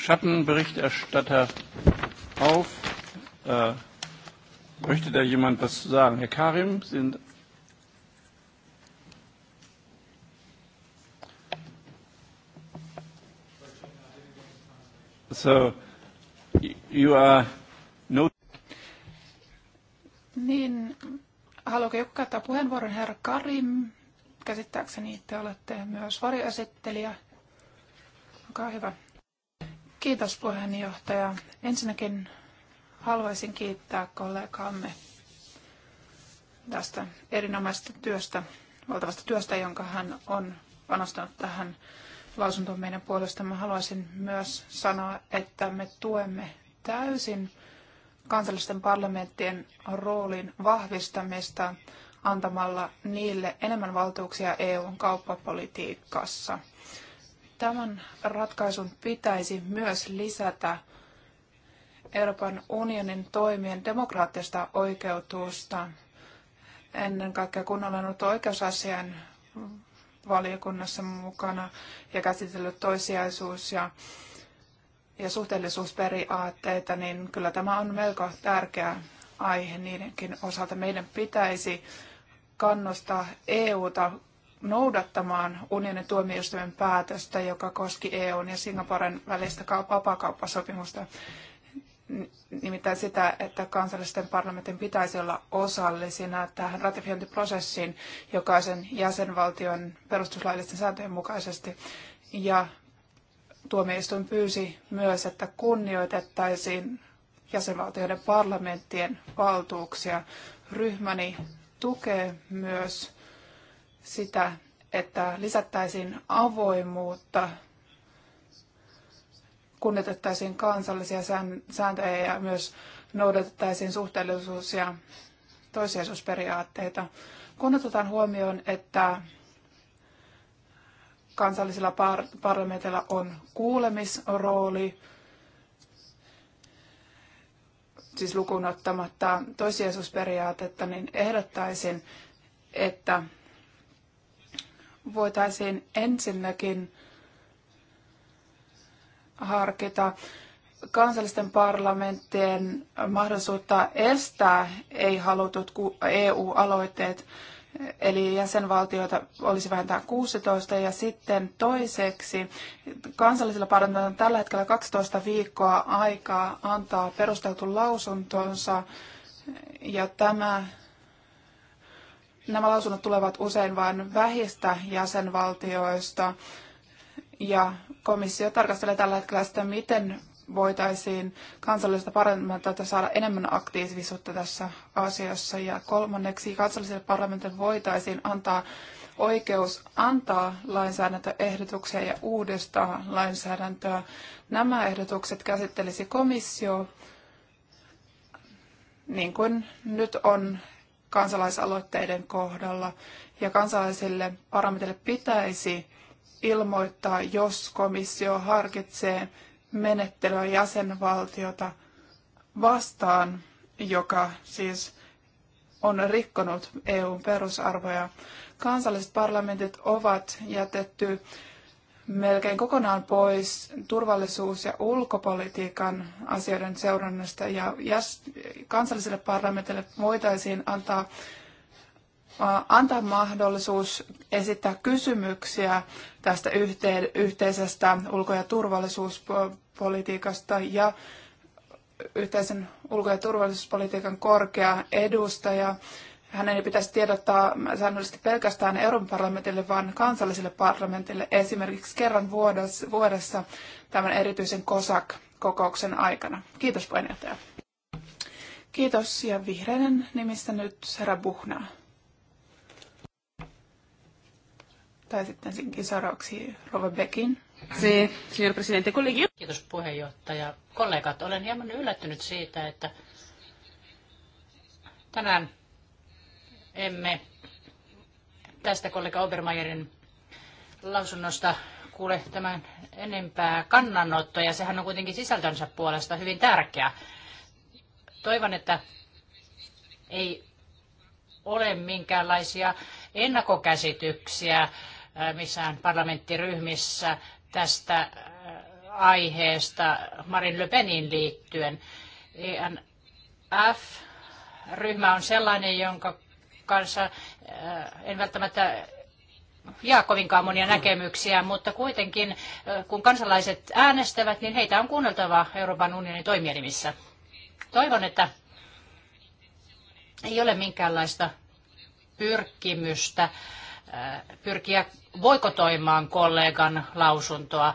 Schattenberichterstatter auf. Äh, möchte da jemand was zu sagen? Herr Karim, sind So, you are no... Niin, haluaako joku käyttää puheenvuoron, herra Karim? Käsittääkseni te olette myös varjoesittelijä. Olkaa hyvä. Kiitos puheenjohtaja. Ensinnäkin haluaisin kiittää kollegaamme tästä erinomaisesta työstä, valtavasta työstä, jonka hän on panostanut tähän lausuntoon meidän puolesta. Mä haluaisin myös sanoa, että me tuemme täysin kansallisten parlamenttien roolin vahvistamista antamalla niille enemmän valtuuksia EUn kauppapolitiikassa. Tämän ratkaisun pitäisi myös lisätä Euroopan unionin toimien demokraattista oikeutusta. Ennen kaikkea kun olen ollut oikeusasian valiokunnassa mukana ja käsitellyt toisiaisuus- ja, ja suhteellisuusperiaatteita, niin kyllä tämä on melko tärkeä aihe niidenkin osalta. Meidän pitäisi kannustaa EUta noudattamaan unionin tuomioistuimen päätöstä, joka koski EUn ja Singaporen välistä vapakauppasopimusta. Nimittäin sitä, että kansallisten parlamentin pitäisi olla osallisina tähän ratifiointiprosessiin jokaisen jäsenvaltion perustuslaillisten sääntöjen mukaisesti. Ja tuomioistuin pyysi myös, että kunnioitettaisiin jäsenvaltioiden parlamenttien valtuuksia. Ryhmäni tukee myös sitä, että lisättäisiin avoimuutta, kunnioitettaisiin kansallisia sääntöjä ja myös noudatettaisiin suhteellisuus- ja toissijaisuusperiaatteita. Kun otetaan huomioon, että kansallisilla par- parlamenteilla on kuulemisrooli, siis lukuun ottamatta toissijaisuusperiaatetta, niin ehdottaisin, että voitaisiin ensinnäkin harkita kansallisten parlamenttien mahdollisuutta estää ei-halutut EU-aloitteet, eli jäsenvaltioita olisi vähintään 16, ja sitten toiseksi kansallisilla parlamentilla on tällä hetkellä 12 viikkoa aikaa antaa perusteltu lausuntonsa, ja tämä nämä lausunnot tulevat usein vain vähistä jäsenvaltioista ja komissio tarkastelee tällä hetkellä sitä, miten voitaisiin kansallista parlamentilta saada enemmän aktiivisuutta tässä asiassa. Ja kolmanneksi kansalliselle parlamentille voitaisiin antaa oikeus antaa lainsäädäntöehdotuksia ja uudistaa lainsäädäntöä. Nämä ehdotukset käsittelisi komissio, niin kuin nyt on kansalaisaloitteiden kohdalla. Ja kansalaisille parlamentille pitäisi ilmoittaa, jos komissio harkitsee menettelyä jäsenvaltiota vastaan, joka siis on rikkonut EUn perusarvoja. Kansalliset parlamentit ovat jätetty melkein kokonaan pois turvallisuus- ja ulkopolitiikan asioiden seurannasta ja kansalliselle parlamentille voitaisiin antaa, antaa mahdollisuus esittää kysymyksiä tästä yhteisestä ulko- ja turvallisuuspolitiikasta ja yhteisen ulko- ja turvallisuuspolitiikan korkea edustaja hänen ei pitäisi tiedottaa säännöllisesti pelkästään Euroopan parlamentille, vaan kansallisille parlamentille esimerkiksi kerran vuodessa tämän erityisen COSAC-kokouksen aikana. Kiitos puheenjohtaja. Kiitos ja vihreinen nimissä nyt Sara Buhna. Tai sitten sinkin seuraavaksi Rova Bekin. Si, signor Presidente, kollegi. Kiitos puheenjohtaja. Kollegat, olen hieman yllättynyt siitä, että tänään emme tästä kollega Obermeierin lausunnosta kuule tämän enempää kannanottoa, ja sehän on kuitenkin sisältönsä puolesta hyvin tärkeä. Toivon, että ei ole minkäänlaisia ennakkokäsityksiä äh, missään parlamenttiryhmissä tästä äh, aiheesta Marin Le Penin liittyen. ENF-ryhmä on sellainen, jonka kanssa äh, en välttämättä jaa kovinkaan monia näkemyksiä, mutta kuitenkin äh, kun kansalaiset äänestävät, niin heitä on kuunneltava Euroopan unionin toimielimissä. Toivon, että ei ole minkäänlaista pyrkimystä äh, pyrkiä voikotoimaan kollegan lausuntoa,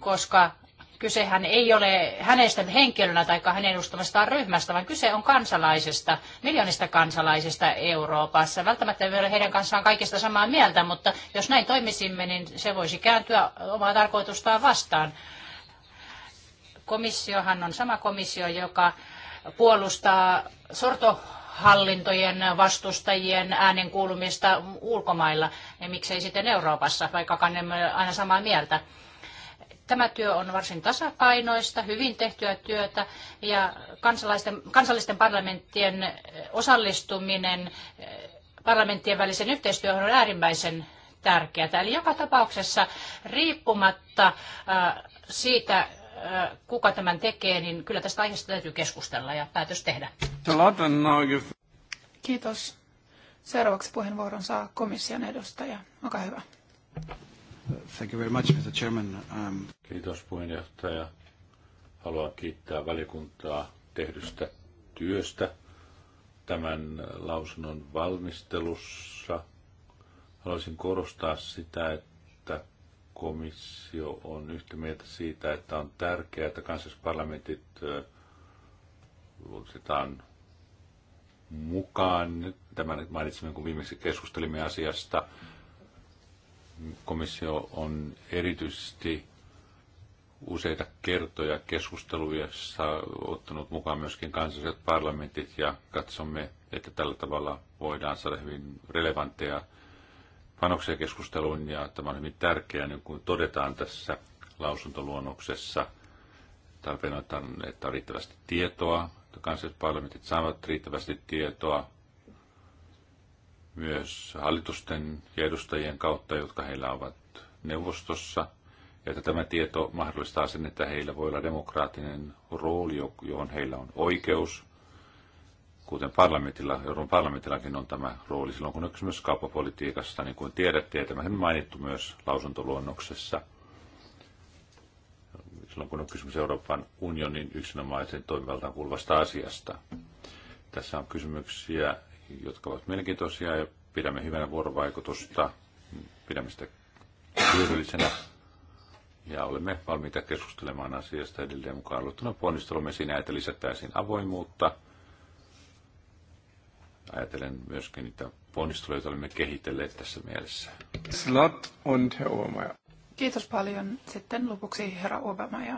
koska Kysehän ei ole hänestä henkilönä tai hänen edustamastaan ryhmästä, vaan kyse on kansalaisesta, miljoonista kansalaisista Euroopassa. Välttämättä ei ole heidän kanssaan kaikista samaa mieltä, mutta jos näin toimisimme, niin se voisi kääntyä omaa tarkoitustaan vastaan. Komissiohan on sama komissio, joka puolustaa sorto hallintojen vastustajien äänen kuulumista ulkomailla ja miksei sitten Euroopassa, vaikka kannemme aina samaa mieltä. Tämä työ on varsin tasapainoista, hyvin tehtyä työtä ja kansalaisten, kansallisten parlamenttien eh, osallistuminen eh, parlamenttien välisen yhteistyöhön on äärimmäisen tärkeää. Eli joka tapauksessa riippumatta eh, siitä, kuka tämän tekee, niin kyllä tästä aiheesta täytyy keskustella ja päätös tehdä. Kiitos. Seuraavaksi puheenvuoron saa komission edustaja. Olkaa hyvä. Thank you very much, Mr. Chairman. Um, Kiitos puheenjohtaja. Haluan kiittää valiokuntaa tehdystä työstä tämän lausunnon valmistelussa. Haluaisin korostaa sitä, että komissio on yhtä mieltä siitä, että on tärkeää, että kansallisparlamentit otetaan mukaan. Tämän mainitsimme, kun viimeksi keskustelimme asiasta komissio on erityisesti useita kertoja keskusteluissa ottanut mukaan myöskin kansalliset parlamentit ja katsomme, että tällä tavalla voidaan saada hyvin relevantteja panoksia keskusteluun ja tämä on hyvin tärkeää, niin kuin todetaan tässä lausuntoluonnoksessa. Tarpeen on, että on riittävästi tietoa, että kansalliset parlamentit saavat riittävästi tietoa myös hallitusten ja edustajien kautta, jotka heillä ovat neuvostossa, ja että tämä tieto mahdollistaa sen, että heillä voi olla demokraattinen rooli, johon heillä on oikeus, kuten parlamentilla, Euroopan parlamentillakin on tämä rooli silloin, kun on kysymys kauppapolitiikasta, niin kuin tiedätte, ja tämä on mainittu myös lausuntoluonnoksessa, silloin kun on kysymys Euroopan unionin yksinomaisen toimivaltaan kuuluvasta asiasta. Tässä on kysymyksiä jotka ovat mielenkiintoisia ja pidämme hyvänä vuorovaikutusta, pidämme sitä hyödyllisenä ja olemme valmiita keskustelemaan asiasta edelleen mukaan luettuna ponnistelumme siinä, että lisättäisiin avoimuutta. Ajatellen myöskin niitä ponnisteluja, joita olemme kehitelleet tässä mielessä. Slat und Herr Obermeier. Kiitos paljon. Sitten lopuksi herra Obermeier.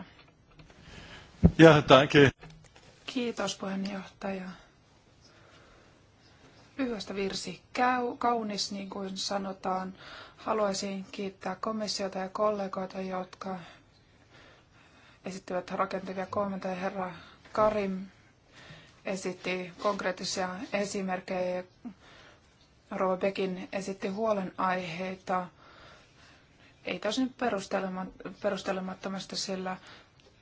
Ja, danke. Kiitos puheenjohtaja. Lyhyestä virsi käy, kaunis, niin kuin sanotaan. Haluaisin kiittää komissiota ja kollegoita, jotka esittivät rakentavia kommentteja. Herra Karim esitti konkreettisia esimerkkejä ja Rova Bekin esitti huolenaiheita. Ei tosin perustelemattomasti, sillä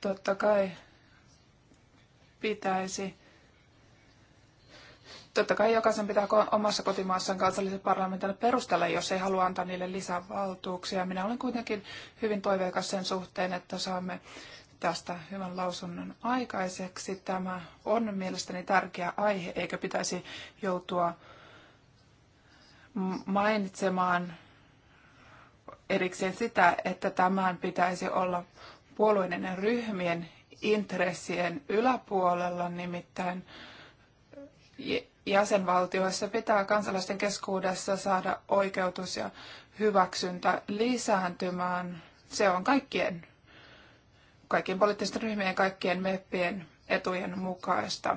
totta kai pitäisi Totta kai jokaisen pitää omassa kotimaassaan kansalliselle parlamentille perustella, jos ei halua antaa niille lisää valtuuksia. Minä olen kuitenkin hyvin toiveikas sen suhteen, että saamme tästä hyvän lausunnon aikaiseksi. Tämä on mielestäni tärkeä aihe, eikä pitäisi joutua mainitsemaan erikseen sitä, että tämän pitäisi olla puolueiden ja ryhmien intressien yläpuolella, nimittäin jäsenvaltioissa pitää kansalaisten keskuudessa saada oikeutus ja hyväksyntä lisääntymään. Se on kaikkien, kaikkien poliittisten ryhmien, kaikkien meppien etujen mukaista.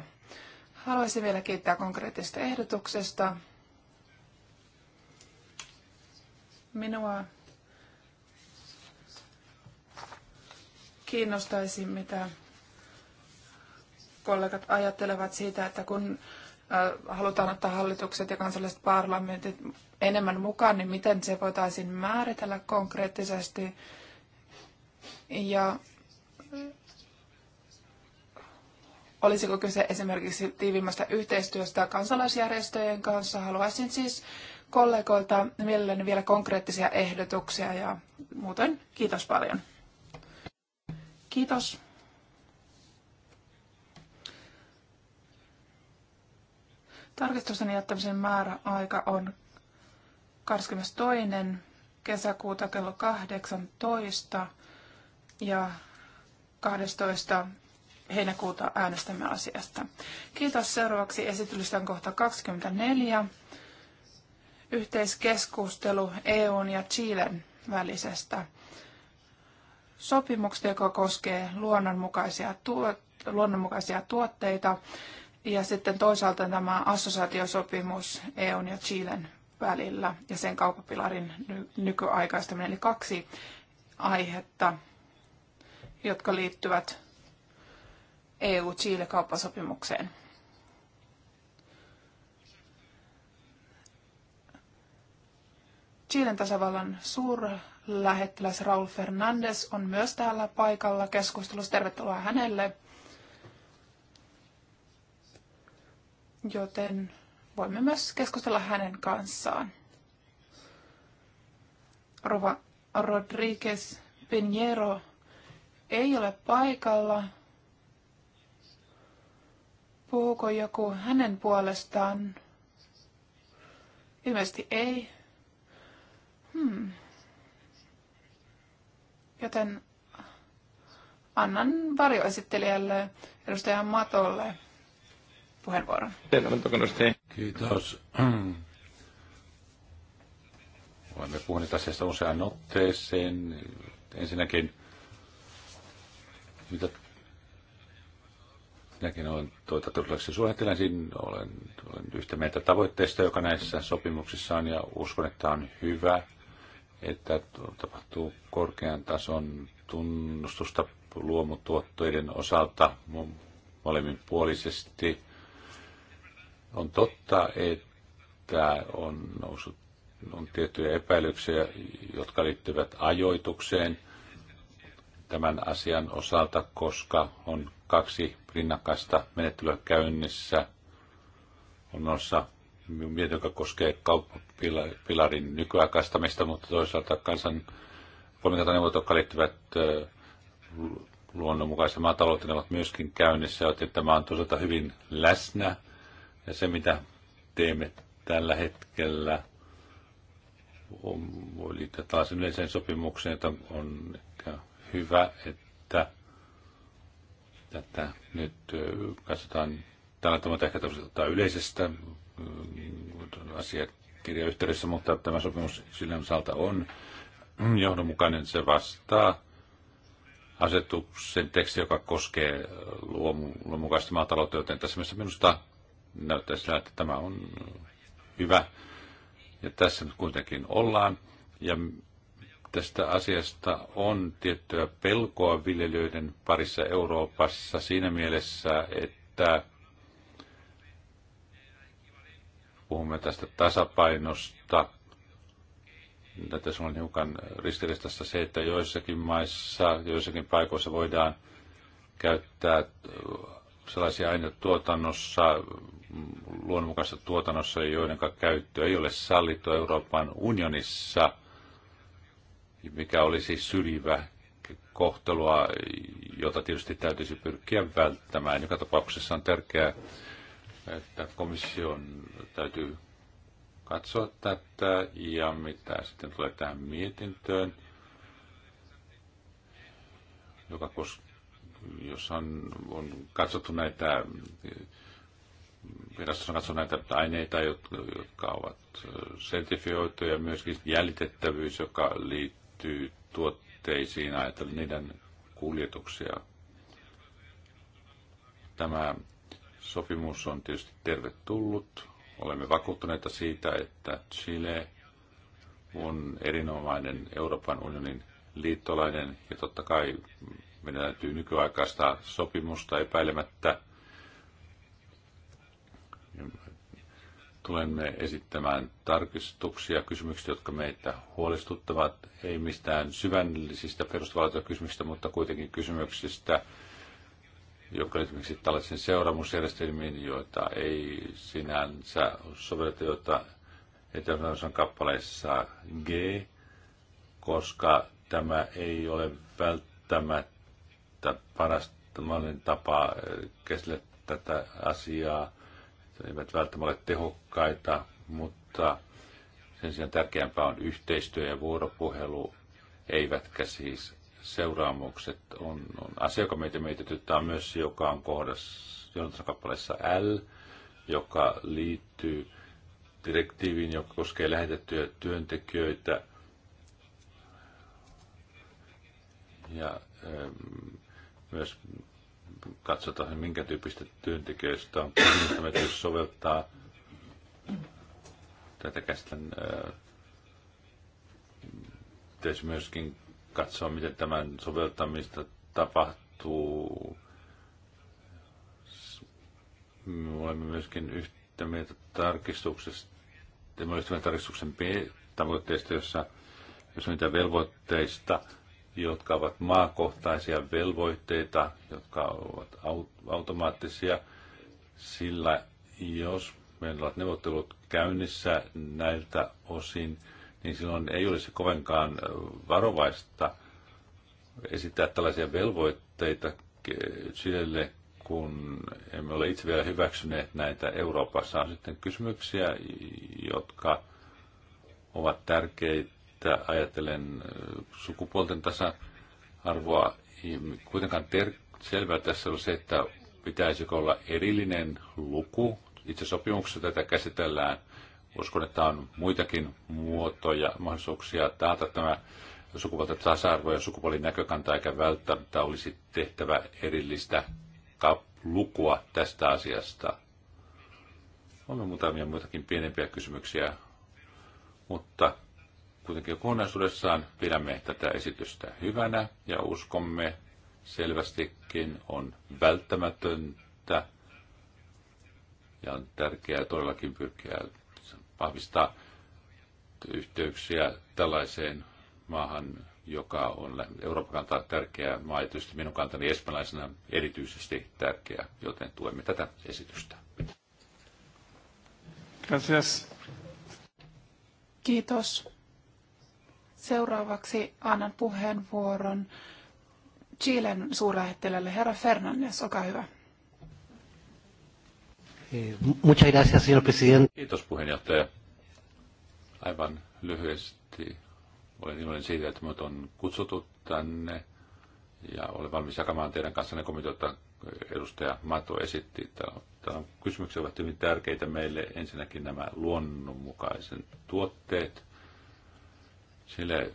Haluaisin vielä kiittää konkreettisesta ehdotuksesta. Minua kiinnostaisi, mitä kollegat ajattelevat siitä, että kun halutaan ottaa hallitukset ja kansalliset parlamentit enemmän mukaan, niin miten se voitaisiin määritellä konkreettisesti? Ja olisiko kyse esimerkiksi tiivimmästä yhteistyöstä kansalaisjärjestöjen kanssa? Haluaisin siis kollegoilta mielelläni vielä konkreettisia ehdotuksia ja muuten kiitos paljon. Kiitos. Tarkistusten jättämisen aika on 22. kesäkuuta kello 18 ja 12. heinäkuuta äänestämme asiasta. Kiitos. Seuraavaksi esitellään kohta 24. Yhteiskeskustelu EUn ja Chilen välisestä sopimuksesta, joka koskee luonnonmukaisia, tuot, luonnonmukaisia tuotteita ja sitten toisaalta tämä assosiaatiosopimus EUn ja Chilen välillä ja sen kauppapilarin nykyaikaistaminen. Eli kaksi aihetta, jotka liittyvät EU-Chile-kauppasopimukseen. Chilen tasavallan suurlähettiläs Raul Fernandes on myös täällä paikalla keskustelussa. Tervetuloa hänelle. joten voimme myös keskustella hänen kanssaan. Rova Rodriguez Pinheiro ei ole paikalla. Puhuuko joku hänen puolestaan? Ilmeisesti ei. Hmm. Joten annan varjoesittelijälle edustaja Matolle puheenvuoron. Kiitos. Olemme puhuneet asiasta useaan otteeseen. Ensinnäkin, mitä minäkin olen tuota turvalliseksi suunnittelijan, olen, olen yhtä mieltä tavoitteista, joka näissä sopimuksissa on, ja uskon, että on hyvä, että tapahtuu korkean tason tunnustusta luomutuottoiden osalta molemminpuolisesti. puolisesti on totta, että on noussut on tiettyjä epäilyksiä, jotka liittyvät ajoitukseen tämän asian osalta, koska on kaksi rinnakkaista menettelyä käynnissä. On noissa mietin, joka koskee kauppapilarin nykyaikaistamista, mutta toisaalta kansan kolmikantaneuvot, jotka liittyvät luonnonmukaisen maatalouteen, ovat myöskin käynnissä, joten tämä on toisaalta hyvin läsnä – ja se, mitä teemme tällä hetkellä, on, liittyy taas yleiseen sopimukseen, että on ehkä hyvä, että tätä nyt katsotaan tällä tavalla ehkä ottaa yleisestä asiakirjayhteydessä, mutta tämä sopimus sillä osalta on johdonmukainen. Se vastaa asetuksen teksti, joka koskee luomukaista maataloutta, joten tässä mielessä minusta näyttää sillä, että tämä on hyvä. Ja tässä nyt kuitenkin ollaan. Ja tästä asiasta on tiettyä pelkoa viljelijöiden parissa Euroopassa siinä mielessä, että puhumme tästä tasapainosta. Tässä on hiukan ristiristassa se, että joissakin maissa, joissakin paikoissa voidaan käyttää sellaisia aineita tuotannossa, luonnonmukaisessa tuotannossa, joiden käyttö ei ole sallittu Euroopan unionissa, mikä olisi syrjivä kohtelua, jota tietysti täytyisi pyrkiä välttämään. Joka tapauksessa on tärkeää, että komission täytyy katsoa tätä ja mitä sitten tulee tähän mietintöön, joka koskee jos on, on katsottu näitä virastossa on katsonut näitä aineita, jotka ovat sertifioituja, myöskin jäljitettävyys, joka liittyy tuotteisiin, ajatellen niiden kuljetuksia. Tämä sopimus on tietysti tervetullut. Olemme vakuuttuneita siitä, että Chile on erinomainen Euroopan unionin liittolainen ja totta kai meidän täytyy nykyaikaista sopimusta epäilemättä – tulemme esittämään tarkistuksia, kysymyksiä, jotka meitä huolestuttavat, ei mistään syvällisistä kysymyksistä, mutta kuitenkin kysymyksistä, jotka esimerkiksi tällaisiin seuraamusjärjestelmiin, joita ei sinänsä sovelleta, joita etelän kappaleissa G, koska tämä ei ole välttämättä paras tapa käsitellä tätä asiaa se eivät välttämättä ole tehokkaita, mutta sen sijaan tärkeämpää on yhteistyö ja vuoropuhelu, eivätkä siis seuraamukset. On, on asia, joka meitä mietityttää myös, joka on kohdassa kappaleessa L, joka liittyy direktiiviin, joka koskee lähetettyjä työntekijöitä. Ja ähm, myös katsotaan, minkä tyyppistä työntekijöistä on kysymys. soveltaa tätä käsitän. Pitäisi myöskin katsoa, miten tämän soveltamista tapahtuu. Me olemme myöskin yhtä mieltä tarkistuksesta, me tarkistuksen tavoitteista, jossa jos on niitä velvoitteista – jotka ovat maakohtaisia velvoitteita, jotka ovat automaattisia, sillä jos meillä on neuvottelut käynnissä näiltä osin, niin silloin ei olisi kovinkaan varovaista esittää tällaisia velvoitteita Sille, kun emme ole itse vielä hyväksyneet näitä. Euroopassa on sitten kysymyksiä, jotka ovat tärkeitä että ajatellen äh, sukupuolten tasa-arvoa, niin kuitenkaan ter- selvää tässä on se, että pitäisikö olla erillinen luku. Itse sopimuksessa tätä käsitellään. Uskon, että on muitakin muotoja, mahdollisuuksia taata tämä sukupuolten tasa-arvo ja sukupuolin näkökanta, eikä välttämättä olisi tehtävä erillistä lukua tästä asiasta. On muutamia muitakin pienempiä kysymyksiä, mutta Kuitenkin kokonaisuudessaan pidämme tätä esitystä hyvänä ja uskomme selvästikin on välttämätöntä ja on tärkeää todellakin pyrkiä vahvistaa yhteyksiä tällaiseen maahan, joka on Euroopan kantaa tärkeä maa ja tietysti minun kantani espanjalaisena erityisesti tärkeä, joten tuemme tätä esitystä. Gracias. Kiitos. Seuraavaksi annan puheenvuoron Chilen suurlähettilälle herra Fernandes, olkaa hyvä. Eh, muchas gracias, señor presidente. Kiitos puheenjohtaja. Aivan lyhyesti olen iloinen siitä, että minut on kutsuttu tänne ja olen valmis jakamaan teidän kanssanne komiteota. Edustaja Mato esitti. Täällä on kysymyksiä ovat hyvin tärkeitä meille. Ensinnäkin nämä luonnonmukaisen tuotteet, Sille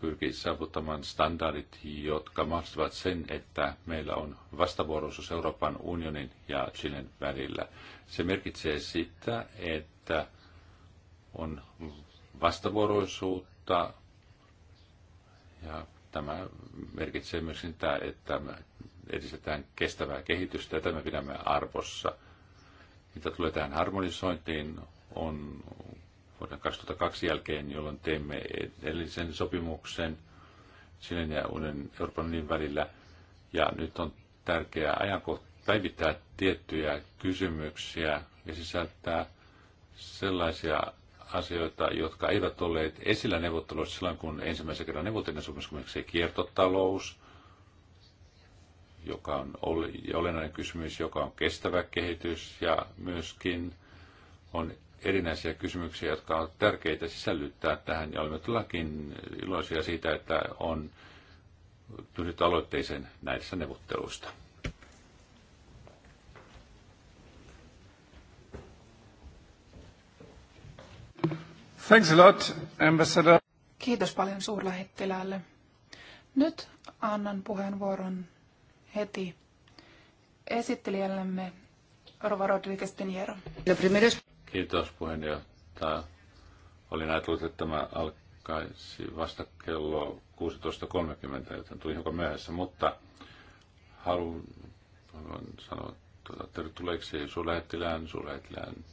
pyrkii saavuttamaan standardit, jotka mahdollistavat sen, että meillä on vastavuoroisuus Euroopan unionin ja Chilen välillä. Se merkitsee sitä, että on vastavuoroisuutta ja tämä merkitsee myös sitä, että edistetään kestävää kehitystä ja tämä pidämme arvossa. Mitä tulee tähän harmonisointiin, on vuoden 2002 jälkeen, jolloin teimme edellisen sopimuksen Chilen ja uuden Euroopan unionin välillä. Ja nyt on tärkeää ajankohta päivittää tiettyjä kysymyksiä ja sisältää sellaisia asioita, jotka eivät olleet esillä neuvotteluissa silloin, kun ensimmäisen kerran neuvoteltiin sopimuksessa kiertotalous, joka on olennainen kysymys, joka on kestävä kehitys ja myöskin on erinäisiä kysymyksiä, jotka ovat tärkeitä sisällyttää tähän, ja olemme todellakin iloisia siitä, että on pyritty aloitteeseen näissä neuvotteluista. Thanks a lot, ambassador. Kiitos paljon suurlähettiläälle. Nyt annan puheenvuoron heti esittelijällemme Rova Rodriguez Teniero. Kiitos puheenjohtaja. Olin ajatellut, että tämä alkaisi vasta kello 16.30, joten tuli hiukan myöhässä, mutta haluan, haluan sanoa tuota, tervetulleeksi suurlähettilään, suurlähettilään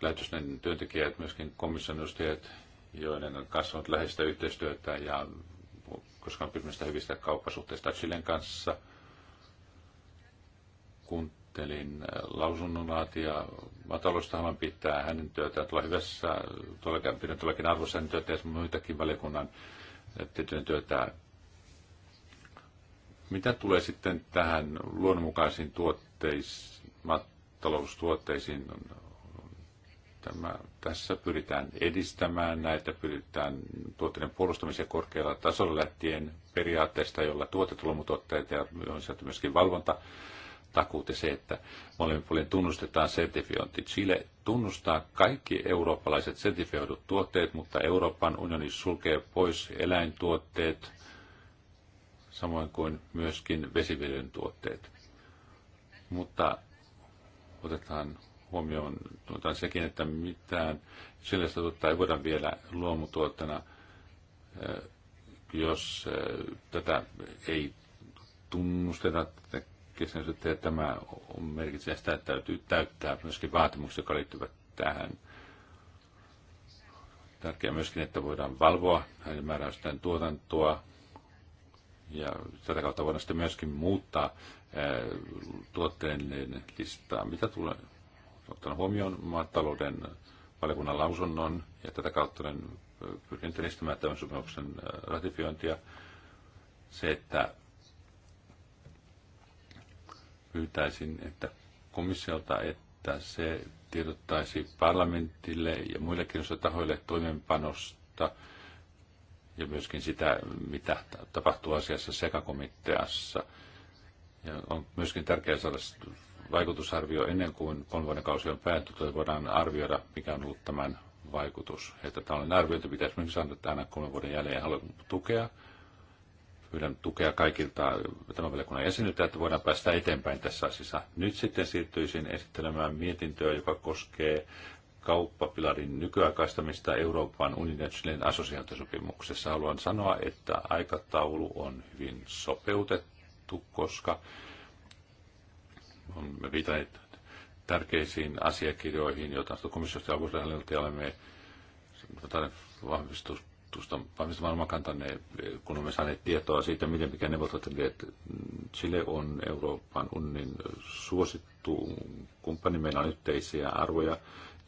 lähetysten työntekijät, myöskin komission edustajat, joiden on kasvanut läheistä yhteistyötä ja koska on hyvistä kauppasuhteista Chilen kanssa, kun esittelin äh, lausunnonlaatia. Maataloustahan pitää hänen työtään tuolla hyvässä, tuollakin, pidän tuollakin arvossa hänen työtä ja muitakin valiokunnan äh, tietyn työtä. Mitä tulee sitten tähän luonnonmukaisiin tuotteisiin, maataloustuotteisiin, tämä, tässä pyritään edistämään näitä, pyritään tuotteiden puolustamisen korkealla tasolla lähtien periaatteesta, jolla tuotetulomutuotteita ja on sieltä myöskin valvonta takuut ja se, että molemmin puolin tunnustetaan sertifiointi. Chile tunnustaa kaikki eurooppalaiset sertifioidut tuotteet, mutta Euroopan unioni sulkee pois eläintuotteet, samoin kuin myöskin vesiviljelyn tuotteet. Mutta otetaan huomioon otetaan sekin, että mitään sellaista tuottaa ei voida vielä luomutuotteena, eh, jos eh, tätä ei tunnusteta keskinäisyyttä että tämä on merkitsee sitä, että täytyy täyttää myöskin vaatimukset, jotka liittyvät tähän. Tärkeää myöskin, että voidaan valvoa näiden määräysten tuotantoa ja tätä kautta voidaan sitten myöskin muuttaa eh, tuotteiden listaa. Mitä tulee ottanut huomioon maatalouden valiokunnan lausunnon ja tätä kautta olen pyrkinyt edistämään tämän sopimuksen eh, ratifiointia. Se, että pyytäisin, että komissiolta, että se tiedottaisi parlamentille ja muillekin tahoille toimenpanosta ja myöskin sitä, mitä tapahtuu asiassa sekakomiteassa. Ja on myöskin tärkeää saada vaikutusarvio ennen kuin kolmen vuoden kausi on päättynyt, että voidaan arvioida, mikä on ollut tämän vaikutus. Että tällainen arviointi pitäisi myös saada aina kolmen vuoden jälleen. Haluan tukea pyydän tukea kaikilta tämän valiokunnan jäseniltä, että voidaan päästä eteenpäin tässä asiassa. Nyt sitten siirtyisin esittelemään mietintöä, joka koskee kauppapilarin nykyaikaistamista Euroopan unionin ja assosiaatiosopimuksessa. Haluan sanoa, että aikataulu on hyvin sopeutettu, koska olemme viitaneet tärkeisiin asiakirjoihin, joita komissiosta ja olemme vahvistus tuosta maailmankanta, ne, kun me saaneet tietoa siitä, miten mikä neuvottelut, Chile on Euroopan unionin suosittu kumppani, meillä on yhteisiä arvoja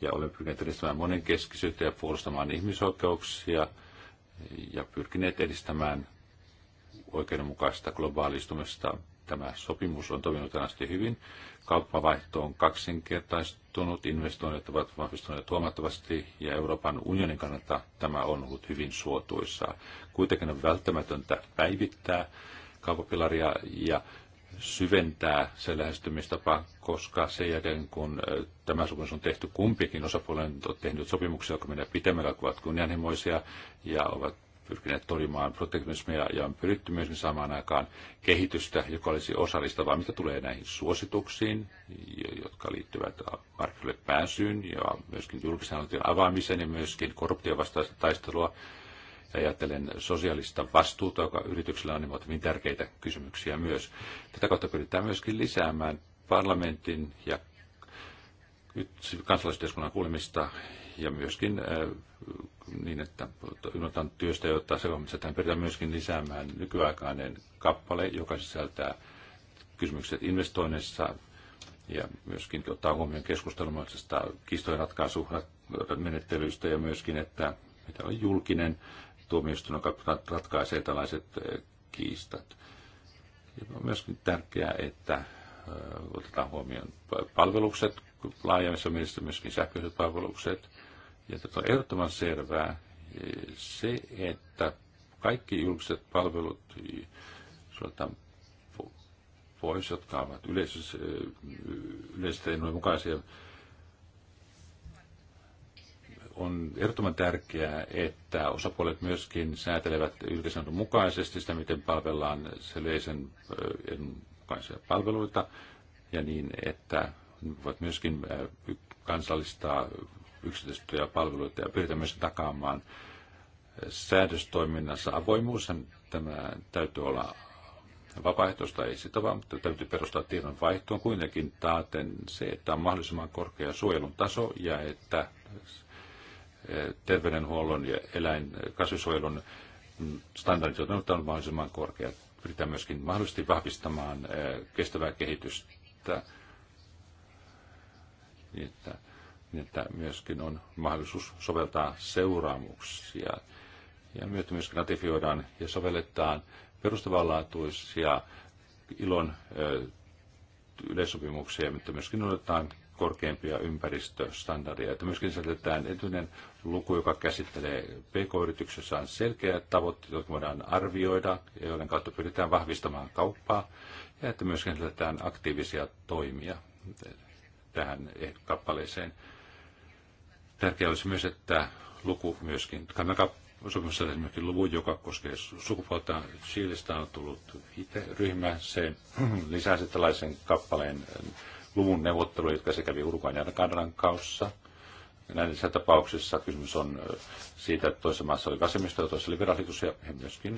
ja olemme pyrkineet edistämään monenkeskisyyttä ja puolustamaan ihmisoikeuksia ja pyrkineet edistämään oikeudenmukaista globaalistumista tämä sopimus on toiminut asti hyvin. Kauppavaihto on kaksinkertaistunut, investoinnit ovat vahvistuneet huomattavasti ja Euroopan unionin kannalta tämä on ollut hyvin suotuisaa. Kuitenkin on välttämätöntä päivittää kauppapilaria ja syventää se lähestymistapa, koska sen jälkeen kun tämä sopimus on tehty, kumpikin osapuolen on tehnyt sopimuksia, jotka menevät pitemmällä, ovat kunnianhimoisia ja ovat pyrkineet torjumaan protektionismia ja on pyritty myöskin saamaan aikaan kehitystä, joka olisi osallistavaa, mitä tulee näihin suosituksiin, jotka liittyvät markkinoille pääsyyn ja myöskin julkisen hallinnon avaamiseen ja myöskin korruptiovastaista taistelua. Ja ajattelen sosiaalista vastuuta, joka yrityksellä on, niin ovat hyvin tärkeitä kysymyksiä myös. Tätä kautta pyritään myöskin lisäämään parlamentin ja kansalaisyhteiskunnan kuulemista ja myöskin äh, niin, että ymmärtän työstä, jotta seuraamista tähän pyritään myöskin lisäämään nykyaikainen kappale, joka sisältää kysymykset investoinneissa ja myöskin ottaa huomioon keskustelumaisesta kistojen ratkaisumenettelyistä ja myöskin, että mitä on julkinen tuomioistuin, joka ratkaisee tällaiset äh, kiistat. Ja on myöskin tärkeää, että äh, otetaan huomioon palvelukset, laajemmissa mielessä myöskin sähköiset palvelukset, ja on ehdottoman selvää se, että kaikki julkiset palvelut sanotaan pois, jotka ovat yleisesti mukaisia, on ehdottoman tärkeää, että osapuolet myöskin säätelevät yhdessä mukaisesti sitä, miten palvellaan yleisen mukaisia palveluita, ja niin, että voivat myöskin kansallistaa yksityistettyjä palveluita ja pyritään myös takaamaan säädöstoiminnassa avoimuus. Tämä täytyy olla vapaaehtoista ei sitovaa, mutta täytyy perustaa tiedon vaihtoon kuitenkin taaten se, että on mahdollisimman korkea suojelun taso ja että eh, terveydenhuollon ja eläin- kasvisuojelun standardit on mahdollisimman korkeat. Pyritään myöskin mahdollisesti vahvistamaan eh, kestävää kehitystä. Niin, että niin että myöskin on mahdollisuus soveltaa seuraamuksia. Ja myötä myöskin ratifioidaan ja sovelletaan perustavanlaatuisia ilon yleissopimuksia, mutta myöskin otetaan korkeimpia ympäristöstandardeja. Että myöskin sisältetään etyinen luku, joka käsittelee pk-yrityksessä on selkeät tavoitteet, jotka voidaan arvioida, ja joiden kautta pyritään vahvistamaan kauppaa, ja että myöskin sisältetään aktiivisia toimia tähän kappaleeseen. Tärkeää olisi myös, että luku myöskin, sopimuksessa esimerkiksi luvun, joka koskee sukupuolta, Chilestä on tullut ryhmä. Se lisäsi tällaisen kappaleen luvun neuvotteluja, jotka se kävi Uruguayn ja Kanadan kanssa. Näissä tapauksissa kysymys on siitä, että toisessa maassa oli vasemmisto ja toisessa oli ja he myöskin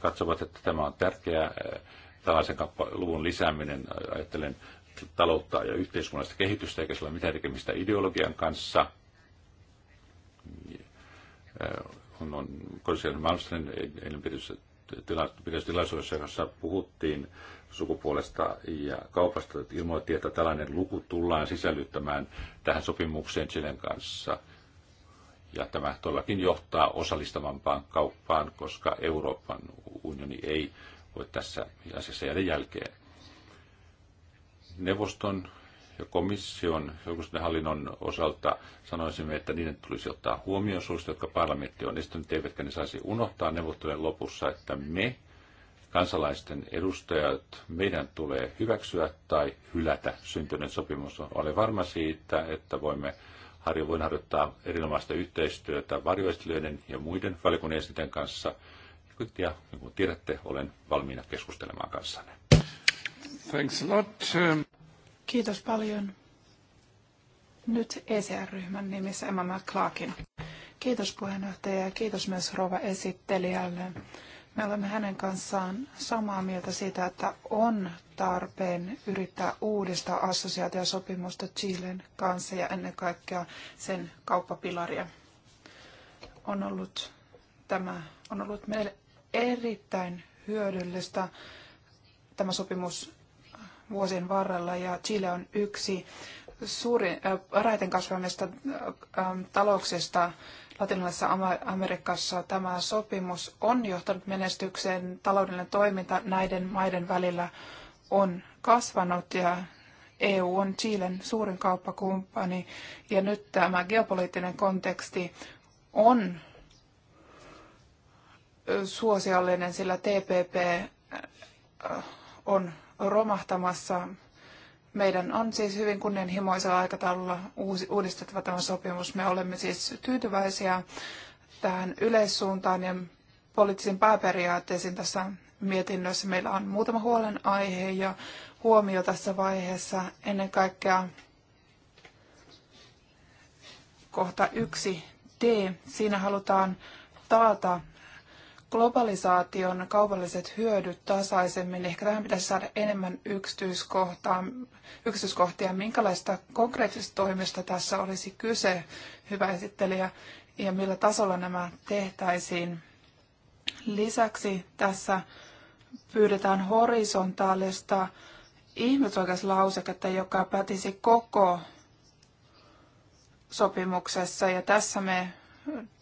katsovat, että tämä on tärkeää, tällaisen luvun lisääminen, ajattelen taloutta ja yhteiskunnallista kehitystä, eikä sillä ole mitään tekemistä ideologian kanssa. Eh, on, on Korsian Malmström eilen tilaisuudessa, jossa puhuttiin sukupuolesta ja kaupasta, että ilmoitti, että tällainen luku tullaan sisällyttämään tähän sopimukseen Chilen kanssa. Ja tämä todellakin johtaa osallistavampaan kauppaan, koska Euroopan unioni ei voi tässä asiassa jäädä jälkeen neuvoston ja komission julkisen hallinnon osalta sanoisimme, että niiden tulisi ottaa huomioon suositut, jotka parlamentti on estänyt, eivätkä ne saisi unohtaa neuvottelujen lopussa, että me, kansalaisten edustajat, meidän tulee hyväksyä tai hylätä syntynyt sopimus. Olen varma siitä, että voimme harjo, voin harjoittaa erinomaista yhteistyötä varjoistelijoiden ja muiden valiokunnan kanssa. Ja niin tiedätte, olen valmiina keskustelemaan kanssanne. Thanks a lot. Um, kiitos paljon. Nyt ECR-ryhmän nimissä Emma McClarkin. Kiitos puheenjohtaja ja kiitos myös rouva esittelijälle. Me olemme hänen kanssaan samaa mieltä siitä, että on tarpeen yrittää uudistaa assosiaatiosopimusta Chilen kanssa ja ennen kaikkea sen kauppapilaria. On ollut, tämä on ollut meille erittäin hyödyllistä tämä sopimus vuosien varrella ja Chile on yksi suurin, parhaiten äh, kasvavista äh, ähm, talouksista Latinalaisessa Amerikassa. Tämä sopimus on johtanut menestykseen. Taloudellinen toiminta näiden maiden välillä on kasvanut ja EU on Chilen suurin kauppakumppani ja nyt tämä geopoliittinen konteksti on äh, suosiollinen, sillä TPP on romahtamassa. Meidän on siis hyvin kunnianhimoisella aikataululla uudistettava tämä sopimus. Me olemme siis tyytyväisiä tähän yleissuuntaan ja poliittisiin pääperiaatteisiin tässä mietinnössä. Meillä on muutama huolenaihe ja huomio tässä vaiheessa. Ennen kaikkea kohta 1d. Siinä halutaan taata globalisaation kaupalliset hyödyt tasaisemmin. Ehkä tähän pitäisi saada enemmän yksityiskohtaa, yksityiskohtia minkälaista konkreettisista toimista tässä olisi kyse, hyvä esittelijä, ja millä tasolla nämä tehtäisiin. Lisäksi tässä pyydetään horisontaalista ihmisoikeuslauseketta, joka pätisi koko sopimuksessa, ja tässä me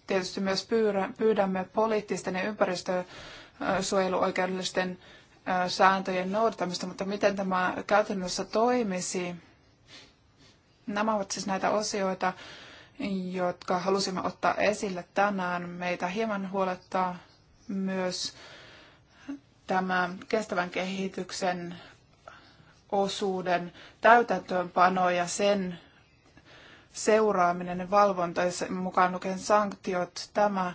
tietysti myös pyydämme poliittisten ja ympäristösuojeluoikeudellisten sääntöjen noudattamista, mutta miten tämä käytännössä toimisi? Nämä ovat siis näitä osioita, jotka halusimme ottaa esille tänään. Meitä hieman huolettaa myös tämä kestävän kehityksen osuuden täytäntöönpano ja sen seuraaminen ja valvonta ja mukaan lukien sanktiot, tämä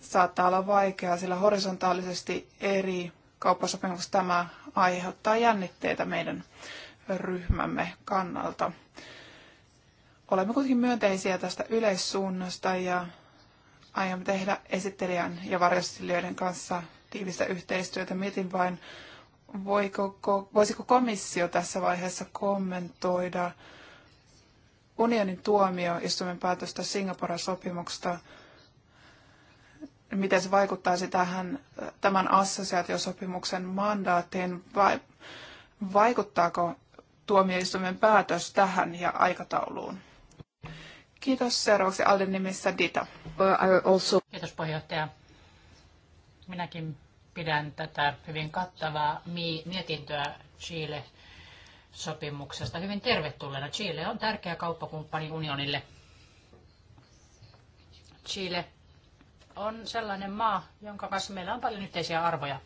saattaa olla vaikeaa, sillä horisontaalisesti eri kauppasopimuksessa tämä aiheuttaa jännitteitä meidän ryhmämme kannalta. Olemme kuitenkin myönteisiä tästä yleissuunnasta ja aiomme tehdä esittelijän ja varjostelijoiden kanssa tiivistä yhteistyötä. Mietin vain, voiko, voisiko komissio tässä vaiheessa kommentoida unionin tuomioistuimen päätöstä Singaporen sopimuksesta, miten se vaikuttaisi tähän, tämän assosiaatiosopimuksen mandaattiin, vai vaikuttaako tuomioistuimen päätös tähän ja aikatauluun? Kiitos. Seuraavaksi Alden nimissä Dita. Also... Kiitos puheenjohtaja. Minäkin pidän tätä hyvin kattavaa mietintöä Chile sopimuksesta hyvin tervetulleena. Chile on tärkeä kauppakumppani unionille. Chile on sellainen maa, jonka kanssa meillä on paljon yhteisiä arvoja.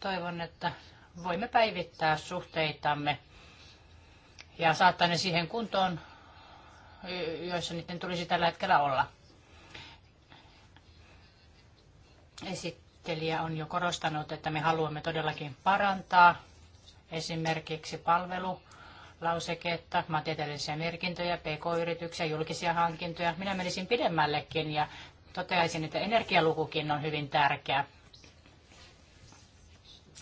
Toivon, että voimme päivittää suhteitamme ja saattaa ne siihen kuntoon, joissa niiden tulisi tällä hetkellä olla. Esittelijä on jo korostanut, että me haluamme todellakin parantaa esimerkiksi palvelu, lauseketta, maantieteellisiä merkintöjä, pk-yrityksiä, julkisia hankintoja. Minä menisin pidemmällekin ja toteaisin, että energialukukin on hyvin tärkeä.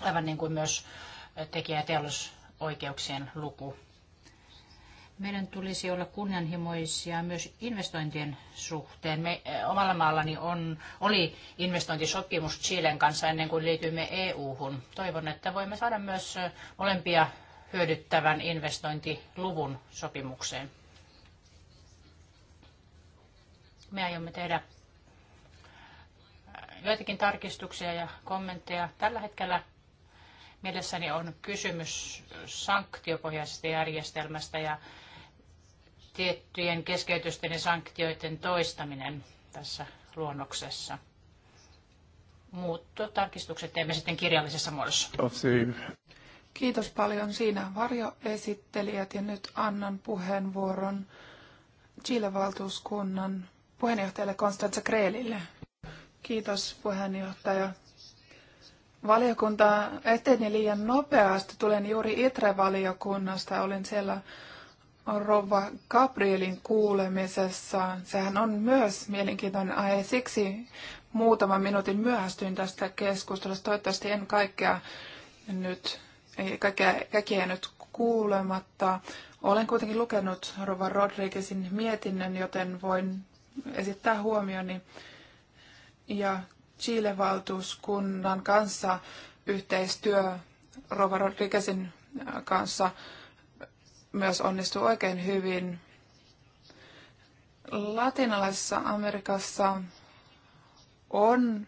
Aivan niin kuin myös tekijä- ja teollisoikeuksien luku. Meidän tulisi olla kunnianhimoisia myös investointien suhteen. Me, eh, omalla maallani on, oli investointisopimus Chilen kanssa ennen kuin liityimme EU-hun. Toivon, että voimme saada myös eh, molempia hyödyttävän investointiluvun sopimukseen. Me aiomme tehdä eh, joitakin tarkistuksia ja kommentteja. Tällä hetkellä mielessäni on kysymys sanktiopohjaisesta järjestelmästä ja tiettyjen keskeytysten ja sanktioiden toistaminen tässä luonnoksessa. Muut tarkistukset teemme sitten kirjallisessa muodossa. Kiitos paljon siinä varjoesittelijät ja nyt annan puheenvuoron chile valtuuskunnan puheenjohtajalle Konstantsa Kreelille. Kiitos puheenjohtaja. Valiokunta eteni liian nopeasti. Tulen juuri ITRE-valiokunnasta. Olin siellä rouva Gabrielin kuulemisessa. Sehän on myös mielenkiintoinen aihe, siksi muutaman minuutin myöhästyin tästä keskustelusta. Toivottavasti en kaikkea nyt, ei kaikkea, kaikkea nyt kuulematta. Olen kuitenkin lukenut rouva Rodriguezin mietinnön, joten voin esittää huomioni. Ja Chile-valtuuskunnan kanssa yhteistyö rouva Rodriguezin kanssa myös onnistuu oikein hyvin. Latinalaisessa Amerikassa on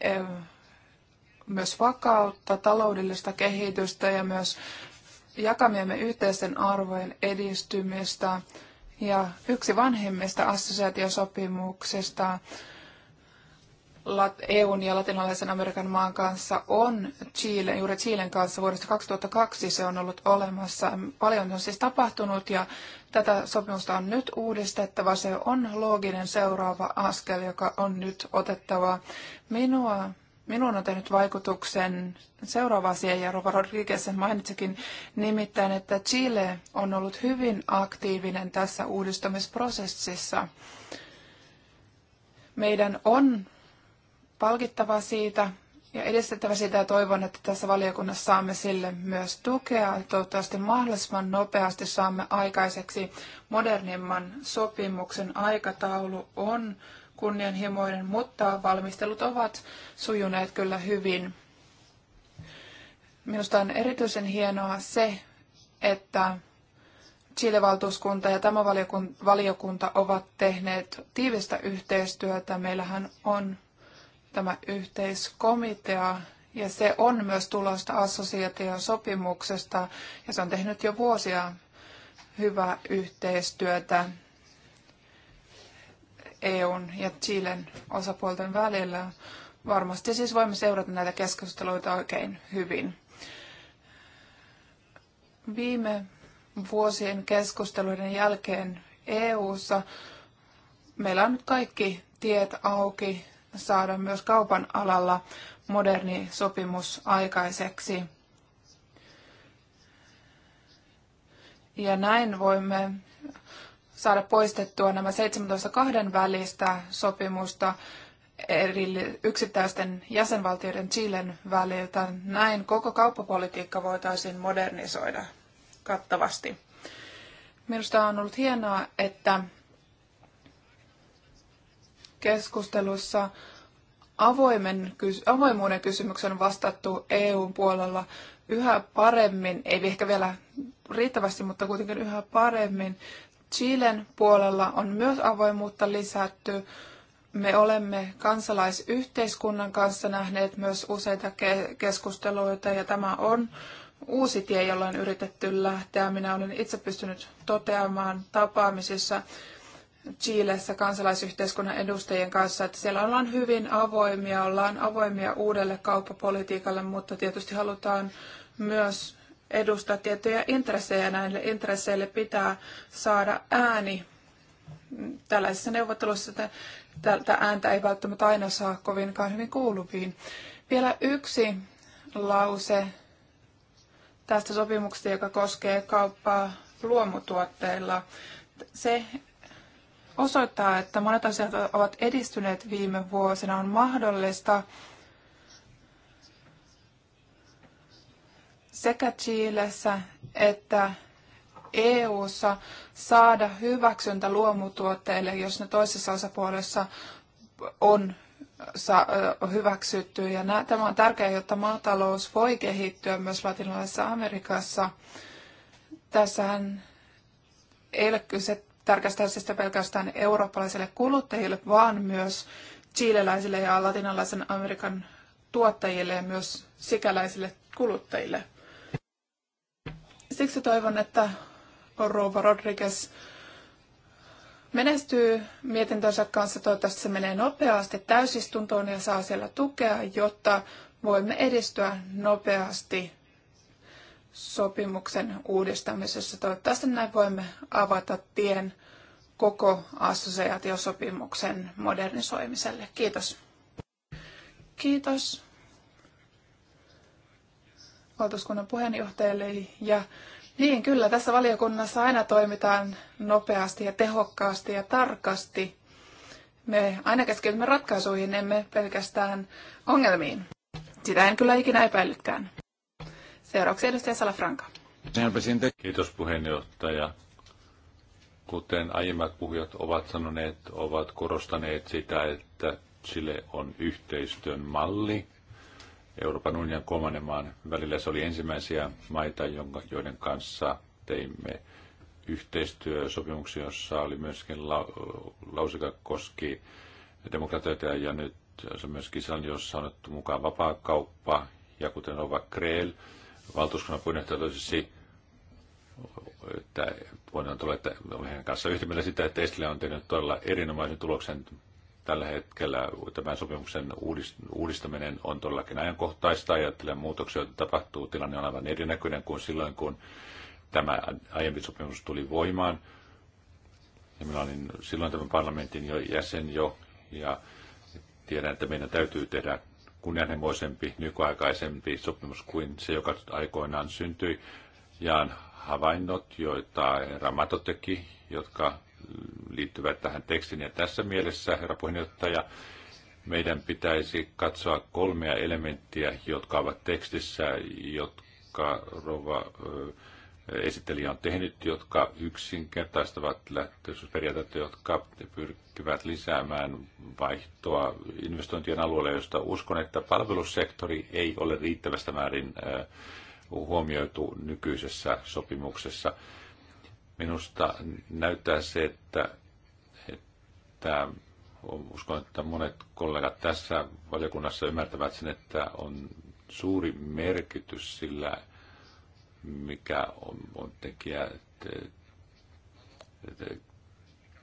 eh, myös vakautta, taloudellista kehitystä ja myös jakamiemme yhteisten arvojen edistymistä. Ja yksi vanhimmista assosiaatiosopimuksista EUn ja latinalaisen Amerikan maan kanssa on Chile, juuri Chilen kanssa vuodesta 2002 se on ollut olemassa. Paljon on siis tapahtunut ja tätä sopimusta on nyt uudistettava. Se on looginen seuraava askel, joka on nyt otettava. Minua Minun on tehnyt vaikutuksen seuraava asia, ja Rova Rodriguez mainitsikin nimittäin, että Chile on ollut hyvin aktiivinen tässä uudistamisprosessissa. Meidän on palkittava siitä ja edistettävä sitä ja toivon, että tässä valiokunnassa saamme sille myös tukea. Toivottavasti mahdollisimman nopeasti saamme aikaiseksi modernimman sopimuksen. Aikataulu on kunnianhimoinen, mutta valmistelut ovat sujuneet kyllä hyvin. Minusta on erityisen hienoa se, että Chile-valtuuskunta ja tämä valiokunta ovat tehneet tiivistä yhteistyötä. Meillähän on tämä yhteiskomitea, ja se on myös tulosta assosiaatiosopimuksesta, ja se on tehnyt jo vuosia hyvää yhteistyötä EUn ja Chilen osapuolten välillä. Varmasti siis voimme seurata näitä keskusteluita oikein hyvin. Viime vuosien keskusteluiden jälkeen EU:ssa meillä on nyt kaikki tiet auki saada myös kaupan alalla moderni sopimus aikaiseksi. Ja näin voimme saada poistettua nämä 17 kahden välistä sopimusta eri yksittäisten jäsenvaltioiden Chilen väliltä. Näin koko kauppapolitiikka voitaisiin modernisoida kattavasti. Minusta on ollut hienoa, että keskustelussa avoimen, avoimuuden kysymyksen vastattu EUn puolella yhä paremmin, ei ehkä vielä riittävästi, mutta kuitenkin yhä paremmin. Chilen puolella on myös avoimuutta lisätty. Me olemme kansalaisyhteiskunnan kanssa nähneet myös useita ke- keskusteluita ja tämä on uusi tie, jolla on yritetty lähteä. Minä olen itse pystynyt toteamaan tapaamisissa Chiilessä kansalaisyhteiskunnan edustajien kanssa, että siellä ollaan hyvin avoimia, ollaan avoimia uudelle kauppapolitiikalle, mutta tietysti halutaan myös edustaa tiettyjä intressejä. Näille intresseille pitää saada ääni tällaisissa neuvotteluissa tältä ääntä ei välttämättä aina saa kovinkaan hyvin kuuluviin. Vielä yksi lause tästä sopimuksesta, joka koskee kauppaa luomutuotteilla. Se, osoittaa, että monet asiat ovat edistyneet viime vuosina. On mahdollista sekä Chiilessä että EU:ssa saada hyväksyntä luomutuotteille, jos ne toisessa osapuolessa on hyväksytty. Ja tämä on tärkeää, jotta maatalous voi kehittyä myös latinalaisessa Amerikassa. Tässähän ei ole kyse tärkeästä sitä pelkästään eurooppalaisille kuluttajille, vaan myös chileläisille ja latinalaisen Amerikan tuottajille ja myös sikäläisille kuluttajille. Siksi toivon, että Rouva Rodriguez menestyy mietintönsä kanssa. Toivottavasti se menee nopeasti täysistuntoon ja saa siellä tukea, jotta voimme edistyä nopeasti sopimuksen uudistamisessa. Toivottavasti näin voimme avata tien koko assosiaatiosopimuksen modernisoimiselle. Kiitos. Kiitos valtuuskunnan puheenjohtajalle. Ja niin, kyllä, tässä valiokunnassa aina toimitaan nopeasti ja tehokkaasti ja tarkasti. Me aina keskitymme ratkaisuihin, emme pelkästään ongelmiin. Sitä en kyllä ikinä epäillytkään. Seuraavaksi edustaja Salafranka. Kiitos puheenjohtaja. Kuten aiemmat puhujat ovat sanoneet, ovat korostaneet sitä, että Chile on yhteistyön malli. Euroopan unionin kolmannen maan välillä se oli ensimmäisiä maita, joiden kanssa teimme yhteistyösopimuksia, jossa oli myöskin la, lausika koski demokratioita ja nyt se on myöskin sellainen, jossa on otettu mukaan vapaakauppa ja kuten Ova Kreel valtuuskunnan puheenjohtaja totesi, että voidaan tulla, että olen kanssa yhtä mieltä sitä, että Estilä on tehnyt todella erinomaisen tuloksen tällä hetkellä. Tämän sopimuksen uudistaminen on todellakin ajankohtaista. Ajattelen muutoksia, joita tapahtuu. Tilanne on aivan erinäköinen kuin silloin, kun tämä aiempi sopimus tuli voimaan. Ja minä olin silloin tämän parlamentin jo jäsen jo, ja tiedän, että meidän täytyy tehdä kunnianhimoisempi, nykyaikaisempi sopimus kuin se, joka aikoinaan syntyi. Jaan havainnot, joita Ramato teki, jotka liittyvät tähän tekstiin. Ja tässä mielessä, herra puheenjohtaja, meidän pitäisi katsoa kolmea elementtiä, jotka ovat tekstissä, jotka Rova... Ö, esittelijä on tehnyt, jotka yksinkertaistavat lähtöisyysperiaatteita, jotka pyrkivät lisäämään vaihtoa investointien alueelle, josta uskon, että palvelussektori ei ole riittävästä määrin huomioitu nykyisessä sopimuksessa. Minusta näyttää se, että, että uskon, että monet kollegat tässä valiokunnassa ymmärtävät sen, että on suuri merkitys sillä, mikä on, on tekijä te,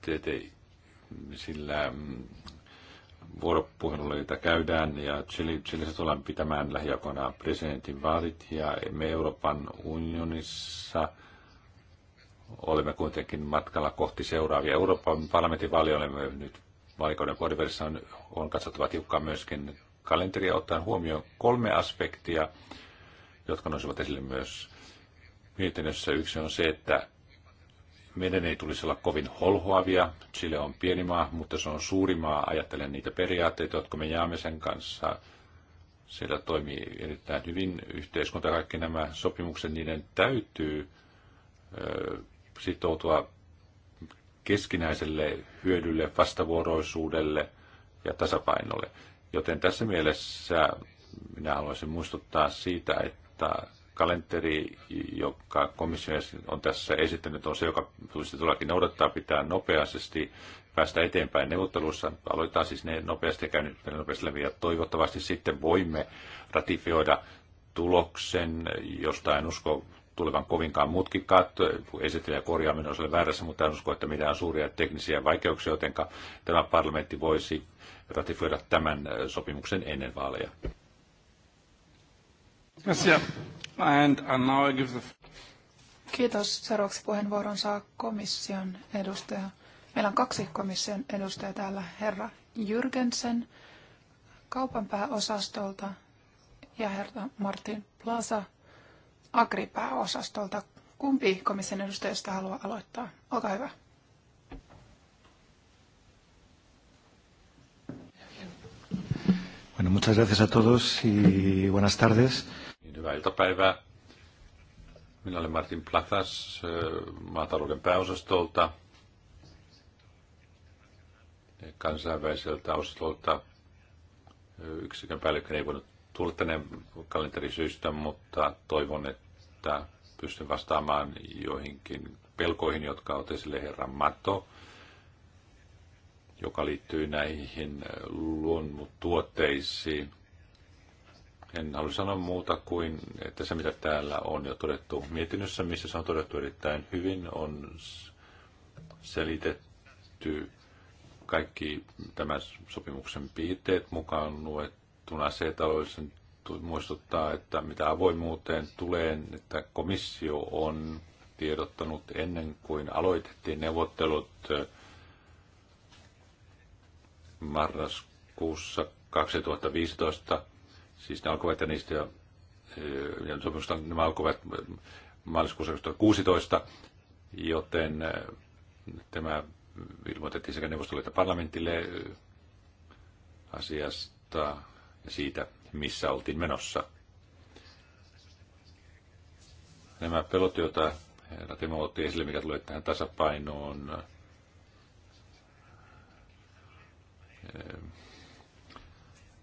te, te, sillä mm, vuoropuhelulla, jota käydään, ja Chile, se tullaan pitämään lähiaikoina presidentin vaalit, ja me Euroopan unionissa olemme kuitenkin matkalla kohti seuraavia Euroopan parlamentin vaaleja, olemme nyt valikoiden puolivälissä on, on katsottava tiukkaan myöskin kalenteria ottaen huomioon kolme aspektia, jotka nousivat esille myös mietinnössä yksi on se, että meidän ei tulisi olla kovin holhoavia. Chile on pieni maa, mutta se on suuri maa. Ajattelen niitä periaatteita, jotka me jaamme sen kanssa. Siellä toimii erittäin hyvin yhteiskunta. Kaikki nämä sopimukset, niiden täytyy sitoutua keskinäiselle hyödylle, vastavuoroisuudelle ja tasapainolle. Joten tässä mielessä minä haluaisin muistuttaa siitä, että kalenteri, joka komissio on tässä esittänyt, on se, joka tulisi tullakin noudattaa, pitää nopeasti päästä eteenpäin neuvotteluissa. Aloitetaan siis ne nopeasti ja käyn nopeasti läpi ja toivottavasti sitten voimme ratifioida tuloksen, josta en usko tulevan kovinkaan mutkikkaat. Esittelijä korjaaminen on väärässä, mutta en usko, että mitään suuria teknisiä vaikeuksia, jotenka tämä parlamentti voisi ratifioida tämän sopimuksen ennen vaaleja. And, and now I give the... Kiitos. Seuraavaksi puheenvuoron saa komission edustaja. Meillä on kaksi komission edustajaa täällä. Herra Jürgensen kaupan pääosastolta ja herra Martin Plaza Agri-pääosastolta. Kumpi komission edustajista haluaa aloittaa? Olkaa hyvä. Bueno, muchas gracias a todos y buenas tardes. Hyvää iltapäivää. Minä olen Martin Plathas, äh, maatalouden pääosastolta, kansainväliseltä osastolta. Äh, yksikön päällikkö ei voinut tulla tänne kalenterisyystä, mutta toivon, että pystyn vastaamaan joihinkin pelkoihin, jotka otti esille herran Matto, joka liittyy näihin luonnontuotteisiin, en halua sanoa muuta kuin, että se mitä täällä on jo todettu mietinnössä, missä se on todettu erittäin hyvin, on selitetty kaikki tämän sopimuksen piirteet mukaan luettuna se, että haluaisin muistuttaa, että mitä avoimuuteen tulee, että komissio on tiedottanut ennen kuin aloitettiin neuvottelut marraskuussa 2015 Siis ne alkoivat ja niistä jo, ja sopimusta nämä alkoivat maaliskuussa 2016, joten tämä ilmoitettiin sekä neuvostolle että parlamentille asiasta ja siitä, missä oltiin menossa. Nämä pelot, joita herra Timo otti esille, mikä tulee tähän tasapainoon,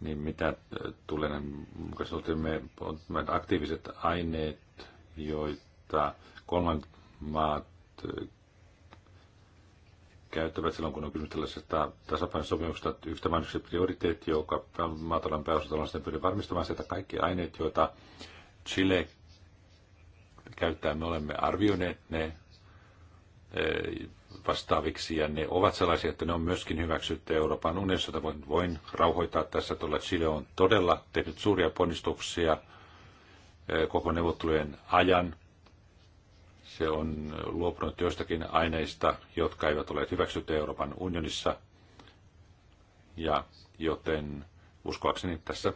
niin mitä äh, tulee me aktiiviset aineet, joita kolmannet maat äh, käyttävät silloin, kun on kysymys tällaisesta tasapainosopimuksesta. Yhtä vain prioriteetti, joka maatalouden pääosatolla on varmistamaan se, että kaikki aineet, joita Chile käyttää, me olemme arvioineet ne äh, vastaaviksi, ja ne ovat sellaisia, että ne on myöskin hyväksytty Euroopan unionissa. Voin, voin rauhoittaa tässä, tuolla, Chile on todella tehnyt suuria ponnistuksia eh, koko neuvottelujen ajan. Se on luopunut joistakin aineista, jotka eivät ole hyväksytty Euroopan unionissa, ja joten uskoakseni tässä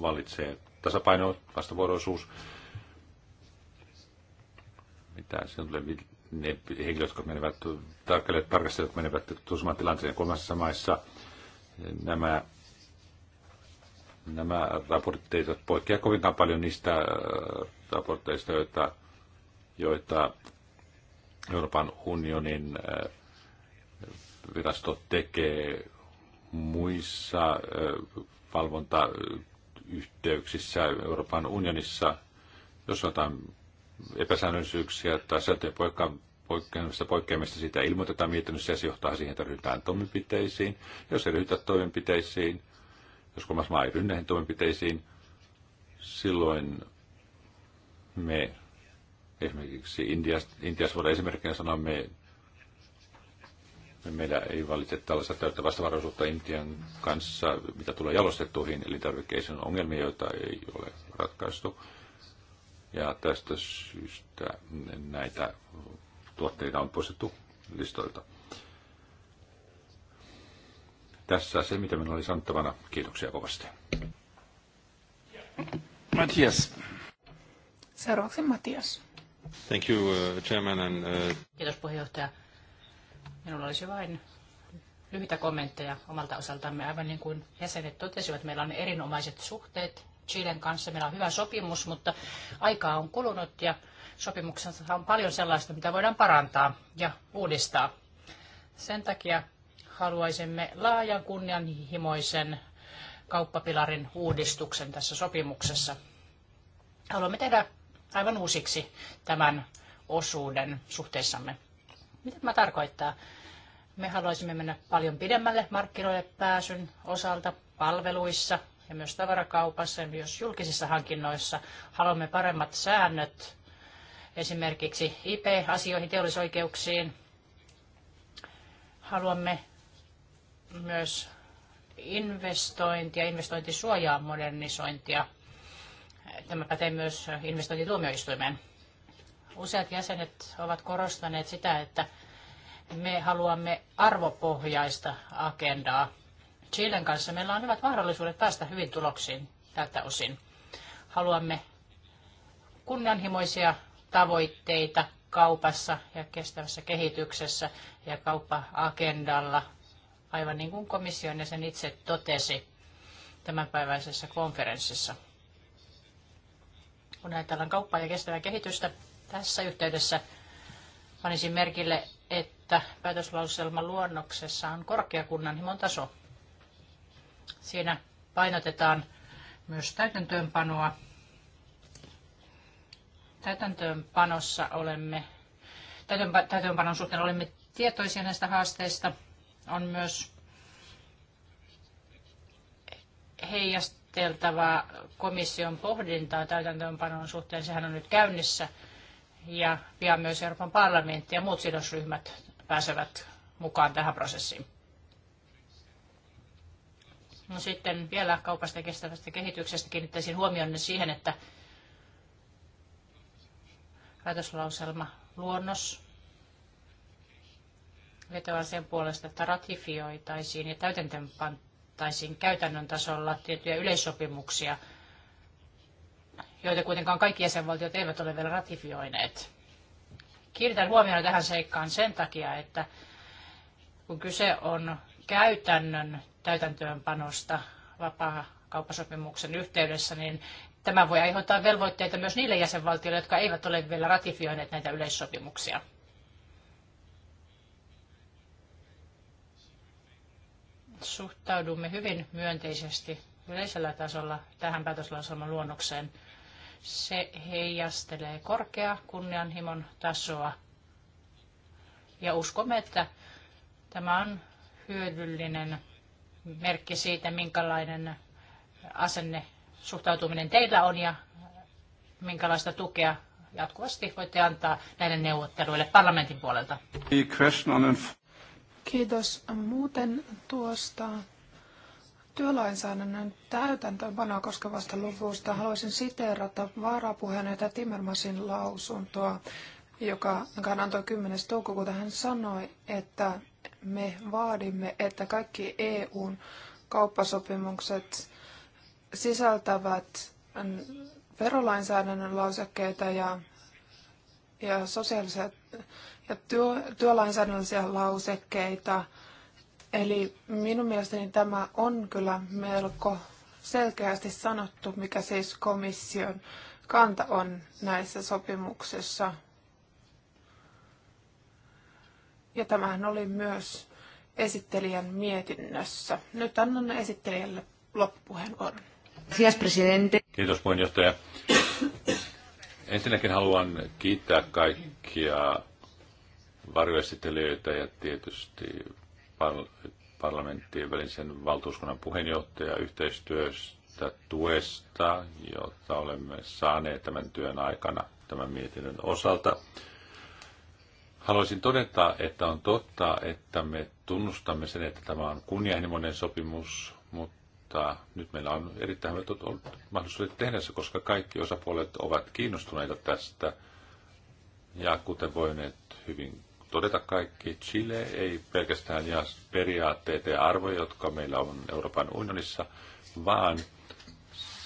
vallitsee tasapaino, vastavuoroisuus. Mitä se tulee ne henkilöt, jotka menevät, tarkkailijat tarkastelijat, jotka menevät tuosumaan tilanteeseen kolmansissa maissa, nämä, nämä raportit eivät poikkea kovinkaan paljon niistä äh, raporteista, joita, joita Euroopan unionin äh, virasto tekee muissa äh, valvontayhteyksissä Euroopan unionissa, jos otetaan epäsäännöllisyyksiä tai sääntöjen poikkeamista, poikkeamista siitä ilmoitetaan mietinnössä ja se johtaa siihen, että ryhdytään toimenpiteisiin. Jos ei ryhdytä toimenpiteisiin, jos kolmas maa ei ryhdy toimenpiteisiin, silloin me esimerkiksi Intiassa Indias voidaan esimerkkinä sanoa, me, me meillä ei valitse tällaista täyttä vastavaraisuutta Intian kanssa, mitä tulee jalostettuihin elintarvikkeisiin ongelmia, joita ei ole ratkaistu. Ja tästä syystä näitä tuotteita on poistettu listoilta. Tässä se, mitä minulla oli sanottavana. Kiitoksia kovasti. Matias. Seuraavaksi Matias. Thank you, uh, chairman and, uh... Kiitos puheenjohtaja. Minulla olisi vain lyhyitä kommentteja omalta osaltamme. Aivan niin kuin jäsenet totesivat, meillä on erinomaiset suhteet Chilen kanssa. Meillä on hyvä sopimus, mutta aikaa on kulunut ja sopimuksessa on paljon sellaista, mitä voidaan parantaa ja uudistaa. Sen takia haluaisimme laajan kunnianhimoisen kauppapilarin uudistuksen tässä sopimuksessa. Haluamme tehdä aivan uusiksi tämän osuuden suhteessamme. Mitä tämä tarkoittaa? Me haluaisimme mennä paljon pidemmälle markkinoille pääsyn osalta, palveluissa, ja myös tavarakaupassa ja myös julkisissa hankinnoissa haluamme paremmat säännöt esimerkiksi IP-asioihin, teollisoikeuksiin. Haluamme myös investointia, investointisuojaa, modernisointia. Tämä pätee myös investointituomioistuimeen. Useat jäsenet ovat korostaneet sitä, että me haluamme arvopohjaista agendaa Chilen kanssa meillä on hyvät mahdollisuudet päästä hyvin tuloksiin tältä osin. Haluamme kunnianhimoisia tavoitteita kaupassa ja kestävässä kehityksessä ja kauppa-agendalla, aivan niin kuin komission ja sen itse totesi tämänpäiväisessä konferenssissa. Kun ajatellaan kauppaa ja kestävää kehitystä, tässä yhteydessä panisin merkille, että päätöslauselman luonnoksessa on korkeakunnanhimon taso. Siinä painotetaan myös täytäntöönpanoa. Täytäntöönpanossa olemme, täytäntöönpanon suhteen olemme tietoisia näistä haasteista. On myös heijasteltavaa komission pohdintaa täytäntöönpanon suhteen. Sehän on nyt käynnissä ja pian myös Euroopan parlamentti ja muut sidosryhmät pääsevät mukaan tähän prosessiin. No sitten vielä kaupasta ja kestävästä kehityksestä kiinnittäisin huomionne siihen, että päätöslauselma luonnos vetoaa sen puolesta, että ratifioitaisiin ja täytäntöönpantaisiin käytännön tasolla tiettyjä yleissopimuksia, joita kuitenkaan kaikki jäsenvaltiot eivät ole vielä ratifioineet. Kiinnitän huomioon tähän seikkaan sen takia, että kun kyse on käytännön täytäntöönpanosta vapaa kauppasopimuksen yhteydessä, niin tämä voi aiheuttaa velvoitteita myös niille jäsenvaltioille, jotka eivät ole vielä ratifioineet näitä yleissopimuksia. Suhtaudumme hyvin myönteisesti yleisellä tasolla tähän päätöslauselman luonnokseen. Se heijastelee korkea kunnianhimon tasoa ja uskomme, että tämä on hyödyllinen merkki siitä, minkälainen asenne suhtautuminen teillä on ja minkälaista tukea jatkuvasti voitte antaa näille neuvotteluille parlamentin puolelta. Kiitos muuten tuosta työlainsäädännön täytäntöönpanoa koskevasta luvusta. Haluaisin siteerata vaarapuheenjohtaja Timmermasin lausuntoa, joka hän antoi 10. toukokuuta. Hän sanoi, että me vaadimme, että kaikki EUn kauppasopimukset sisältävät verolainsäädännön lausekkeita ja, ja sosiaalisia ja työ, työlainsäädännöllisiä lausekkeita. Eli minun mielestäni tämä on kyllä melko selkeästi sanottu, mikä siis komission kanta on näissä sopimuksissa ja tämähän oli myös esittelijän mietinnössä. Nyt annan esittelijälle loppupuheenvuoron. Kiitos, Kiitos, puheenjohtaja. Ensinnäkin haluan kiittää kaikkia varjoesittelijöitä ja tietysti par- parlamenttien välisen valtuuskunnan puheenjohtaja yhteistyöstä, tuesta, jota olemme saaneet tämän työn aikana tämän mietinnön osalta. Haluaisin todeta, että on totta, että me tunnustamme sen, että tämä on kunnianhimoinen sopimus, mutta nyt meillä on erittäin hyvät mahdollisuudet tehdä se, koska kaikki osapuolet ovat kiinnostuneita tästä. Ja kuten voineet hyvin todeta kaikki, Chile ei pelkästään jaa periaatteet ja arvoja, jotka meillä on Euroopan unionissa, vaan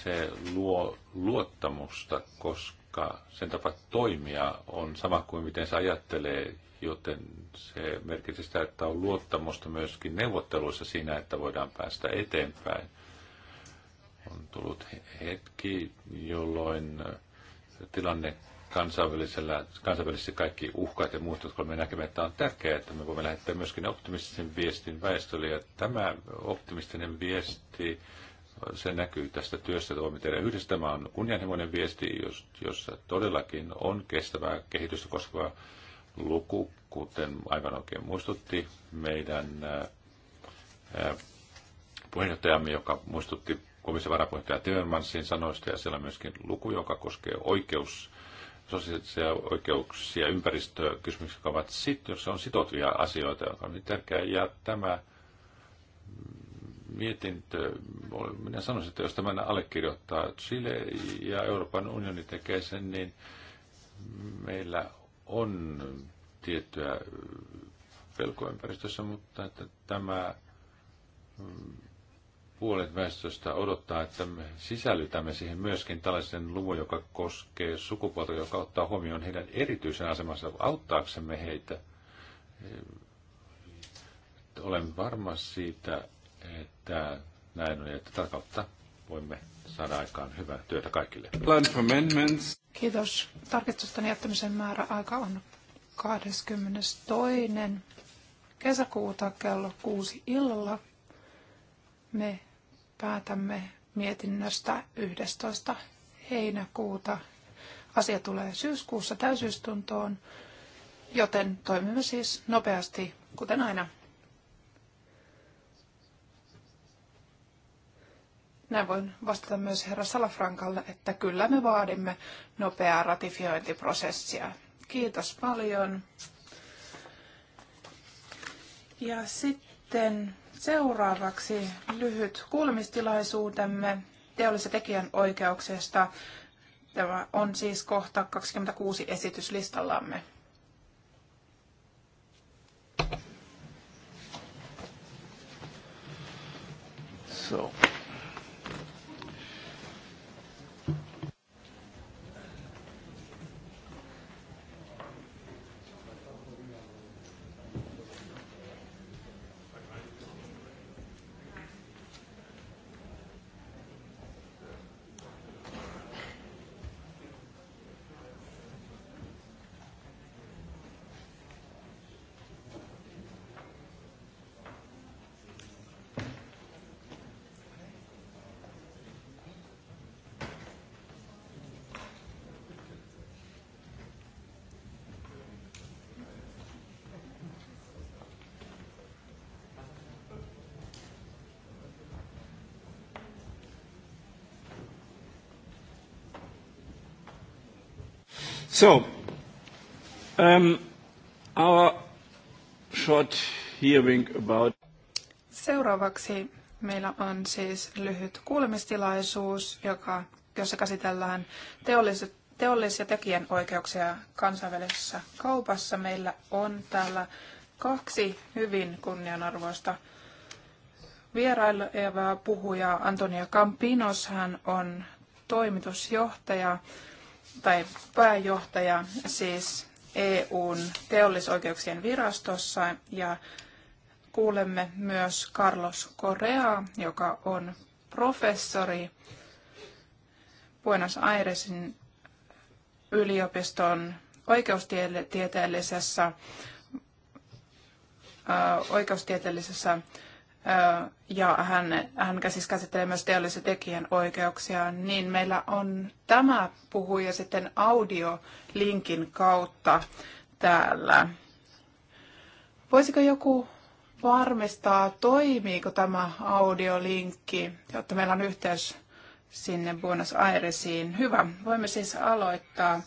se luo luottamusta, koska koska sen tapa toimia on sama kuin miten se ajattelee, joten se merkitsee sitä, että on luottamusta myöskin neuvotteluissa siinä, että voidaan päästä eteenpäin. On tullut hetki, jolloin tilanne kansainvälisellä, kansainvälisesti kaikki uhkat ja muut, jotka me näkemme, että on tärkeää, että me voimme lähettää myöskin optimistisen viestin väestölle. Ja tämä optimistinen viesti se näkyy tästä työstä, jota voimme tehdä yhdessä. Tämä on kunnianhimoinen viesti, jossa todellakin on kestävää kehitystä koskeva luku, kuten aivan oikein muistutti meidän puheenjohtajamme, joka muistutti komission varapuheenjohtaja Timmermansin sanoista, ja siellä on myöskin luku, joka koskee oikeus, sosiaalisia oikeuksia, ympäristökysymyksiä, jotka ovat sit, jossa on sitoutuvia asioita, jotka on niin tärkeää, ja tämä mietintö, minä sanoisin, että jos tämän allekirjoittaa Chile ja Euroopan unioni tekee sen, niin meillä on tiettyä pelkoympäristössä, mutta että tämä mm, puolet väestöstä odottaa, että me sisällytämme siihen myöskin tällaisen luvun, joka koskee sukupuolta, joka ottaa huomioon heidän erityisen asemansa auttaaksemme heitä. Olen varma siitä, että näin on, että tätä kautta voimme saada aikaan hyvää työtä kaikille. Kiitos. Tarkistusten jättämisen määrä aika on 22. kesäkuuta kello 6 illalla. Me päätämme mietinnöstä 11. heinäkuuta. Asia tulee syyskuussa täysistuntoon, joten toimimme siis nopeasti, kuten aina. Näin voin vastata myös herra Salafrankalle, että kyllä me vaadimme nopeaa ratifiointiprosessia. Kiitos paljon. Ja sitten seuraavaksi lyhyt kuulemistilaisuutemme teollisen tekijän oikeuksista. Tämä on siis kohta 26 esityslistallamme. So. So, um, our short hearing about... Seuraavaksi meillä on siis lyhyt kuulemistilaisuus, joka, jossa käsitellään teollis- teollis- ja tekijänoikeuksia kansainvälisessä kaupassa. Meillä on täällä kaksi hyvin kunnianarvoista vierailevaa puhujaa. Antonia Campinos, hän on toimitusjohtaja tai pääjohtaja siis EUn teollisoikeuksien virastossa ja kuulemme myös Carlos Correa, joka on professori Buenos Airesin yliopiston oikeustieteellisessä, oikeustieteellisessä ja hän, hän siis käsittelee myös teollisen tekijän oikeuksia, niin meillä on tämä puhuja sitten audiolinkin kautta täällä. Voisiko joku varmistaa, toimiiko tämä audiolinkki, jotta meillä on yhteys sinne Buenos Airesiin. Hyvä, voimme siis aloittaa.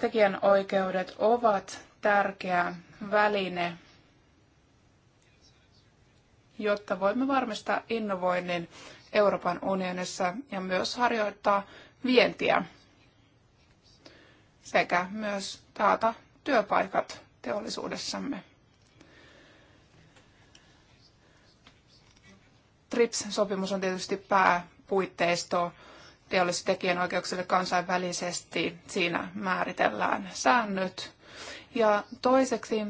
tekijän oikeudet ovat tärkeä väline jotta voimme varmistaa innovoinnin Euroopan unionissa ja myös harjoittaa vientiä sekä myös taata työpaikat teollisuudessamme. TRIPS-sopimus on tietysti pääpuitteisto teollisen tekijänoikeuksille kansainvälisesti. Siinä määritellään säännöt. Ja toiseksi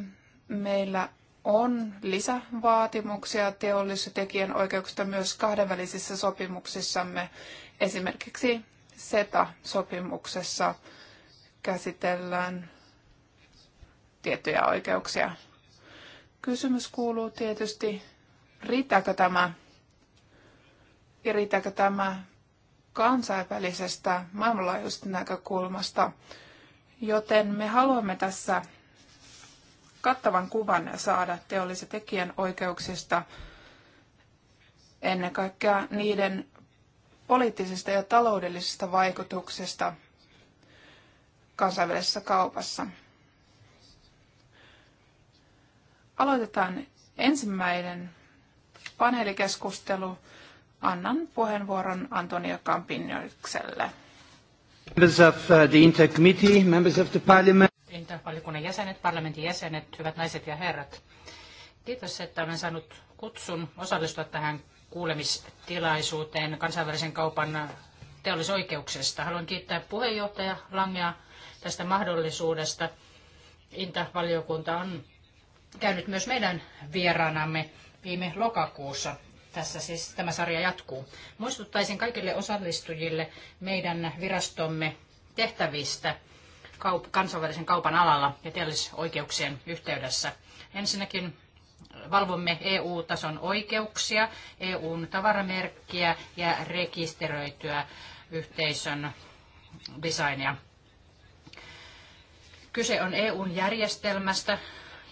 meillä on lisävaatimuksia teollisuustekijän oikeuksista myös kahdenvälisissä sopimuksissamme, esimerkiksi SETA-sopimuksessa käsitellään tiettyjä oikeuksia. Kysymys kuuluu tietysti, riittääkö tämä ja riittääkö tämä kansainvälisestä maailmanlaajuisesta näkökulmasta, joten me haluamme tässä kattavan kuvan saada teollisen tekijän oikeuksista, ennen kaikkea niiden poliittisista ja taloudellisista vaikutuksista kansainvälisessä kaupassa. Aloitetaan ensimmäinen paneelikeskustelu. Annan puheenvuoron Antonio Campinjoikselle. Members of uh, the Intercommittee, members of the Parliament valiokunnan jäsenet, parlamentin jäsenet, hyvät naiset ja herrat. Kiitos, että olen saanut kutsun osallistua tähän kuulemistilaisuuteen kansainvälisen kaupan teollisoikeuksesta. Haluan kiittää puheenjohtaja Langea tästä mahdollisuudesta. Inta-valiokunta on käynyt myös meidän vieraanamme viime lokakuussa. Tässä siis tämä sarja jatkuu. Muistuttaisin kaikille osallistujille meidän virastomme tehtävistä – kaup- kansainvälisen kaupan alalla ja teollisoikeuksien yhteydessä. Ensinnäkin valvomme EU-tason oikeuksia, EUn tavaramerkkiä ja rekisteröityä yhteisön designia. Kyse on EUn järjestelmästä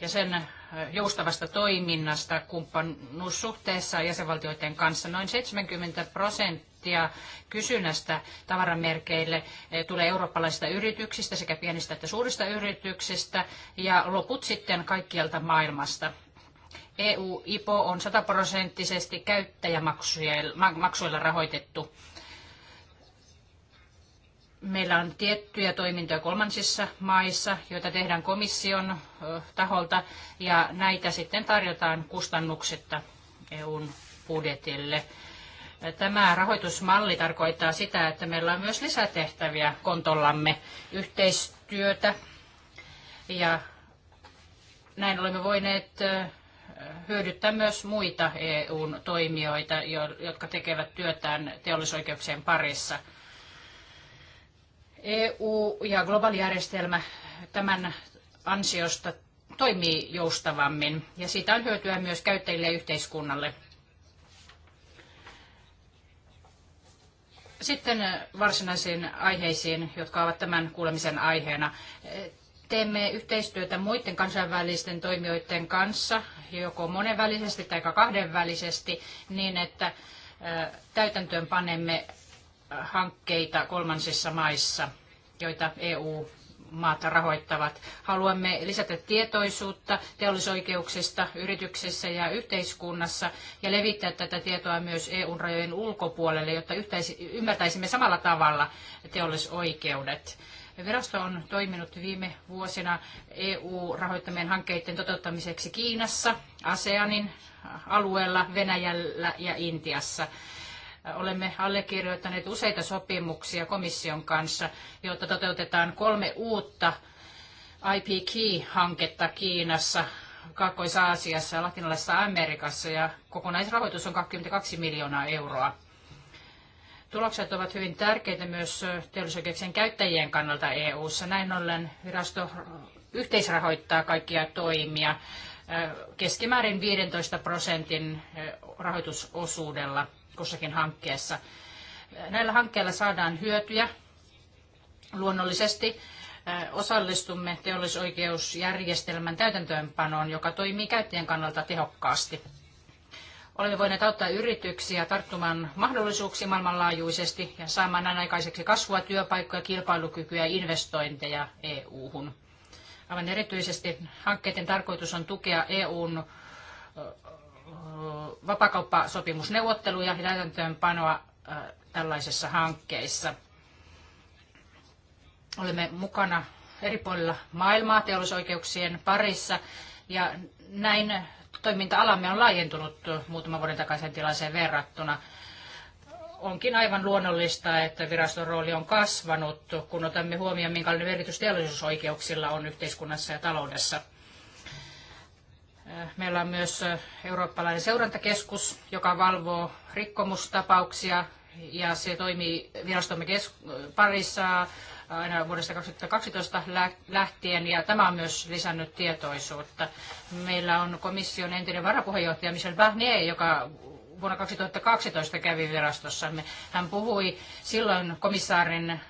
ja sen joustavasta toiminnasta kumppanuussuhteessa jäsenvaltioiden kanssa. Noin 70 prosenttia prosenttia kysynnästä tavaramerkeille eh, tulee eurooppalaisista yrityksistä, sekä pienistä että suurista yrityksistä, ja loput sitten kaikkialta maailmasta. EU-IPO on sataprosenttisesti käyttäjämaksuilla rahoitettu. Meillä on tiettyjä toimintoja kolmansissa maissa, joita tehdään komission taholta, ja näitä sitten tarjotaan kustannuksetta EUn budjetille. Tämä rahoitusmalli tarkoittaa sitä, että meillä on myös lisätehtäviä kontollamme, yhteistyötä ja näin olemme voineet hyödyttää myös muita EUn toimijoita, jotka tekevät työtään teollisoikeuksien parissa. EU ja globaalijärjestelmä tämän ansiosta toimii joustavammin ja siitä on hyötyä myös käyttäjille ja yhteiskunnalle. Sitten eh, varsinaisiin aiheisiin, jotka ovat tämän kuulemisen aiheena. Eh, teemme yhteistyötä muiden kansainvälisten toimijoiden kanssa, joko monenvälisesti tai kahdenvälisesti, niin että eh, täytäntöön panemme hankkeita kolmansissa maissa, joita EU maata rahoittavat. Haluamme lisätä tietoisuutta teollisoikeuksista yrityksissä ja yhteiskunnassa ja levittää tätä tietoa myös EUn rajojen ulkopuolelle, jotta ymmärtäisimme samalla tavalla teollisoikeudet. Virasto on toiminut viime vuosina EU-rahoittamien hankkeiden toteuttamiseksi Kiinassa, ASEANin alueella, Venäjällä ja Intiassa. Olemme allekirjoittaneet useita sopimuksia komission kanssa, jotta toteutetaan kolme uutta IP Key-hanketta Kiinassa, Kaakkois-Aasiassa ja Latinalaisessa Amerikassa ja kokonaisrahoitus on 22 miljoonaa euroa. Tulokset ovat hyvin tärkeitä myös teollisuuksien käyttäjien kannalta EU:ssa. Näin ollen virasto yhteisrahoittaa kaikkia toimia keskimäärin 15 prosentin rahoitusosuudella kussakin hankkeessa. Näillä hankkeilla saadaan hyötyjä. Luonnollisesti osallistumme teollisoikeusjärjestelmän täytäntöönpanoon, joka toimii käyttäjän kannalta tehokkaasti. Olemme voineet auttaa yrityksiä tarttumaan mahdollisuuksiin maailmanlaajuisesti ja saamaan näin aikaiseksi kasvua, työpaikkoja, kilpailukykyä ja investointeja EU-hun. Aivan erityisesti hankkeiden tarkoitus on tukea EUn vapakauppasopimusneuvotteluja ja täytäntöönpanoa tällaisissa hankkeissa. Olemme mukana eri puolilla maailmaa teollisoikeuksien parissa ja näin toiminta-alamme on laajentunut muutaman vuoden takaisin tilanteeseen verrattuna. Onkin aivan luonnollista, että viraston rooli on kasvanut, kun otamme huomioon, minkälainen merkitys teollisuusoikeuksilla on yhteiskunnassa ja taloudessa. Äh, meillä on myös äh, eurooppalainen seurantakeskus, joka valvoo rikkomustapauksia ja se toimii virastomme parissa äh, aina vuodesta 2012 lähtien ja tämä on myös lisännyt tietoisuutta. Meillä on komission entinen varapuheenjohtaja Michel Barnier, joka vuonna 2012 kävi virastossamme. Hän puhui silloin komissaarin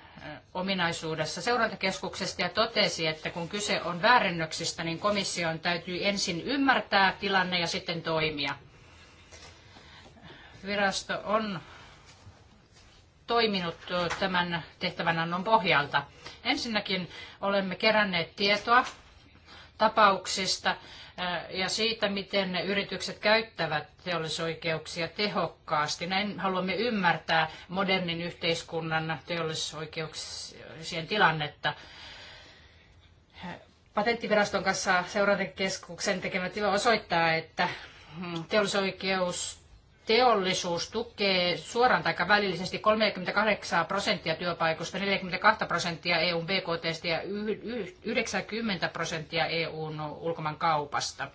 ominaisuudessa seurantakeskuksesta ja totesi, että kun kyse on väärennöksistä, niin komission täytyy ensin ymmärtää tilanne ja sitten toimia. Virasto on toiminut tämän tehtävänannon pohjalta. Ensinnäkin olemme keränneet tietoa tapauksista äh, ja siitä, miten yritykset käyttävät teollisoikeuksia tehokkaasti. Näin haluamme ymmärtää modernin yhteiskunnan teollisoikeuksien tilannetta. Patenttiviraston kanssa seurantakeskuksen tekemä työ osoittaa, että mm, teollisoikeus teollisuus tukee suoraan tai välillisesti 38 prosenttia työpaikoista, 42 prosenttia EUn BKTstä ja 90 prosenttia EUn ulkomaankaupasta.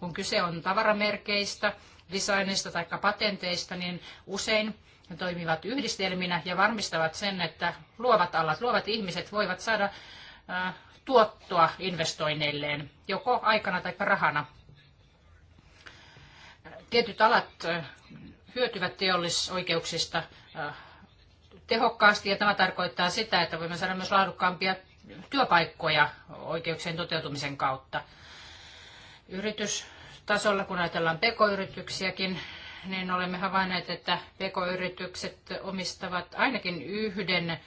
Kun kyse on tavaramerkeistä, designista tai patenteista, niin usein ne toimivat yhdistelminä ja varmistavat sen, että luovat alat, luovat ihmiset voivat saada tuottoa investoinneilleen, joko aikana tai rahana. Tietyt alat hyötyvät teollisoikeuksista äh, tehokkaasti ja tämä tarkoittaa sitä, että voimme saada myös laadukkaampia työpaikkoja oikeuksien toteutumisen kautta. Yritystasolla, kun ajatellaan pk-yrityksiäkin, niin olemme havainneet, että pk-yritykset omistavat ainakin yhden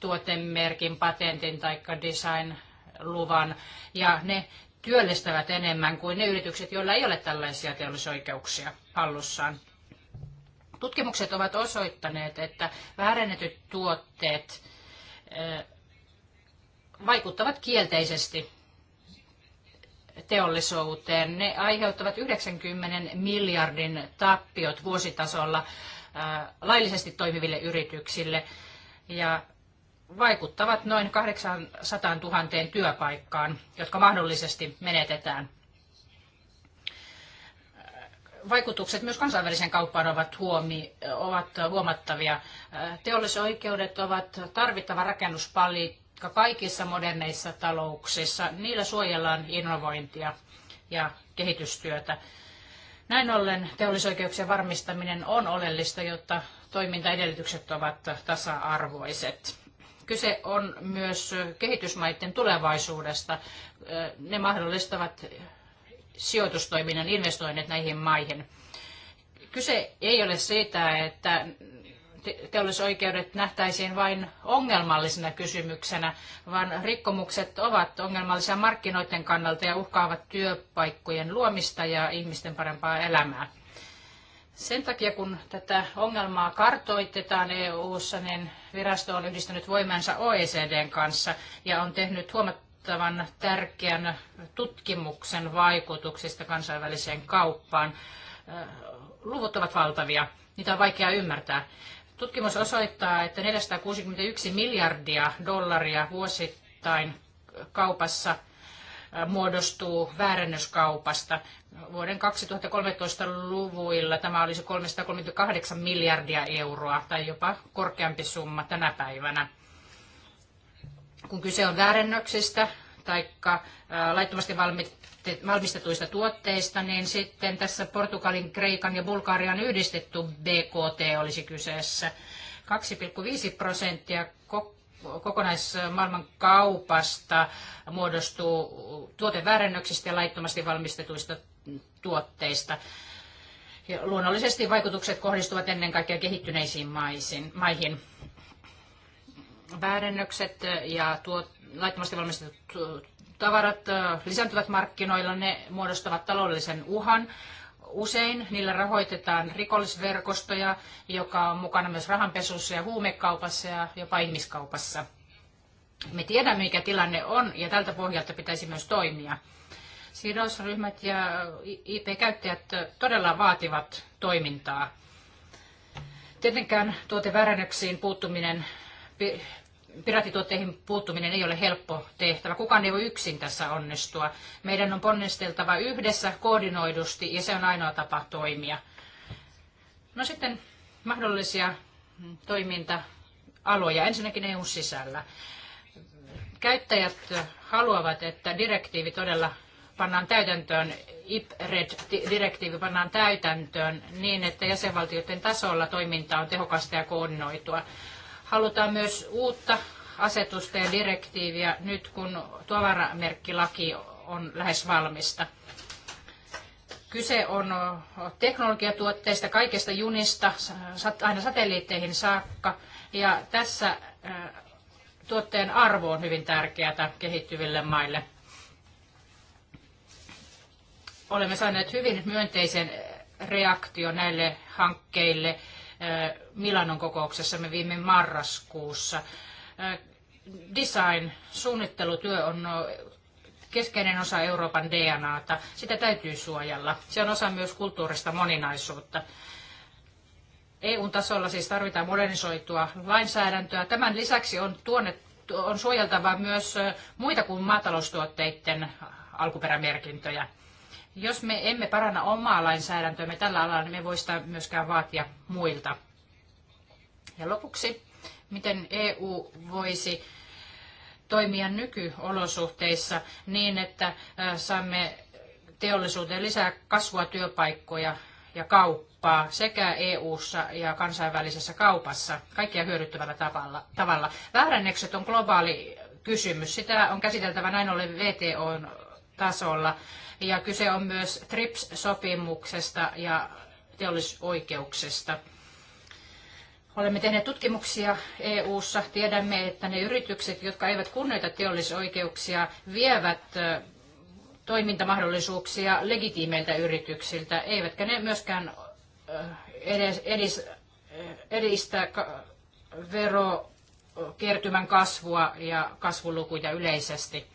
tuotemerkin, patentin tai design-luvan, ja ne työllistävät enemmän kuin ne yritykset, joilla ei ole tällaisia teollisoikeuksia hallussaan. Tutkimukset ovat osoittaneet, että väärennetyt tuotteet vaikuttavat kielteisesti teollisuuteen. Ne aiheuttavat 90 miljardin tappiot vuositasolla laillisesti toimiville yrityksille ja vaikuttavat noin 800 000 työpaikkaan, jotka mahdollisesti menetetään vaikutukset myös kansainväliseen kauppaan ovat, huomi, ovat huomattavia. Teollisoikeudet ovat tarvittava rakennuspalikka kaikissa moderneissa talouksissa. Niillä suojellaan innovointia ja kehitystyötä. Näin ollen teollisoikeuksien varmistaminen on oleellista, jotta toimintaedellytykset ovat tasa-arvoiset. Kyse on myös kehitysmaiden tulevaisuudesta. Ne mahdollistavat sijoitustoiminnan investoinnit näihin maihin. Kyse ei ole siitä, että teollisoikeudet nähtäisiin vain ongelmallisena kysymyksenä, vaan rikkomukset ovat ongelmallisia markkinoiden kannalta ja uhkaavat työpaikkojen luomista ja ihmisten parempaa elämää. Sen takia, kun tätä ongelmaa kartoitetaan EU:ssa, niin virasto on yhdistänyt voimansa OECDn kanssa ja on tehnyt huomattavasti huomattavan tärkeän tutkimuksen vaikutuksista kansainväliseen kauppaan. Luvut ovat valtavia, niitä on vaikea ymmärtää. Tutkimus osoittaa, että 461 miljardia dollaria vuosittain kaupassa muodostuu väärennyskaupasta. Vuoden 2013 luvuilla tämä olisi 338 miljardia euroa tai jopa korkeampi summa tänä päivänä kun kyse on väärennöksistä tai laittomasti valmistetuista tuotteista, niin sitten tässä Portugalin, Kreikan ja Bulgarian yhdistetty BKT olisi kyseessä. 2,5 prosenttia kokonaismaailman kaupasta muodostuu tuoteväärennöksistä ja laittomasti valmistetuista tuotteista. Ja luonnollisesti vaikutukset kohdistuvat ennen kaikkea kehittyneisiin maihin väärennökset ja tuot, laittomasti valmistetut tavarat lisääntyvät markkinoilla, ne muodostavat taloudellisen uhan. Usein niillä rahoitetaan rikollisverkostoja, joka on mukana myös rahanpesussa ja huumekaupassa ja jopa ihmiskaupassa. Me tiedämme, mikä tilanne on ja tältä pohjalta pitäisi myös toimia. Sidosryhmät ja IP-käyttäjät todella vaativat toimintaa. Tietenkään tuoteväärännyksiin puuttuminen piratituotteihin puuttuminen ei ole helppo tehtävä. Kukaan ei voi yksin tässä onnistua. Meidän on ponnisteltava yhdessä koordinoidusti ja se on ainoa tapa toimia. No sitten mahdollisia toiminta-aloja. Ensinnäkin EUn sisällä. Käyttäjät haluavat, että direktiivi todella pannaan täytäntöön, IPRED-direktiivi pannaan täytäntöön niin, että jäsenvaltioiden tasolla toiminta on tehokasta ja koordinoitua halutaan myös uutta asetusta ja direktiiviä nyt, kun tavaramerkkilaki on lähes valmista. Kyse on teknologiatuotteista, kaikesta junista, aina satelliitteihin saakka. Ja tässä tuotteen arvo on hyvin tärkeää kehittyville maille. Olemme saaneet hyvin myönteisen reaktio näille hankkeille Milanon me viime marraskuussa. Design, suunnittelutyö on keskeinen osa Euroopan DNAta. Sitä täytyy suojella. Se on osa myös kulttuurista moninaisuutta. EU-tasolla siis tarvitaan modernisoitua lainsäädäntöä. Tämän lisäksi on, tuonne, on suojeltava myös muita kuin maataloustuotteiden alkuperämerkintöjä. Jos me emme paranna omaa lainsäädäntöämme tällä alalla, niin me voi sitä myöskään vaatia muilta. Ja lopuksi, miten EU voisi toimia nykyolosuhteissa niin, että saamme teollisuuteen lisää kasvua, työpaikkoja ja kauppaa sekä EU-ssa ja kansainvälisessä kaupassa kaikkia hyödyttävällä tavalla. tavalla. Väärännekset on globaali kysymys. Sitä on käsiteltävä näin ollen vto tasolla ja kyse on myös TRIPS-sopimuksesta ja teollisoikeuksista. Olemme tehneet tutkimuksia EU-ssa. Tiedämme, että ne yritykset, jotka eivät kunnioita teollisoikeuksia, vievät toimintamahdollisuuksia legitiimeiltä yrityksiltä, eivätkä ne myöskään edes, edis, edistä verokertymän kasvua ja kasvulukuja yleisesti.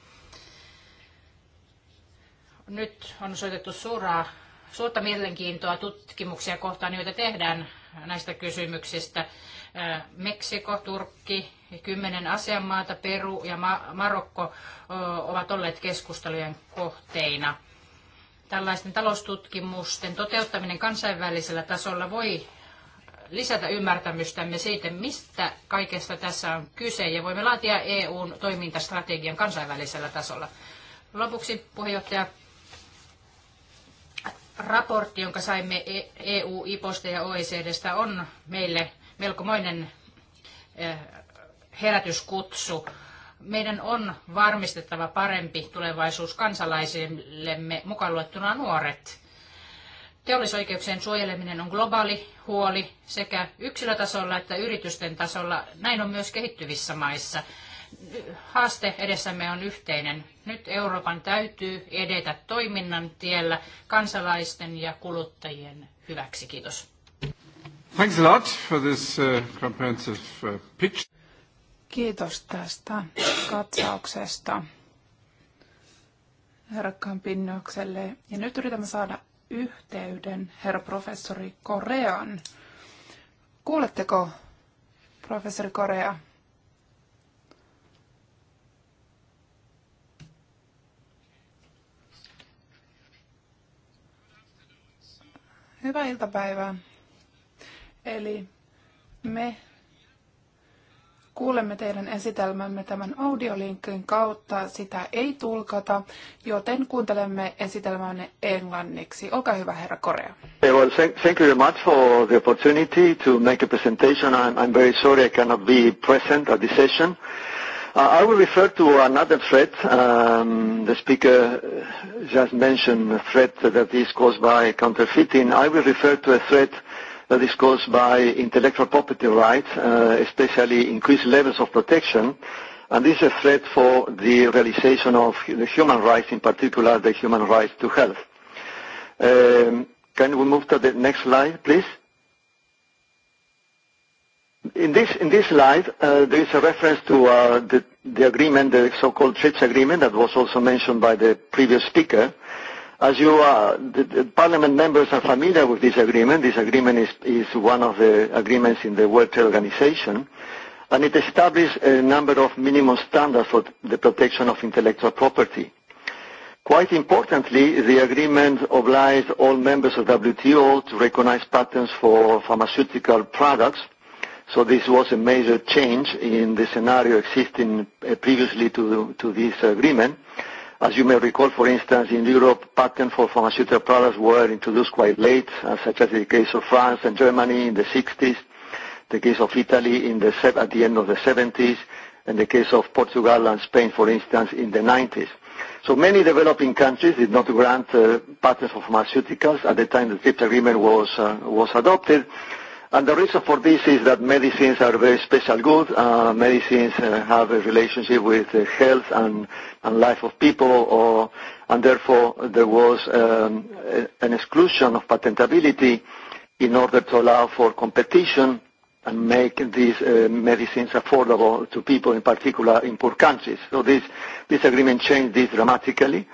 Nyt on osoitettu suuraa, suurta mielenkiintoa tutkimuksia kohtaan, joita tehdään näistä kysymyksistä. Meksiko, Turkki, kymmenen asianmaata, Peru ja Marokko ovat olleet keskustelujen kohteina. Tällaisten taloustutkimusten toteuttaminen kansainvälisellä tasolla voi lisätä ymmärtämystämme siitä, mistä kaikesta tässä on kyse, ja voimme laatia EUn toimintastrategian kansainvälisellä tasolla. Lopuksi puheenjohtaja raportti, jonka saimme EU-IPOsta e ja OECDstä, on meille melkomoinen eh, herätyskutsu. Meidän on varmistettava parempi tulevaisuus kansalaisillemme, mukaan luettuna nuoret. Teollisoikeuksien suojeleminen on globaali huoli sekä yksilötasolla että yritysten tasolla. Näin on myös kehittyvissä maissa. Haaste edessämme on yhteinen. Nyt Euroopan täytyy edetä toiminnan tiellä kansalaisten ja kuluttajien hyväksi. Kiitos. Thanks a lot for this uh, comprehensive uh, pitch. Kiitos tästä katsauksesta herra Kampinnokselle. Ja nyt yritämme saada yhteyden herra professori Korean. Kuuletteko, professori Korea? Hyvää iltapäivää. Eli me kuulemme teidän esitelmämme tämän audiolinkin kautta. Sitä ei tulkata, joten kuuntelemme esitelmänne englanniksi. Olkaa hyvä, herra Korea. Hey, well, thank, thank you very much for the opportunity to make a presentation. I'm, I'm very sorry I cannot be present at this session. Uh, I will refer to another threat. Um, the speaker just mentioned a threat that is caused by counterfeiting. I will refer to a threat that is caused by intellectual property rights, uh, especially increased levels of protection. and This is a threat for the realization of the human rights, in particular, the human rights to health. Um, can we move to the next slide, please? In this in this slide, uh, there is a reference to uh, the the agreement, the so-called TRIPS agreement, that was also mentioned by the previous speaker. As you are, uh, the, the Parliament members are familiar with this agreement. This agreement is is one of the agreements in the World Trade Organization, and it established a number of minimum standards for the protection of intellectual property. Quite importantly, the agreement obliged all members of WTO to recognize patents for pharmaceutical products So this was a major change in the scenario existing uh, previously to, to this agreement. As you may recall, for instance, in Europe, patent for pharmaceutical products were introduced quite late, uh, such as the case of France and Germany in the 60s, the case of Italy in the, at the end of the 70s, and the case of Portugal and Spain, for instance, in the 90s. So many developing countries did not grant uh, patents for pharmaceuticals at the time the TRIPS agreement was, uh, was adopted, The reason for this is that medicines are very special good. Uh, medicines uh, have a relationship with uh, health and life of people, and therefore, there was um, an exclusion of patentability in order to allow for competition and make these medicines affordable to people, in particular in poor countries. This agreement changed this dramatically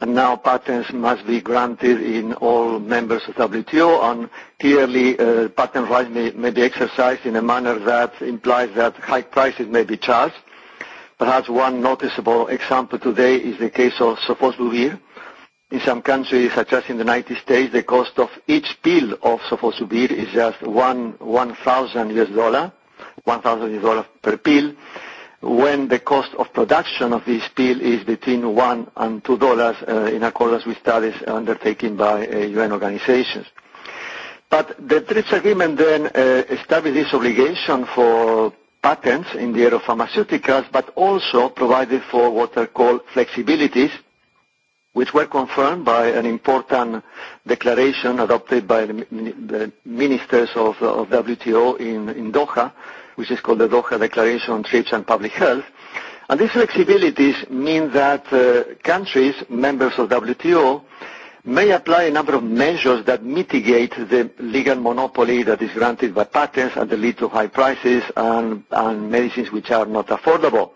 and now patents must be granted in all members of WTO, and clearly uh, patent rights may, may be exercised in a manner that implies that high prices may be charged. Perhaps one noticeable example today is the case of sofosbuvir. In some countries, such as in the United States, the cost of each pill of sofosbuvir is just one one thousand US dollar, one thousand US dollar per pill when the cost of production of this steel is between one and two dollars uh, in accordance with studies undertaken by uh, UN organizations. But the TRIPS agreement then uh, established this obligation for patents in the area of pharmaceuticals, but also provided for what are called flexibilities, which were confirmed by an important declaration adopted by the ministers of, of WTO in, in Doha which is called the Doha Declaration on Trips and Public Health. And these flexibilities mean that uh, countries, members of WTO, may apply a number of measures that mitigate the legal monopoly that is granted by patents and the lead to high prices and, and medicines which are not affordable.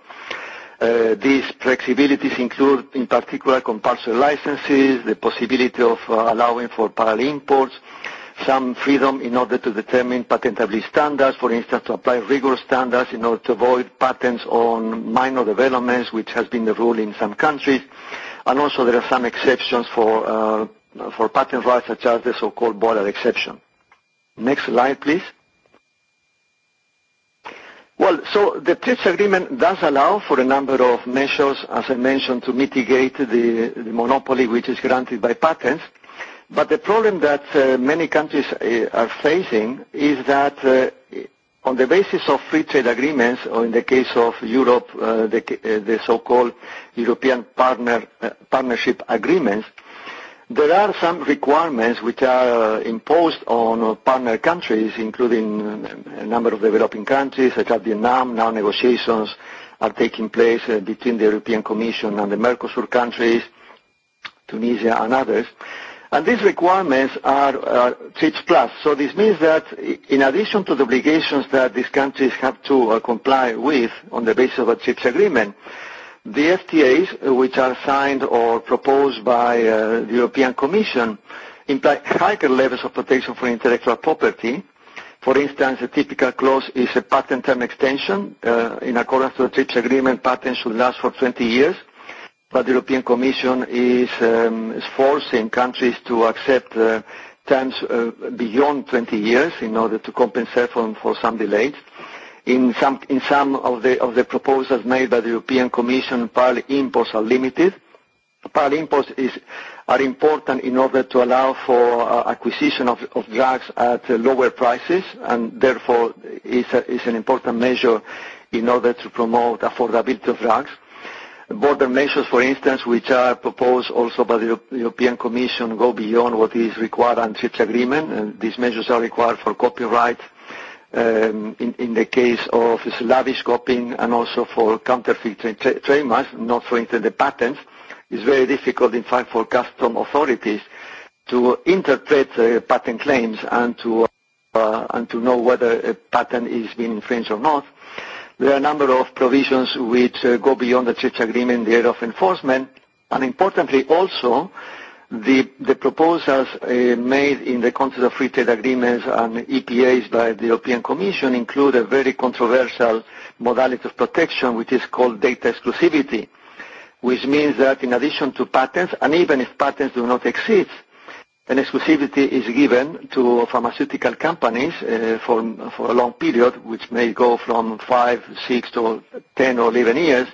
Uh, these flexibilities include, in particular, compulsory licenses, the possibility of uh, allowing for parallel imports, uh, some freedom in order to determine patentability standards, for instance, to apply rigorous standards in order to avoid patents on minor developments, which has been the rule in some countries. And also there are some exceptions for, uh, for patent rights, such as the so-called border exception. Next slide, please. Well, so the TRIPS agreement does allow for a number of measures, as I mentioned, to mitigate the, the monopoly which is granted by patents. Uh, But the problem that uh, many countries uh, are facing is that uh, on the basis of free trade agreements, or in the case of Europe, uh, the, uh, the so-called European partner, uh, partnership agreements, there are some requirements which are uh, imposed on uh, partner countries, including um, a number of developing countries, such as Vietnam. Now negotiations are taking place uh, between the European Commission and the Mercosur countries, Tunisia and others. Uh, And these requirements are uh, TRIPS Plus. So this means that in addition to the obligations that these countries have to uh, comply with on the basis of a TRIPS agreement, the FTAs, uh, which are signed or proposed by uh, the European Commission, imply higher levels of protection for intellectual property. For instance, a typical clause is a patent term extension. Uh, in accordance to the TRIPS agreement, patents should last for 20 years. The European Commission um, is forcing countries to accept uh, terms uh, beyond 20 years in order to compensate for some delays. In some of the proposals made by the European Commission, parallel imports are limited. Parallel imports are important in order to allow for uh, acquisition of drugs at lower prices, and therefore is an important measure in order to promote affordability of drugs border measures, for instance, which are proposed also by the European Commission, go beyond what is required under TRIPS agreement. Uh, these measures are required for copyright, um, in the case of slavish copying and also for counterfeit trademarks, not for instance, the patents. It's very difficult, in fact, for custom authorities to interpret uh, patent claims uh, and to know whether a patent is being infringed or not. There are a number of provisions which uh, go beyond the Church agreement, the area of enforcement, and importantly also, the proposals uh, made in the context of free trade agreements and EPAs by the European Commission include a very controversial modality of protection, which is called data exclusivity, which means that in addition to patents, and even if patents do not exist, an exclusivity is given to pharmaceutical companies uh, for, for a long period, which may go from five, six to 10 or 11 years,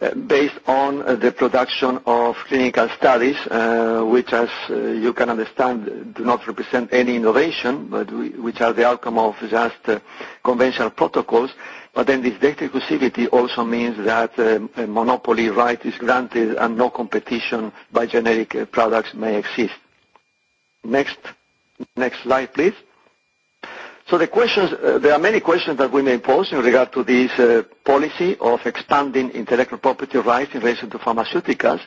uh, based on the production of clinical studies, uh, which as uh, you can understand do not represent any innovation, but we, which are the outcome of just uh, conventional protocols. But then this data exclusivity also means that uh, a monopoly right is granted and no competition by generic uh, products may exist. Next, next slide, please. So the questions, uh, there are many questions that we may pose in regard to this uh, policy of expanding intellectual property rights in relation to pharmaceuticals.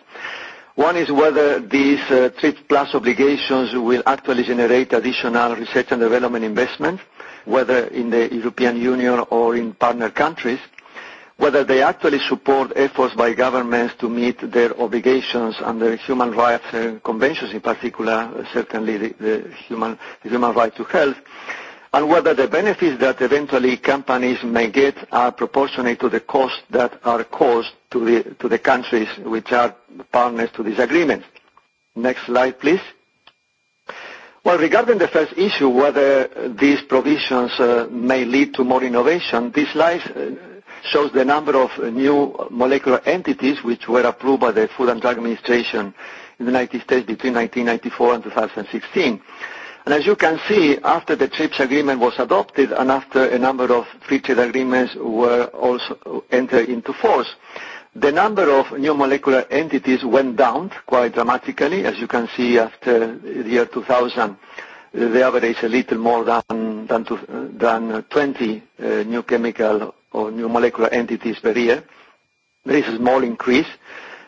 One is whether these uh, TRIPS Plus obligations will actually generate additional research and development investment, whether in the European Union or in partner countries whether they actually support efforts by governments to meet their obligations under human rights uh, conventions, in particular, uh, certainly the, the, human, the human right to health, and whether the benefits that eventually companies may get are proportionate to the costs that are caused to the, to the countries which are partners to these agreements. Next slide, please. Well, regarding the first issue, whether these provisions uh, may lead to more innovation, this slide. uh, shows the number of uh, new molecular entities which were approved by the Food and Drug Administration in the United States between 1994 and 2016. And as you can see, after the TRIPS agreement was adopted and after a number of free trade agreements were also entered into force, the number of new molecular entities went down quite dramatically. As you can see, after the year 2000, the average a little more than, than, to, uh, than 20 uh, new chemical of new molecular entities per year. There is a small increase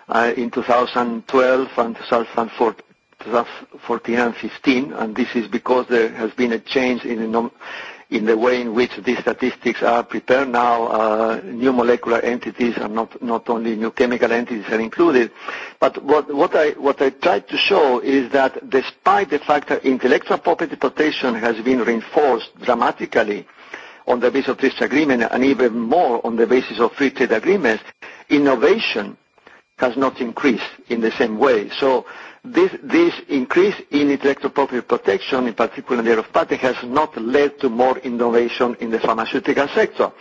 uh, in 2012 and 2014 and 2015, and this is because there has been a change in the way in which these statistics are prepared now. Uh, new molecular entities are not only new chemical entities are included. What I tried to show is that despite the fact that intellectual property protection has been reinforced dramatically on the basis of trade agreement and even more on the basis of free trade agreements, innovation has not increased in the same way. So this, this increase in intellectual property protection, in particular in the area of patent, has not led to more innovation in the pharmaceutical sector.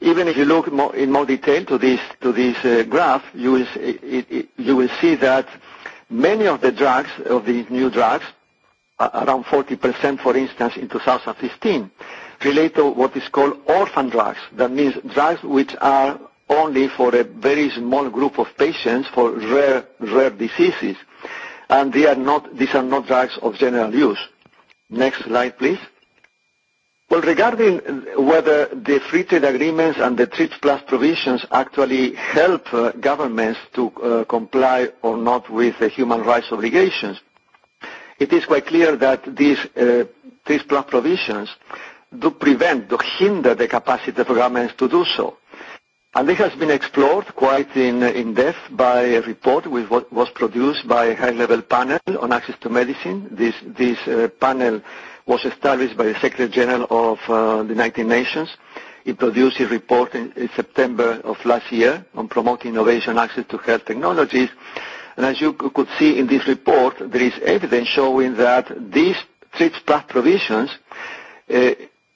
Even if you look more, in more detail to this, to this uh, graph, you will, it, it, you will see that many of the drugs, of these new drugs, around 40%, for instance, in 2015, relate to what is called orphan drugs. That means drugs which are only for a very small group of patients for rare, rare diseases. And they are not, these are not drugs of general use. Next slide, please. Well, regarding whether the free trade agreements and the TRIPS Plus provisions actually help uh, governments to uh, comply or not with the human rights obligations, it is quite clear that these uh, TRIPS Plus provisions uh, do prevent, do hinder the capacity of governments to do so. And this has been explored quite in, in depth by a report which was produced by a high-level panel on access to medicine. This, this uh, panel was established by the Secretary General of uh, the United Nations. It produced a report in, in September of last year on promoting innovation and access to health technologies. And as you could see in this report, there is evidence showing that these TRIPS path provisions uh,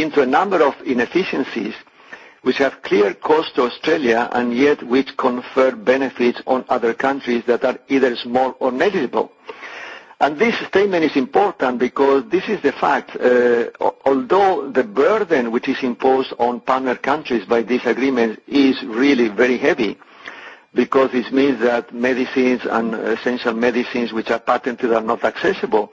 into a number of inefficiencies which have clear costs to Australia and yet which confer benefits on other countries that are either small or negligible. And this statement is important because this is the fact. Uh, although the burden which is imposed on partner countries by this agreement is really very heavy, because it means that medicines and essential medicines which are patented are not accessible,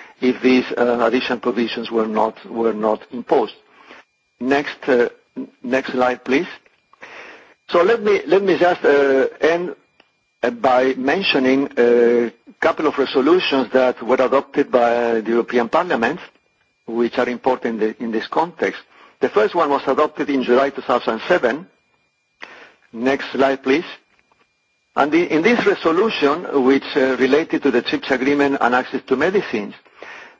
if these uh, additional provisions were not were not imposed. Next uh, next slide, please. So Let me let me just uh, end by mentioning a couple of resolutions that were adopted by the European Parliament, which are important in this context. The first one was adopted in July 2007. Next slide, please. And In this resolution, which related to the Chips agreement and access to medicines,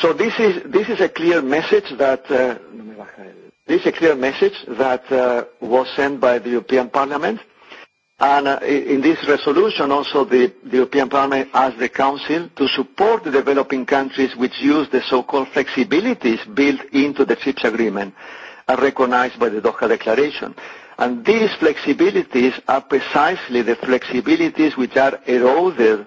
So this is this is a clear message that uh, this is a clear message that uh, was sent by the European Parliament, and uh, in this resolution also the, the European Parliament asked the Council to support the developing countries which use the so-called flexibilities built into the CHIPS agreement are recognized by the Doha Declaration. And these flexibilities are precisely the flexibilities which are eroded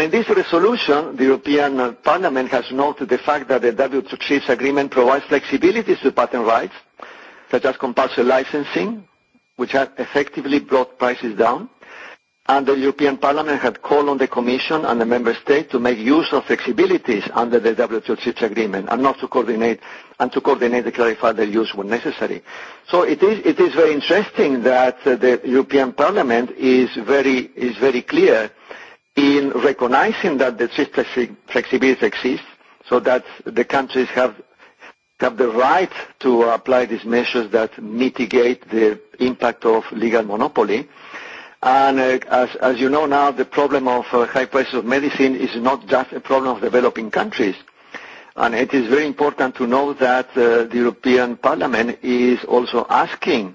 In this resolution, the European Parliament has noted the fact that the WTO agreement provides flexibility to patent rights, such as compulsory licensing, which has effectively brought prices down. And The European Parliament had called on the Commission and the member state to make use of flexibilities under the WTO agreement and not to coordinate and to coordinate and clarify their use when necessary. So It is it is very interesting that uh, the European Parliament is very clear in recognizing that the trade flexibility exists, so that the countries have have the right to apply these measures that mitigate the impact of legal monopoly. And uh, as, as you know now, the problem of uh, high prices of medicine is not just a problem of developing countries. And it is very important to know that uh, the European Parliament is also asking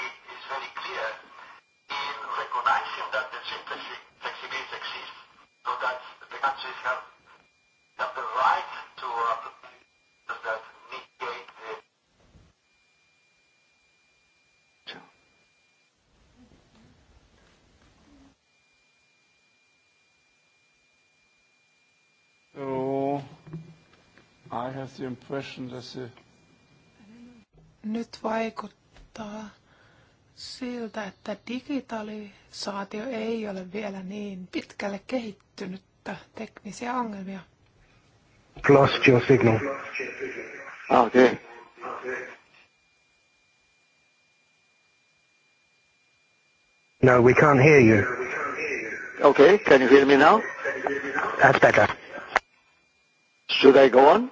has the impression that the... Nyt vaikuttaa siltä, että digitalisaatio ei ole vielä niin pitkälle kehittynyttä teknisiä ongelmia. Lost your signal. Ah, okay. No, we can't hear you. Okay, can you hear me now? That's better. Should I go on?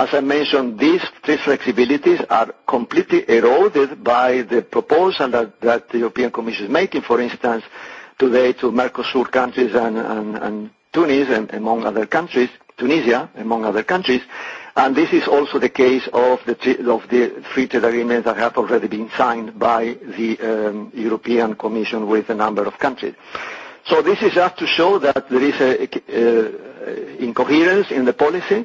As I mentioned, these three flexibilities are completely eroded by the proposal that the European Commission is making, for instance, today to Mercosur countries and Tunis, among other countries, Tunisia, among other countries. This is also the case of the free trade agreements that have already been signed by the um, European Commission with a number of countries. This is just to show that there is a incoherence in the policy.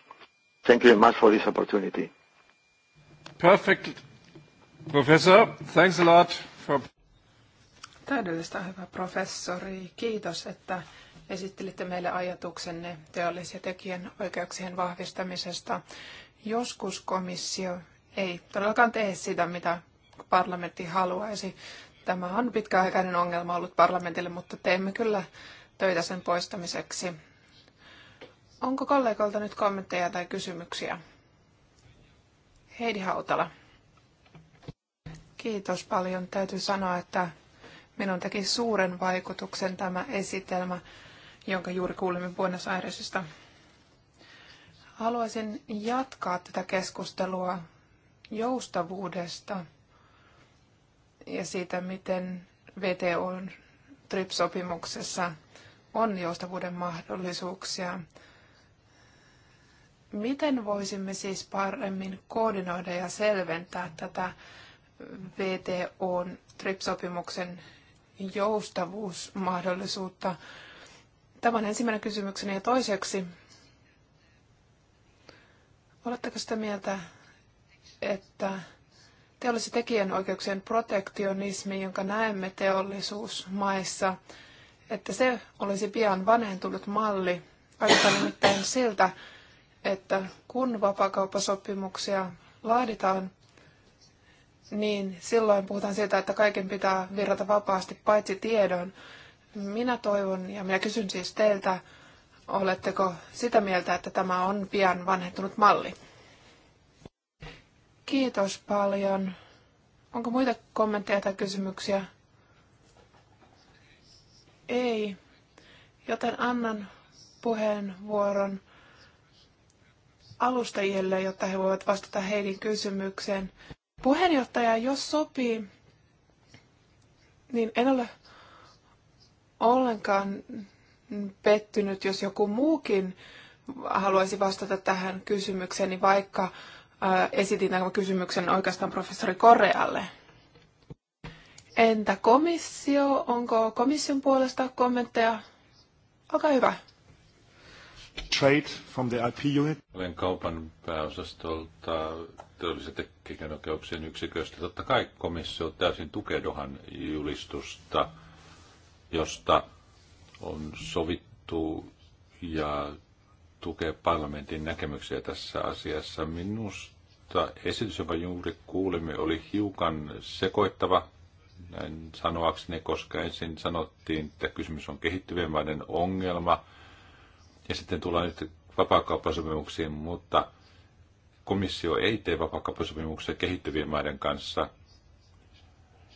Thank you very much for this opportunity. Perfect. Professor, thanks a lot for... Täydellistä hyvä professori. Kiitos, että esittelitte meille ajatuksenne teollisia tekijän oikeuksien vahvistamisesta. Joskus komissio ei todellakaan tee sitä, mitä parlamentti haluaisi. Tämä on pitkäaikainen ongelma ollut parlamentille, mutta teemme kyllä töitä sen poistamiseksi. Onko kollegalta nyt kommentteja tai kysymyksiä? Heidi Hautala. Kiitos paljon. Täytyy sanoa, että minun teki suuren vaikutuksen tämä esitelmä, jonka juuri kuulimme Buenos Airesista. Haluaisin jatkaa tätä keskustelua joustavuudesta ja siitä, miten vto TRIP-sopimuksessa on joustavuuden mahdollisuuksia. Miten voisimme siis paremmin koordinoida ja selventää tätä VTOn TRIP-sopimuksen joustavuusmahdollisuutta? Tämä on ensimmäinen kysymykseni. Ja toiseksi, oletteko sitä mieltä, että teollisen tekijänoikeuksien protektionismi, jonka näemme teollisuusmaissa, että se olisi pian vanhentunut malli, vaikuttaa nimittäin siltä, että kun vapakauppasopimuksia laaditaan, niin silloin puhutaan siitä, että kaiken pitää virrata vapaasti paitsi tiedon. Minä toivon ja minä kysyn siis teiltä, oletteko sitä mieltä, että tämä on pian vanhentunut malli? Kiitos paljon. Onko muita kommentteja tai kysymyksiä? Ei. Joten annan puheenvuoron alustajille, jotta he voivat vastata heidän kysymykseen. Puheenjohtaja, jos sopii, niin en ole ollenkaan pettynyt, jos joku muukin haluaisi vastata tähän kysymykseen, niin vaikka äh, esitin tämän kysymyksen oikeastaan professori Korealle. Entä komissio? Onko komission puolesta kommentteja? Olkaa hyvä. Trade from the IP unit. Olen kaupan pääosastolta teollisen tekijänoikeuksien yksiköstä. Totta kai komissio täysin tukee Dohan julistusta, josta on sovittu ja tukee parlamentin näkemyksiä tässä asiassa. Minusta esitys, jonka juuri kuulimme, oli hiukan sekoittava näin sanoakseni, koska ensin sanottiin, että kysymys on kehittyvien maiden ongelma – ja sitten tullaan nyt vapaakauppasopimuksiin, mutta komissio ei tee vapaakauppasopimuksia kehittyvien maiden kanssa.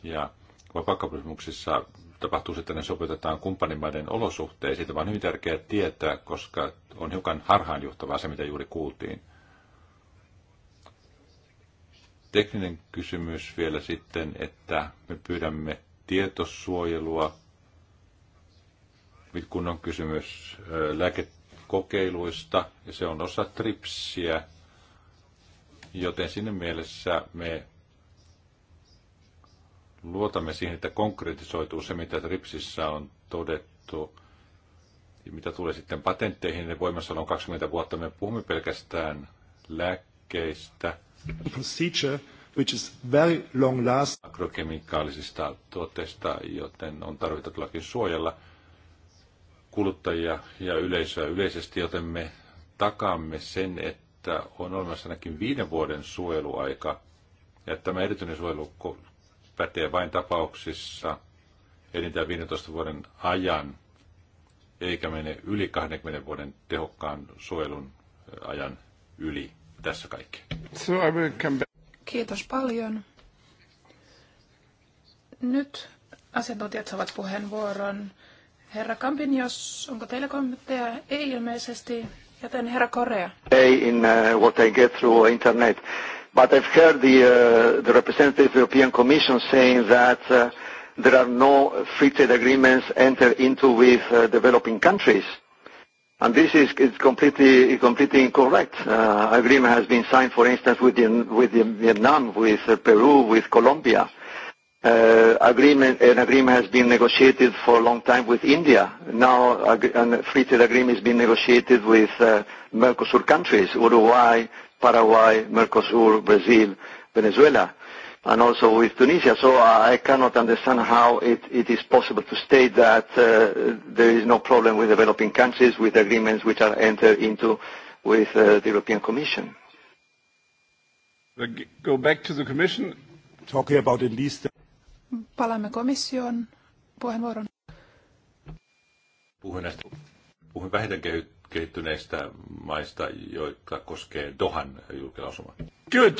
Ja vapaakauppasopimuksissa tapahtuu sitten, että ne sopeutetaan kumppanimaiden olosuhteisiin. Tämä on hyvin tärkeää tietää, koska on hiukan harhaanjohtavaa se, mitä juuri kuultiin. Tekninen kysymys vielä sitten, että me pyydämme tietosuojelua, kun on kysymys lääket kokeiluista ja se on osa TRIPSiä, joten sinne mielessä me luotamme siihen, että konkretisoituu se, mitä TRIPSissä on todettu. Ja mitä tulee sitten patentteihin, ne niin voimassa on 20 vuotta. Me puhumme pelkästään lääkkeistä. Procedure, which is very long last. Agrokemikaalisista tuotteista, joten on tarvita todellakin suojella kuluttajia ja yleisöä yleisesti, joten me takaamme sen, että on olemassa ainakin viiden vuoden suojeluaika. Ja tämä erityinen suojelu pätee vain tapauksissa enintään 15 vuoden ajan, eikä mene yli 20 vuoden tehokkaan suojelun ajan yli. Tässä kaikki. Kiitos paljon. Nyt asiantuntijat saavat puheenvuoron. Herra Kampin, jos onko teillä kommentteja? Ei ilmeisesti. Joten herra Korea. In uh, what I get through internet. But I've heard the, uh, the representative of the European Commission saying that uh, there are no free trade agreements entered into with uh, developing countries. And this is, is completely, completely incorrect. Uh, agreement has been signed, for instance, with, the, with the Vietnam, with uh, Peru, with Colombia. Uh, agreement, an agreement has been negotiated for a long time with India. Now a free trade agreement has been negotiated with uh, Mercosur countries, Uruguay, Paraguay, Mercosur, Brazil, Venezuela, and also with Tunisia. So I cannot understand how it, it is possible to state that uh, there is no problem with developing countries with agreements which are entered into with uh, the European Commission. Go back to the Commission. Talking about at least... Palaamme komission puheenvuoron. Puhun, näistä, puhun vähiten kehittyneistä maista, joita koskee Dohan julkilausuma. Good.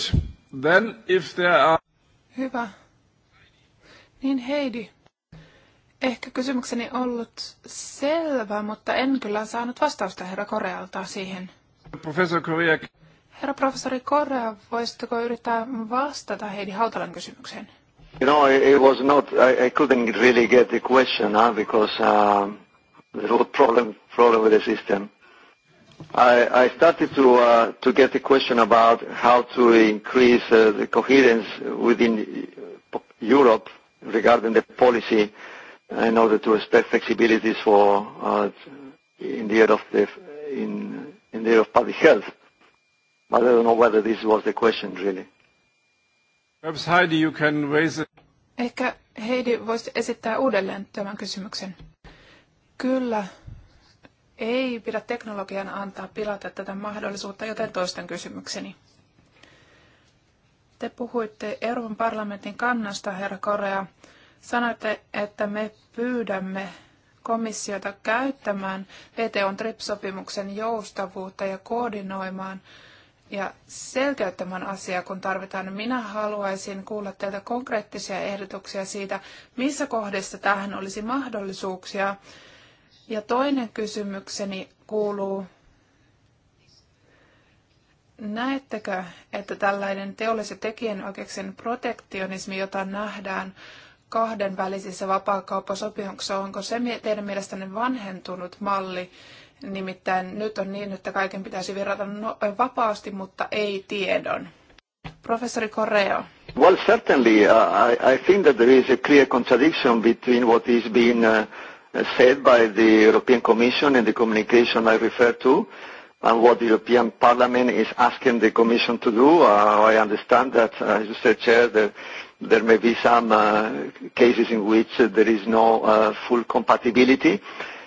Then if there are... Hyvä. Niin Heidi, ehkä kysymykseni ollut selvä, mutta en kyllä saanut vastausta herra Korealta siihen. Professor Korea. Herra professori Korea, voisitteko yrittää vastata Heidi Hautalan kysymykseen? You know, it was not. I couldn't really get the question because um, there was problem problem with the system. I started to uh, to get the question about how to increase uh, the coherence within Europe regarding the policy in order to respect flexibilities for uh, in the area of in of public health. But I don't know whether this was the question, really. Perhaps Heidi, you can raise it. Ehkä Heidi voisi esittää uudelleen tämän kysymyksen. Kyllä, ei pidä teknologian antaa pilata tätä mahdollisuutta, joten toistan kysymykseni. Te puhuitte Euroopan parlamentin kannasta, herra Korea. Sanoitte, että me pyydämme komissiota käyttämään vto TRIP-sopimuksen joustavuutta ja koordinoimaan ja selkeyttämään asiaa, kun tarvitaan. Minä haluaisin kuulla teiltä konkreettisia ehdotuksia siitä, missä kohdissa tähän olisi mahdollisuuksia. Ja toinen kysymykseni kuuluu, näettekö, että tällainen teollisen tekijänoikeuksien protektionismi, jota nähdään kahdenvälisissä vapaakauppasopimuksissa, onko se teidän mielestänne vanhentunut malli? Nimittäin nyt on niin, että kaiken pitäisi virrata no, vapaasti, mutta ei tiedon. Professori Correo. Well, certainly. Uh, I, I think that there is a clear contradiction between what is being uh, said by the European Commission and the communication I refer to and what the European Parliament is asking the Commission to do. Uh, I understand that, uh, as you said, Chair, there, there may be some uh, cases in which uh, there is no uh, full compatibility.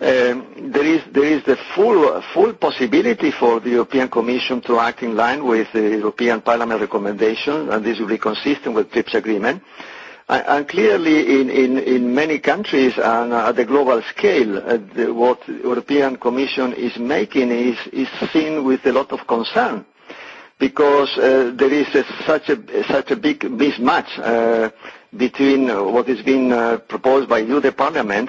um, there is there is the full full possibility for the European Commission to act in line with the European Parliament recommendation, and this will be consistent with TRIPS agreement. And, and clearly, in, in, in many countries and at the global scale, uh, the, what the European Commission is making is, is seen with a lot of concern because uh, there is a, such a such a big mismatch uh, between what is being uh, proposed by you, the Parliament,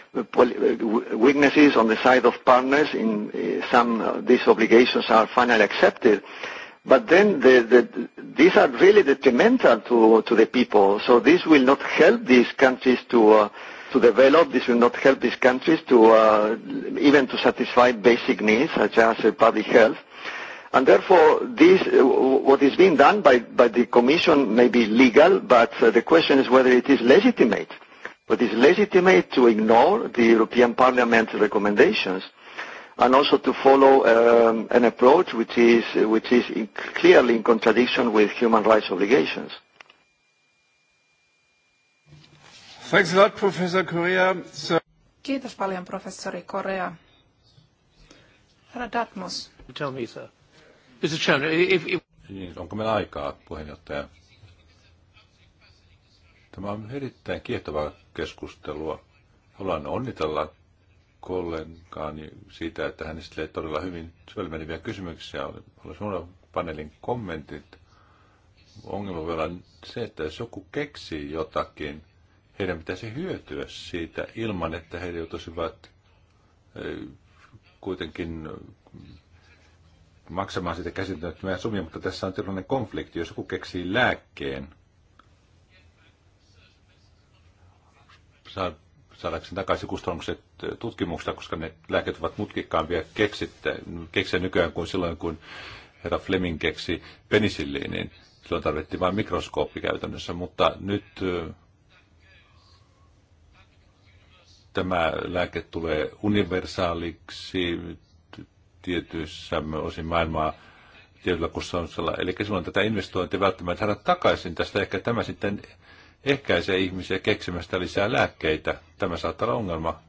Uh, weaknesses on the side of partners in uh, some of these obligations are finally accepted. But then the, the, these are really detrimental to, to the people. So this will not help these countries to, uh, to develop. This will not help these countries to uh, even to satisfy basic needs such as uh, public health. And therefore, this, uh, what is being done by, by the Commission may be legal, but the question is whether it is legitimate. But it's legitimate to ignore the European Parliament's recommendations and also to follow um, an approach which is, which is in, clearly in contradiction with human rights obligations. Thanks a lot, Professor Correa. So Kiitos paljon, professori Korea. Herra Datmos. Tell me, sir. Mr. Chairman, if, if... Niin, onko meillä aikaa, puheenjohtaja? Tämä on erittäin kiehtovaa keskustelua. Haluan onnitella kollegaani siitä, että hän esittelee todella hyvin syvälmeneviä kysymyksiä. Olen sanoa paneelin kommentit. Ongelma voi olla se, että jos joku keksii jotakin, heidän pitäisi hyötyä siitä ilman, että he joutuisivat kuitenkin maksamaan siitä käsittämättömiä summia, mutta tässä on tilanne konflikti. Jos joku keksii lääkkeen, saadaanko takaisin kustannukset tutkimuksesta, koska ne lääket ovat mutkikkaampia keksiä nykyään kuin silloin, kun herra Fleming keksi penisilliinin. Niin silloin tarvittiin vain mikroskooppi käytännössä, mutta nyt tämä lääke tulee universaaliksi tietyissä osin maailmaa tietyllä kustannuksella. Eli silloin tätä investointia välttämättä saada takaisin tästä. Ehkä tämä sitten ehkäisee ihmisiä keksimästä lisää lääkkeitä. Tämä saattaa olla ongelma.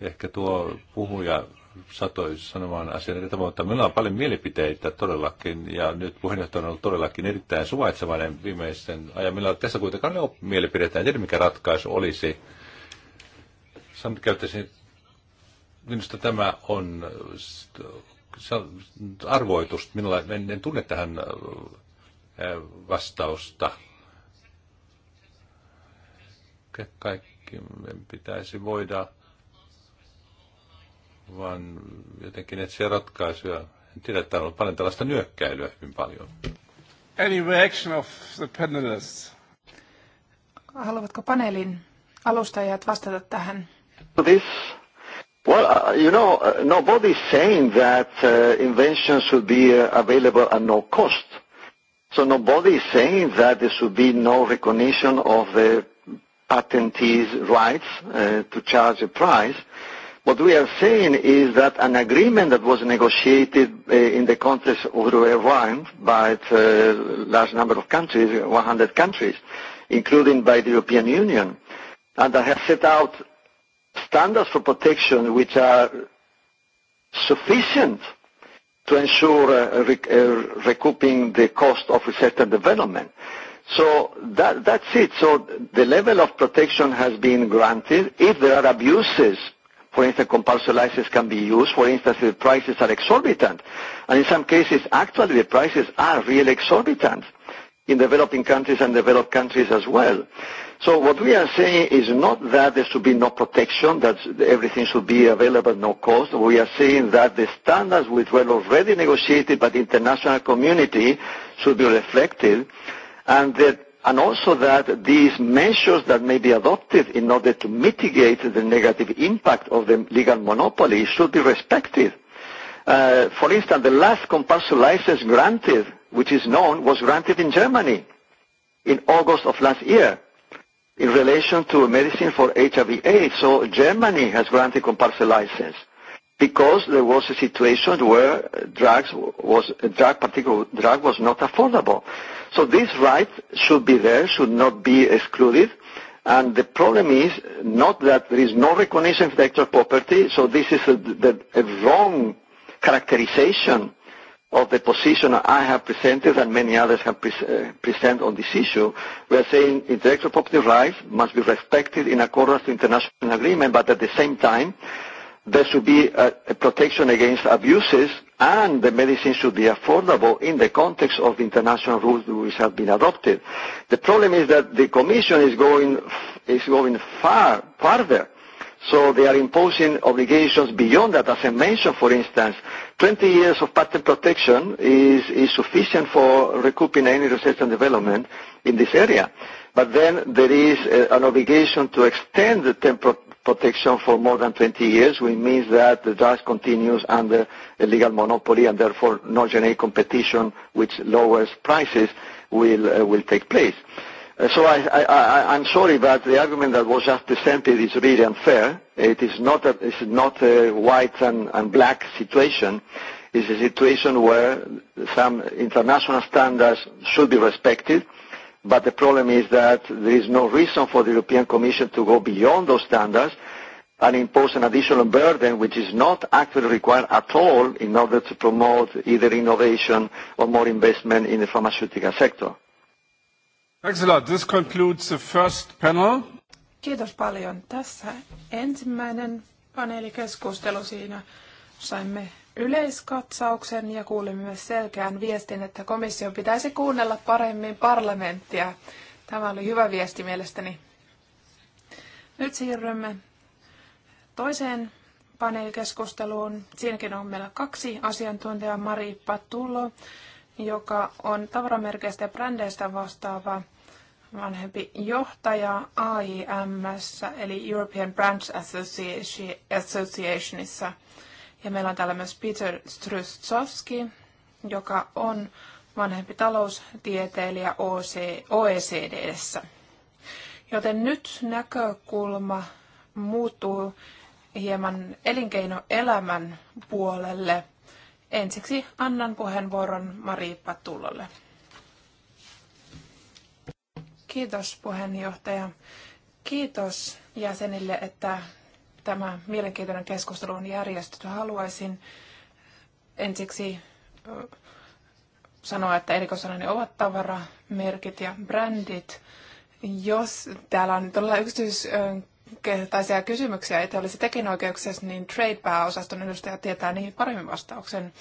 Ehkä tuo puhuja satoi sanomaan asian eri tavoin, mutta meillä on paljon mielipiteitä todellakin, ja nyt puheenjohtaja on ollut todellakin erittäin suvaitsevainen viimeisen ajan. Meillä on tässä kuitenkaan ne no mielipiteitä, en tiedä mikä ratkaisu olisi. Sanoit, käyttäisin, minusta tämä on arvoitus, minulla en, en tunne tähän vastausta ehkä kaikki pitäisi voida, vaan jotenkin etsiä ratkaisuja. En tiedä, että on paljon tällaista nyökkäilyä hyvin paljon. Any reaction of the panelists? Haluavatko paneelin alustajat vastata tähän? This Well, uh, you know, uh, is saying that uh, inventions should be uh, available at no cost. So nobody is saying that there should be no recognition of the patentees' rights uh, to charge a price. What we are saying is that an agreement that was negotiated uh, in the context of the round by a uh, large number of countries, 100 countries, including by the European Union, and that has set out standards for protection which are sufficient to ensure uh, rec uh, recouping the cost of research and development. So that, that's it. So the level of protection has been granted. If there are abuses, for instance, compulsory license can be used. For instance, the prices are exorbitant. And in some cases, actually, the prices are really exorbitant in developing countries and developed countries as well. So what we are saying is not that there should be no protection, that everything should be available at no cost. We are saying that the standards which were already negotiated by the international community should be reflected and that and also that these measures that may be adopted in order to mitigate the negative impact of the legal monopoly should be respected. Uh, for instance, the last compulsory license granted, which is known, was granted in Germany in August of last year in relation to medicine for HIV AIDS. So Germany has granted compulsory license. Uh, because there was a situation where drugs was a drug particular drug was not affordable. So this right should be there, should not be excluded. And the problem is not that there is no recognition of intellectual property, so this is a, the, a wrong characterization of the position I have presented and many others have pre uh, presented on this issue. We are saying intellectual property rights must be respected in accordance with international agreement, but at the same time, there should be a, a protection against abuses and the medicine should be affordable in the context of the international rules which have been adopted. The problem is that the Commission is going, is going far, farther. So they are imposing obligations beyond that. As I mentioned, for instance, 20 years of patent protection is, is sufficient for recouping any research and development in this area. But then there is a, uh, an obligation to extend the temporal protection for more than 20 years, which means that the drug continues under a legal monopoly and therefore no generic competition, which lowers prices, will uh, take place. Uh, I'm sorry, but the argument that was just presented is really unfair. It is not a white and black situation. It's a situation where some international standards should be respected, but the problem is that there is no reason for the European Commission to go beyond those standards and impose an additional burden which is not actually required at all in order to promote either innovation or more investment in the pharmaceutical sector. Thanks a lot. This concludes the first panel. Kiitos paljon. Tässä ensimmäinen paneelikeskustelu siinä saimme yleiskatsauksen ja kuulimme myös selkeän viestin, että komission pitäisi kuunnella paremmin parlamenttia. Tämä oli hyvä viesti mielestäni. Nyt siirrymme toiseen paneelikeskusteluun. Siinäkin on meillä kaksi asiantuntijaa. Mari Patullo, joka on tavaramerkeistä ja brändeistä vastaava vanhempi johtaja AIMS, eli European Branch Associationissa – ja meillä on täällä myös Peter Strustsovski, joka on vanhempi taloustieteilijä OECDssä. Joten nyt näkökulma muuttuu hieman elinkeinoelämän puolelle. Ensiksi annan puheenvuoron Mari Patullolle. Kiitos puheenjohtaja. Kiitos jäsenille, että tämä mielenkiintoinen keskustelu on järjestetty. Haluaisin ensiksi sanoa, että erikoisanani ovat tavaramerkit ja brändit. Jos täällä on todella yksityiskohtaisia kysymyksiä, että olisi tekinoikeuksessa niin Trade-pääosaston edustaja tietää niihin paremmin vastauksen.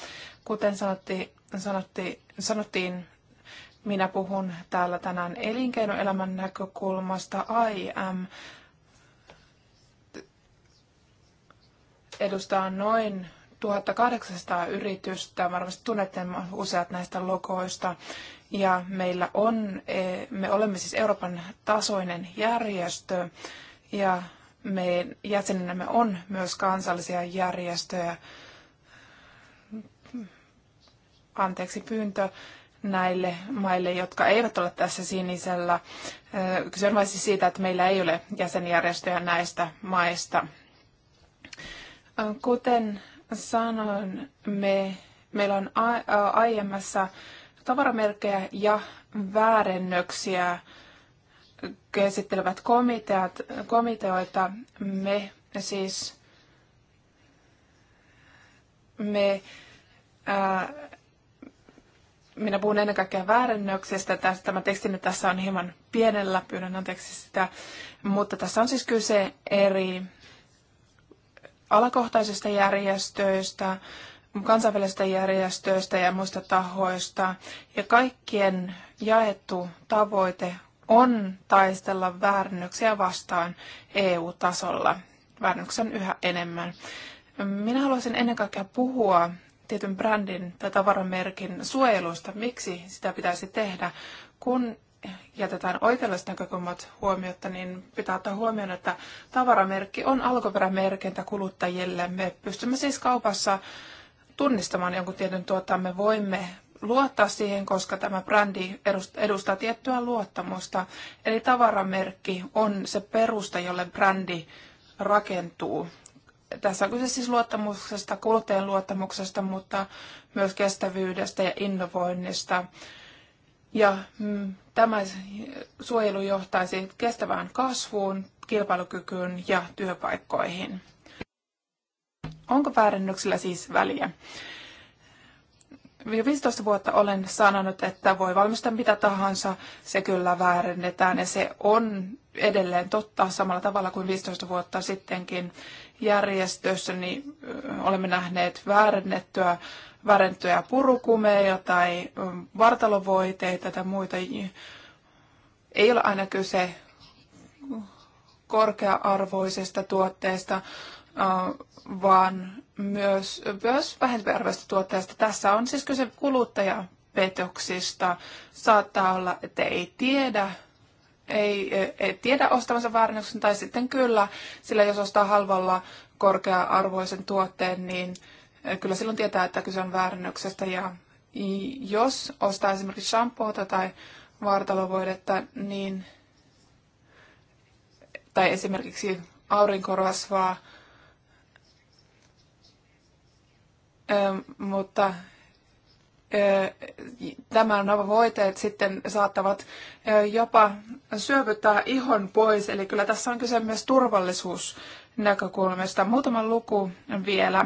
Kuten sanottiin, sanotti, sanottiin minä puhun täällä tänään elinkeinoelämän näkökulmasta. IM edustaa noin 1800 yritystä. Varmasti tunnette useat näistä logoista. Ja meillä on, e, me olemme siis Euroopan tasoinen järjestö ja me jäsenenämme on myös kansallisia järjestöjä. Anteeksi pyyntö näille maille, jotka eivät ole tässä sinisellä. Kyse on siis siitä, että meillä ei ole jäsenjärjestöjä näistä maista. Kuten sanoin, me, meillä on aiemmassa tavaramerkkejä ja väärennöksiä käsittelevät komiteat, komiteoita. Me siis me, ää, minä puhun ennen kaikkea väärennöksestä. Tämä teksti nyt tässä on hieman pienellä, pyydän anteeksi sitä. Mutta tässä on siis kyse eri alakohtaisista järjestöistä, kansainvälisistä järjestöistä ja muista tahoista. Ja kaikkien jaettu tavoite on taistella väärännyksiä vastaan EU-tasolla. Väärännöksiä on yhä enemmän. Minä haluaisin ennen kaikkea puhua tietyn brändin tai tavaramerkin suojelusta, miksi sitä pitäisi tehdä, kun jätetään oikeudelliset näkökulmat huomiota, niin pitää ottaa huomioon, että tavaramerkki on alkuperämerkintä kuluttajille. Me pystymme siis kaupassa tunnistamaan jonkun tietyn tuotteen. Me voimme luottaa siihen, koska tämä brändi edustaa tiettyä luottamusta. Eli tavaramerkki on se perusta, jolle brändi rakentuu. Tässä on kyse siis luottamuksesta, kuluttajan luottamuksesta, mutta myös kestävyydestä ja innovoinnista ja mm, tämä suojelu johtaisi kestävään kasvuun, kilpailukykyyn ja työpaikkoihin. Onko väärännyksillä siis väliä? Jo 15 vuotta olen sanonut, että voi valmistaa mitä tahansa, se kyllä väärennetään ja se on edelleen totta samalla tavalla kuin 15 vuotta sittenkin järjestössä, niin olemme nähneet väärennettyä värentyjä purukumeja tai mm, vartalovoiteita tai muita. Ei ole aina kyse korkea-arvoisesta tuotteesta, äh, vaan myös, myös vähempiarvoisesta tuotteesta. Tässä on siis kyse kuluttajapetoksista. Saattaa olla, että ei tiedä, ei, e, ei tiedä ostamansa väärennöksen, tai sitten kyllä, sillä jos ostaa halvalla korkea-arvoisen tuotteen, niin – kyllä silloin tietää, että kyse on väärännöksestä. Ja jos ostaa esimerkiksi shampoota tai vartalovoidetta, niin, tai esimerkiksi aurinkorasvaa, mutta tämän voiteet sitten saattavat jopa syövyttää ihon pois. Eli kyllä tässä on kyse myös turvallisuusnäkökulmasta. Muutama luku vielä.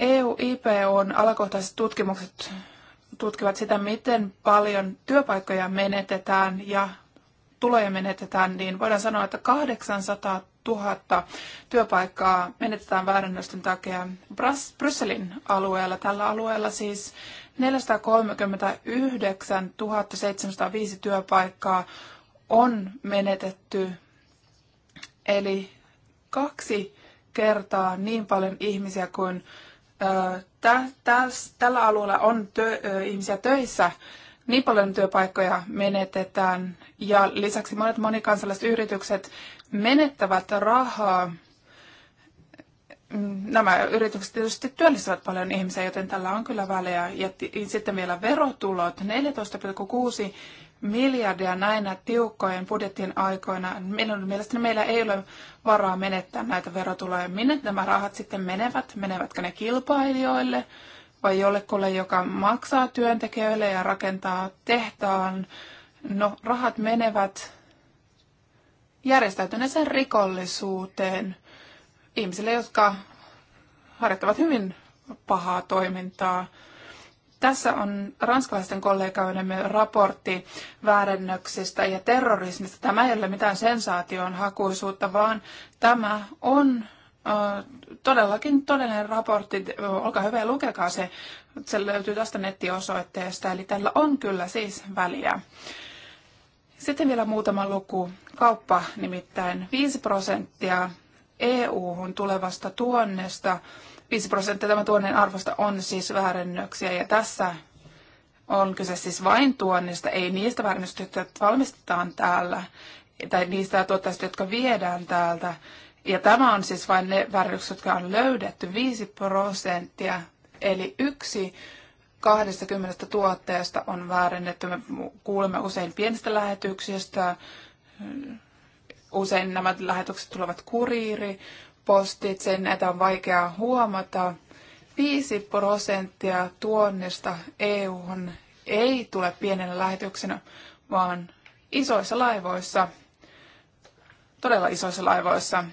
EU-IP on alakohtaiset tutkimukset tutkivat sitä, miten paljon työpaikkoja menetetään ja tuloja menetetään, niin voidaan sanoa, että 800 000 työpaikkaa menetetään väärännösten takia Brysselin alueella. Tällä alueella siis 439 705 työpaikkaa on menetetty, eli kaksi kertaa niin paljon ihmisiä kuin tällä alueella on työ, ihmisiä töissä, niin paljon työpaikkoja menetetään ja lisäksi monet monikansalliset yritykset menettävät rahaa. Mm, nämä yritykset tietysti työllistävät paljon ihmisiä, joten tällä on kyllä väliä. Ja sitten vielä verotulot, 14,6 miljardia näinä tiukkojen budjetin aikoina. Minun mielestäni meillä ei ole varaa menettää näitä verotuloja. Minne nämä rahat sitten menevät? Menevätkö ne kilpailijoille vai jollekulle, joka maksaa työntekijöille ja rakentaa tehtaan? No, rahat menevät järjestäytyneeseen rikollisuuteen ihmisille, jotka harjoittavat hyvin pahaa toimintaa. Tässä on ranskalaisten kollegoidemme raportti väärennöksistä ja terrorismista. Tämä ei ole mitään sensaation hakuisuutta, vaan tämä on todellakin todellinen raportti. Olkaa hyvä ja lukekaa se. Se löytyy tästä nettiosoitteesta, eli tällä on kyllä siis väliä. Sitten vielä muutama luku. Kauppa nimittäin 5 prosenttia EU-hun tulevasta tuonnesta 5 prosenttia tämän tuonnin arvosta on siis väärennöksiä ja tässä on kyse siis vain tuonnista, ei niistä väärennöksistä, jotka valmistetaan täällä tai niistä tuotteista, jotka viedään täältä. Ja tämä on siis vain ne väärennökset, jotka on löydetty 5 prosenttia, eli yksi 20 tuotteesta on väärennetty. Me kuulemme usein pienistä lähetyksistä, usein nämä lähetykset tulevat kuriiri sähköpostitse, näitä on vaikea huomata. 5 prosenttia tuonnista EUhun ei tule pienellä lähetyksenä, vaan isoissa laivoissa, todella isoissa laivoissa.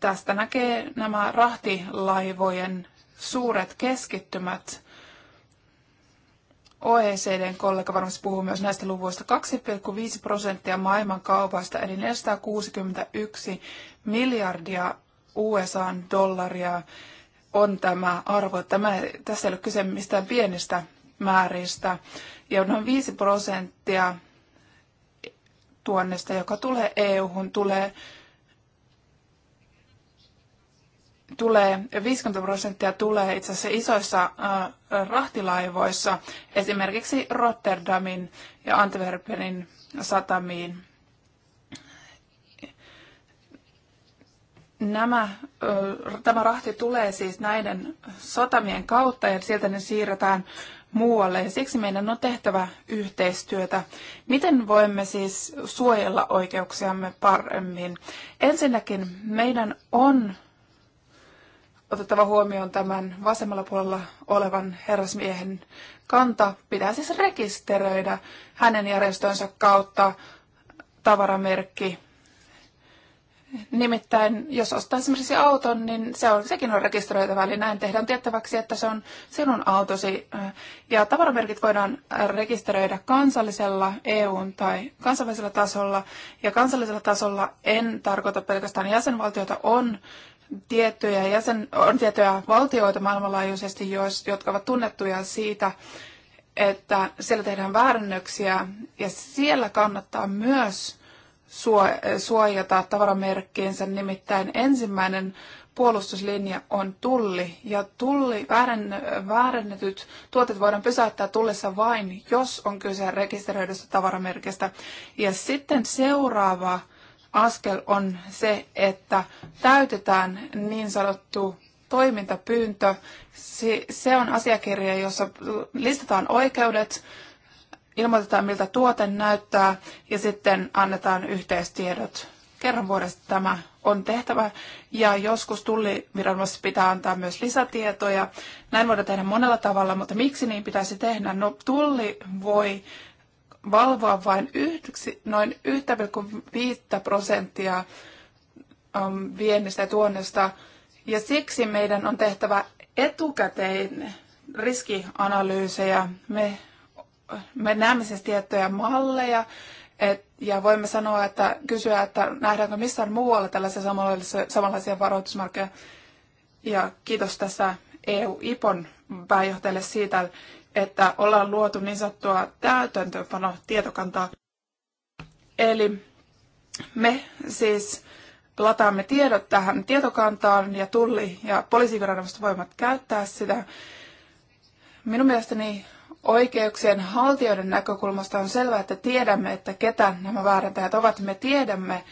Tästä näkee nämä rahtilaivojen suuret keskittymät. OECDn kollega varmasti puhuu myös näistä luvuista. 2,5 prosenttia maailman kaupasta, eli 461 miljardia usa dollaria on tämä arvo. Tämä, tässä ei ole kyse mistään pienistä määristä. Ja noin 5 prosenttia tuonnesta, joka tulee EU-hun, tulee tulee, 50 prosenttia tulee itse asiassa isoissa äh, rahtilaivoissa, esimerkiksi Rotterdamin ja Antwerpenin satamiin. Nämä, äh, tämä rahti tulee siis näiden satamien kautta ja sieltä ne siirretään muualle ja siksi meidän on tehtävä yhteistyötä. Miten voimme siis suojella oikeuksiamme paremmin? Ensinnäkin meidän on otettava huomioon tämän vasemmalla puolella olevan herrasmiehen kanta. Pitää siis rekisteröidä hänen järjestönsä kautta tavaramerkki. Nimittäin, jos ostaa esimerkiksi auton, niin se on, sekin on rekisteröitävä, eli näin tehdään tiettäväksi, että se on sinun autosi. Ja tavaramerkit voidaan rekisteröidä kansallisella, EUn tai kansainvälisellä tasolla. Ja kansallisella tasolla en tarkoita pelkästään jäsenvaltiota, on tiettyjä jäsen, on tiettyjä valtioita maailmanlaajuisesti, jotka ovat tunnettuja siitä, että siellä tehdään väärännöksiä ja siellä kannattaa myös suojata tavaramerkkiinsä. Nimittäin ensimmäinen puolustuslinja on tulli ja tulli, väärän, väärännetyt tuotet voidaan pysäyttää tullessa vain, jos on kyse rekisteröidystä tavaramerkistä. Ja sitten seuraava askel on se, että täytetään niin sanottu toimintapyyntö. Se on asiakirja, jossa listataan oikeudet, ilmoitetaan miltä tuote näyttää ja sitten annetaan yhteistiedot. Kerran vuodessa tämä on tehtävä ja joskus tulliviranomaisessa pitää antaa myös lisätietoja. Näin voidaan tehdä monella tavalla, mutta miksi niin pitäisi tehdä? No tulli voi valvoa vain yhdeksi, noin 1,5 prosenttia ähm, viennistä ja tuonnista. Ja siksi meidän on tehtävä etukäteen riskianalyysejä. Me, me näemme siis tiettyjä malleja et, ja voimme sanoa, että kysyä, että nähdäänkö missään muualla tällaisia samanlaisia, samanlaisia varoitusmarkkeja. Ja kiitos tässä EU-IPON pääjohtajalle siitä, että ollaan luotu niin sanottua täytäntöönpano tietokantaa. Eli me siis lataamme tiedot tähän tietokantaan ja tulli- ja poliisiviranomaiset voivat käyttää sitä. Minun mielestäni oikeuksien haltijoiden näkökulmasta on selvää, että tiedämme, että ketä nämä väärentäjät ovat. Me tiedämme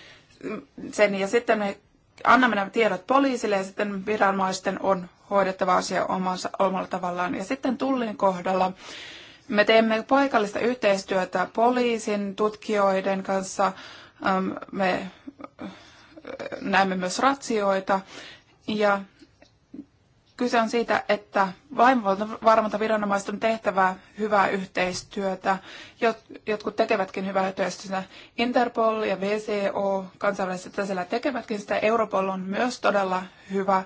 sen ja sitten me annamme nämä tiedot poliisille ja sitten viranomaisten on hoidettava asia omansa, omalla tavallaan. Ja sitten tullin kohdalla me teemme paikallista yhteistyötä poliisin, tutkijoiden kanssa. Me näemme myös ratsioita ja Kyse on siitä, että lainvalvonta viranomaisten tehtävää hyvää yhteistyötä. Jotkut tekevätkin hyvää yhteistyötä. Interpol ja VCO kansainvälisellä tasolla tekevätkin sitä. Europol on myös todella hyvä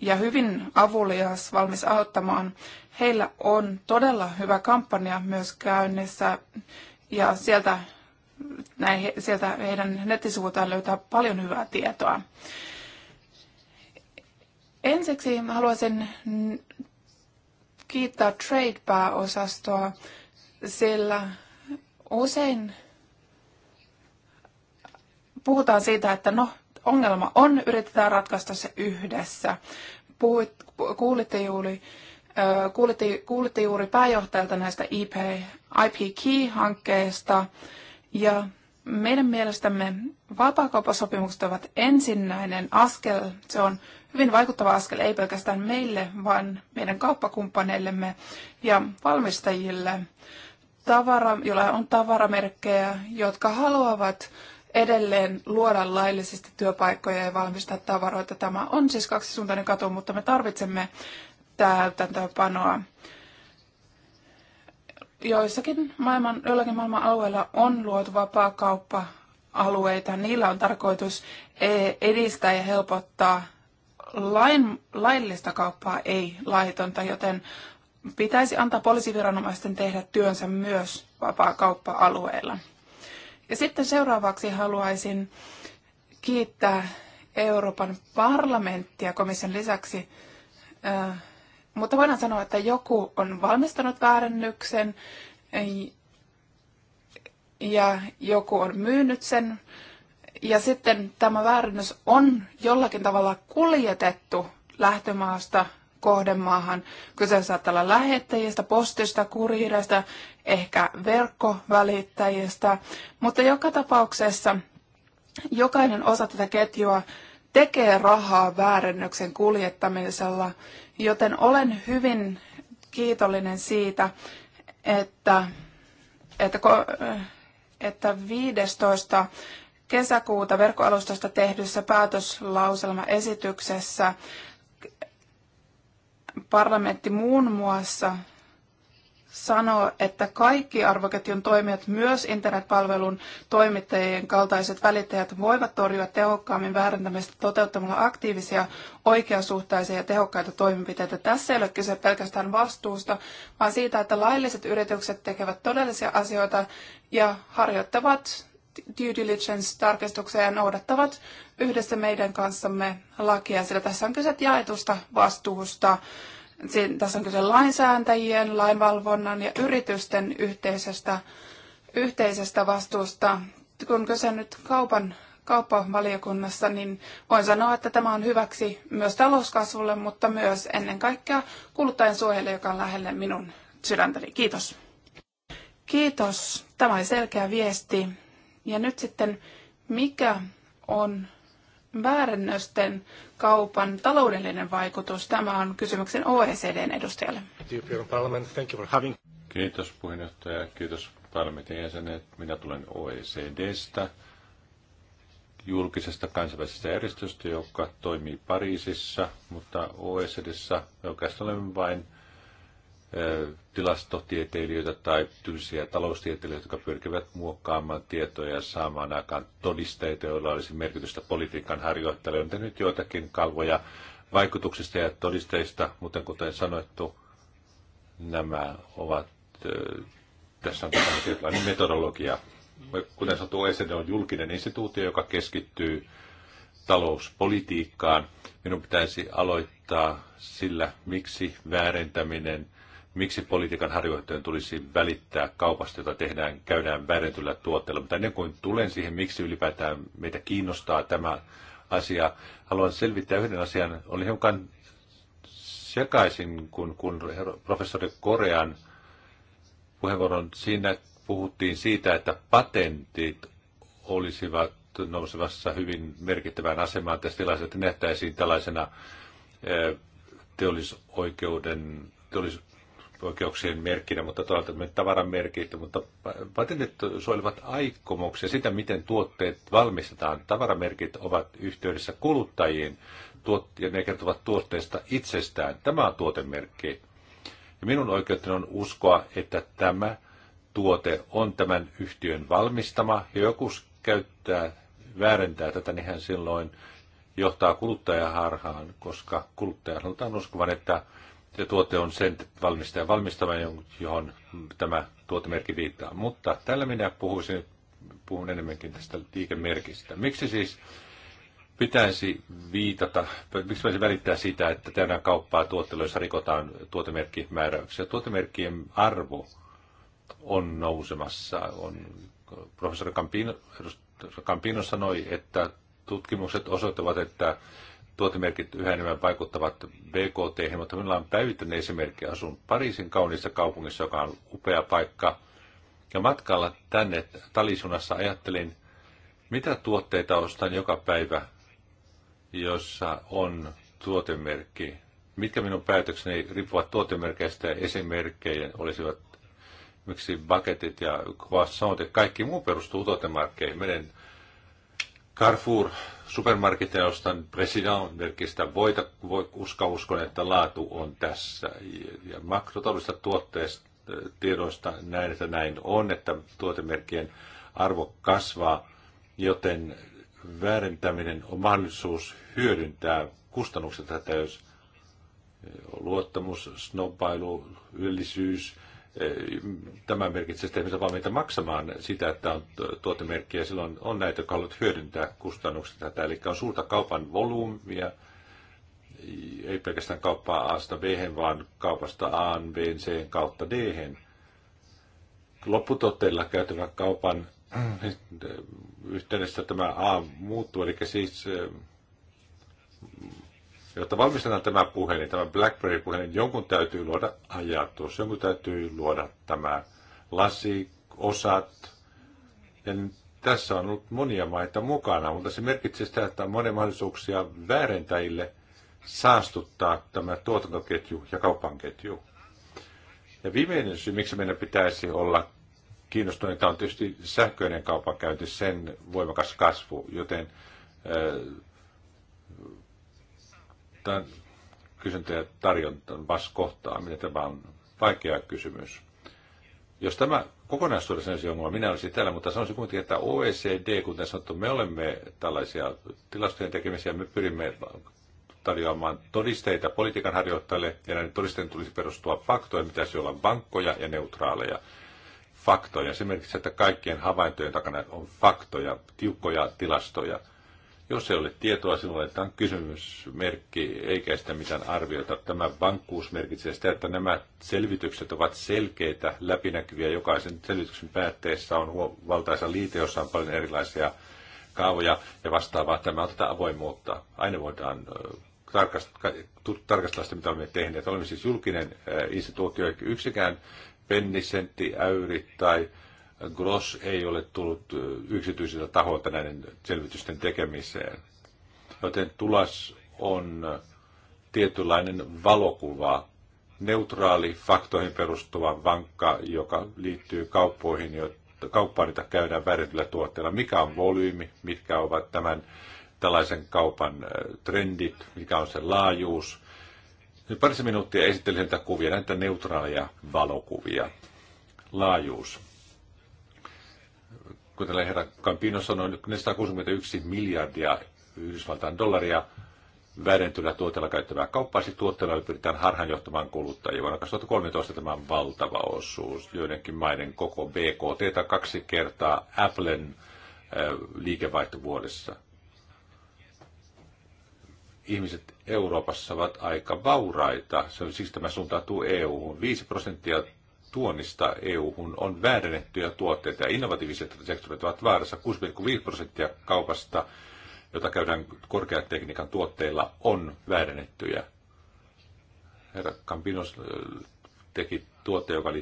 ja hyvin avulias valmis auttamaan. Heillä on todella hyvä kampanja myös käynnissä ja sieltä, näin, sieltä heidän nettisivuiltaan löytää paljon hyvää tietoa. Ensiksi haluaisin kiittää Trade-pääosastoa, sillä usein puhutaan siitä, että no, ongelma on, yritetään ratkaista se yhdessä. Puhuit, kuulitte, juuri, kuulitte, kuulitte juuri pääjohtajalta näistä IP, IP Key-hankkeista, ja meidän mielestämme vapaakauppasopimukset ovat ensinnäinen askel. Se on hyvin vaikuttava askel ei pelkästään meille, vaan meidän kauppakumppaneillemme ja valmistajille, tavara, jolla on tavaramerkkejä, jotka haluavat edelleen luoda laillisesti työpaikkoja ja valmistaa tavaroita. Tämä on siis kaksisuuntainen katu, mutta me tarvitsemme täytäntöönpanoa. panoa joissakin maailman, jollakin maailman alueella on luotu vapaa kauppa alueita Niillä on tarkoitus e- edistää ja helpottaa lain, laillista kauppaa, ei laitonta, joten pitäisi antaa poliisiviranomaisten tehdä työnsä myös vapaa kauppa alueilla Ja sitten seuraavaksi haluaisin kiittää Euroopan parlamenttia komission lisäksi äh, mutta voidaan sanoa, että joku on valmistanut väärennyksen ja joku on myynyt sen. Ja sitten tämä väärännys on jollakin tavalla kuljetettu lähtömaasta kohdemaahan. Kyse saattaa olla lähettäjistä, postista, kurjeista, ehkä verkkovälittäjistä. Mutta joka tapauksessa jokainen osa tätä ketjua tekee rahaa väärennöksen kuljettamisella. Joten olen hyvin kiitollinen siitä, että, että, että 15. kesäkuuta verkkoalustasta tehdyssä päätöslauselmaesityksessä parlamentti muun muassa sanoa, että kaikki arvoketjun toimijat, myös internetpalvelun toimittajien kaltaiset välittäjät, voivat torjua tehokkaammin väärentämistä toteuttamalla aktiivisia, oikeasuhtaisia ja tehokkaita toimenpiteitä. Tässä ei ole kyse pelkästään vastuusta, vaan siitä, että lailliset yritykset tekevät todellisia asioita ja harjoittavat due diligence-tarkistuksia ja noudattavat yhdessä meidän kanssamme lakia, sillä tässä on kyse jaetusta vastuusta tässä on kyse lainsääntäjien, lainvalvonnan ja yritysten yhteisestä, yhteisestä vastuusta. Kun kyse nyt kaupan kauppavaliokunnassa, niin voin sanoa, että tämä on hyväksi myös talouskasvulle, mutta myös ennen kaikkea kuluttajan suojelle, joka on lähelle minun sydäntäni. Kiitos. Kiitos. Tämä oli selkeä viesti. Ja nyt sitten, mikä on väärännösten kaupan taloudellinen vaikutus? Tämä on kysymyksen OECDn edustajalle. Kiitos puheenjohtaja, kiitos parlamentin jäsenet. Minä tulen OECDstä, julkisesta kansainvälisestä järjestöstä, joka toimii Pariisissa, mutta OECDssä oikeastaan olemme vain tilastotieteilijöitä tai tylsiä taloustieteilijöitä, jotka pyrkivät muokkaamaan tietoja ja saamaan aikaan todisteita, joilla olisi merkitystä politiikan harjoittajalle. On tehnyt joitakin kalvoja vaikutuksista ja todisteista, mutta kuten sanottu, nämä ovat, tässä on tietynlainen metodologia. Kuten sanottu, OECD on julkinen instituutio, joka keskittyy talouspolitiikkaan. Minun pitäisi aloittaa sillä, miksi väärentäminen – miksi politiikan harjoittajien tulisi välittää kaupasta, jota tehdään, käydään väärentyllä tuotteella. Mutta ennen kuin tulen siihen, miksi ylipäätään meitä kiinnostaa tämä asia, haluan selvittää yhden asian. Oli hiukan sekaisin, kun, kun professori Korean puheenvuoron siinä puhuttiin siitä, että patentit olisivat nousevassa hyvin merkittävään asemaan tässä tilanteessa, että nähtäisiin tällaisena eh, teollisoikeuden, teollis, poikkeuksien merkkinä, mutta toisaalta tavaran merkitty, mutta patentit suojelevat aikomuksia, sitä miten tuotteet valmistetaan. Tavaramerkit ovat yhteydessä kuluttajiin tuot- ja ne kertovat tuotteesta itsestään. Tämä on tuotemerkki. Ja minun oikeuteni on uskoa, että tämä tuote on tämän yhtiön valmistama ja joku käyttää, väärentää tätä, niin hän silloin johtaa kuluttajaharhaan, koska kuluttaja halutaan uskovan, että se tuote on sen valmistajan valmistama, johon tämä tuotemerkki viittaa. Mutta tällä minä puhuisin, puhun enemmänkin tästä liikemerkistä. Miksi siis pitäisi viitata, miksi pitäisi välittää sitä, että tehdään kauppaa tuotteilla, joissa rikotaan tuotemerkkimääräyksiä. Tuotemerkkien arvo on nousemassa. On, professori Campino, Campino sanoi, että tutkimukset osoittavat, että tuotemerkit yhä enemmän vaikuttavat BKT, mutta minulla on päivittäinen esimerkki. Asun Pariisin kauniissa kaupungissa, joka on upea paikka. Ja matkalla tänne talisunassa ajattelin, mitä tuotteita ostan joka päivä, jossa on tuotemerkki. Mitkä minun päätökseni riippuvat tuotemerkeistä ja esimerkkejä olisivat miksi baketit ja croissantit, kaikki muu perustuu tuotemerkkeihin, Menen Carrefour supermarketeja ostan President merkistä voita, voi, uska, uskon, että laatu on tässä. Ja makrotaloudellisista tuotteista tiedoista näin, että näin on, että tuotemerkkien arvo kasvaa, joten väärentäminen on mahdollisuus hyödyntää kustannukset, jos luottamus, snobbailu, yllisyys, Tämä merkitsee sitä, että valmiita maksamaan sitä, että on tuotemerkkiä. Silloin on näitä, jotka haluavat hyödyntää kustannuksia tätä. Eli on suurta kaupan volyymiä, ei pelkästään kauppaa A-sta b vaan kaupasta A, B, C kautta d -hen. Lopputotteilla käytävä kaupan äh, yhteydessä tämä A muuttuu, eli siis äh, Jotta valmistetaan tämä puhelin, tämä BlackBerry-puhelin, jonkun täytyy luoda ajatus, jonkun täytyy luoda tämä lasi, osat. Ja tässä on ollut monia maita mukana, mutta se merkitsee sitä, että on monia mahdollisuuksia väärentäjille saastuttaa tämä tuotantoketju ja kaupanketju. Ja viimeinen syy, miksi meidän pitäisi olla kiinnostuneita, on tietysti sähköinen kaupankäynti, sen voimakas kasvu, joten äh, tämä kysyntä ja tarjonta on vaskohtaaminen. Tämä on vaikea kysymys. Jos tämä kokonaisuudessaan olisi ongelma, minä olisin täällä, mutta sanoisin kuitenkin, että OECD, kuten sanottu, me olemme tällaisia tilastojen tekemisiä, me pyrimme tarjoamaan todisteita politiikan harjoittajille, ja näiden todisteiden tulisi perustua faktoihin, pitäisi olla vankkoja ja neutraaleja faktoja. Esimerkiksi, että kaikkien havaintojen takana on faktoja, tiukkoja tilastoja – jos ei ole tietoa, sinulle laitetaan kysymysmerkki, eikä sitä mitään arviota. Tämä vankkuus merkitsee sitä, että nämä selvitykset ovat selkeitä, läpinäkyviä. Jokaisen selvityksen päätteessä on valtaisa liite, jossa on paljon erilaisia kaavoja ja vastaavaa. Tämä on tätä avoimuutta. Aina voidaan tarkastella sitä, mitä olemme tehneet. Olemme siis julkinen instituutio, yksikään pennisentti, äyri tai Gross ei ole tullut yksityisiltä tahoilta näiden selvitysten tekemiseen. Joten tulas on tietynlainen valokuva, neutraali, faktoihin perustuva vankka, joka liittyy kauppoihin, kauppaan, jota käydään väärentyillä tuotteilla. Mikä on volyymi, mitkä ovat tämän tällaisen kaupan trendit, mikä on sen laajuus. Nyt parissa minuuttia esittelen näitä kuvia, näitä neutraaleja valokuvia. Laajuus kuten herra Campino sanoi, 461 miljardia Yhdysvaltain dollaria väärentyillä tuotella käyttävää kauppaa, sitten siis tuotteella pyritään harhaanjohtamaan kuluttajia. Vuonna 2013 tämä on valtava osuus, joidenkin maiden koko BKT kaksi kertaa Applen äh, liikevaihto vuodessa. Ihmiset Euroopassa ovat aika vauraita, siksi tämä suuntautuu EU-hun. 5 prosenttia tuonnista EU-hun on väärennettyjä tuotteita ja innovatiiviset sektorit ovat vaarassa. 6,5 prosenttia kaupasta, jota käydään korkeatekniikan tekniikan tuotteilla, on väärennettyjä. Herra kampinos äh, teki tuote, joka äh,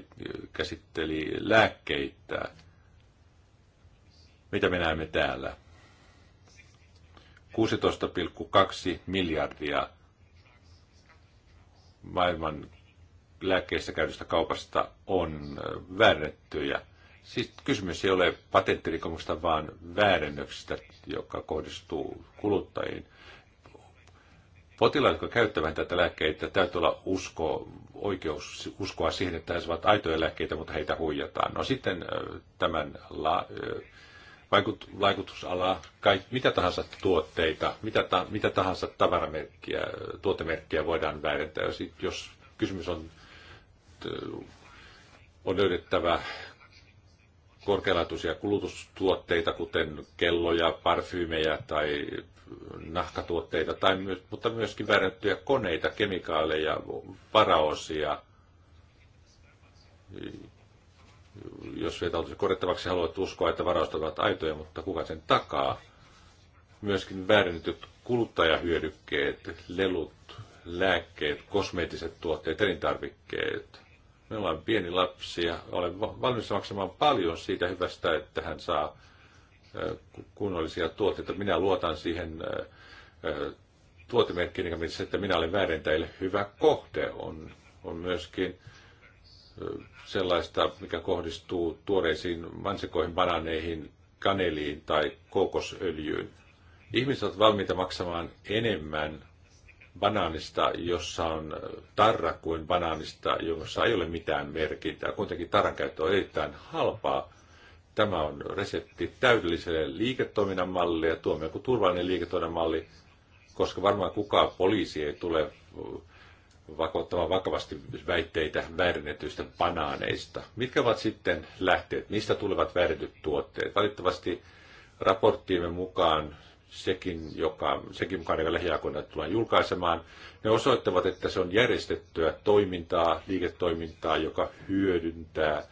käsitteli lääkkeitä. Mitä me näemme täällä? 16,2 miljardia maailman lääkkeissä käydystä kaupasta on väärennettyjä. Siis kysymys ei ole patenttirikomuksesta, vaan väärennöksistä, joka kohdistuu kuluttajiin. Potilaat, jotka käyttävät tätä lääkkeitä, täytyy olla usko, oikeus uskoa siihen, että he saavat aitoja lääkkeitä, mutta heitä huijataan. No sitten tämän la, vaikut, vaikutusala, kaik, mitä tahansa tuotteita, mitä, ta, mitä tahansa tavaramerkkiä, tuotemerkkiä voidaan väärentää. Jos kysymys on on löydettävä korkealaatuisia kulutustuotteita, kuten kelloja, parfyymejä tai nahkatuotteita, tai my- mutta myöskin väärättyjä koneita, kemikaaleja, varaosia. Jos olisi korjattavaksi, haluat uskoa, että varaosat ovat aitoja, mutta kuka sen takaa? Myöskin väärennetyt kuluttajahyödykkeet, lelut, lääkkeet, kosmeettiset tuotteet, elintarvikkeet – Minulla on pieni lapsi ja olen valmis maksamaan paljon siitä hyvästä, että hän saa kunnollisia tuotteita. Minä luotan siihen tuotemerkkiin, missä että minä olen väärentäjille hyvä kohde. On, on myöskin sellaista, mikä kohdistuu tuoreisiin mansikoihin, bananeihin, kaneliin tai kokosöljyyn. Ihmiset ovat valmiita maksamaan enemmän banaanista, jossa on tarra, kuin banaanista, jossa ei ole mitään merkintää. Kuitenkin tarran käyttö on erittäin halpaa. Tämä on resepti täydelliselle liiketoiminnan mallille ja tuomme joku turvallinen liiketoiminnan malli, koska varmaan kukaan poliisi ei tule vakottamaan vakavasti väitteitä väärinnetyistä banaaneista. Mitkä ovat sitten lähteet? Mistä tulevat väärinnetyt tuotteet? Valitettavasti raporttiimme mukaan sekin, joka, sekin mukaan joka lähiaikoina tullaan julkaisemaan, ne osoittavat, että se on järjestettyä toimintaa, liiketoimintaa, joka hyödyntää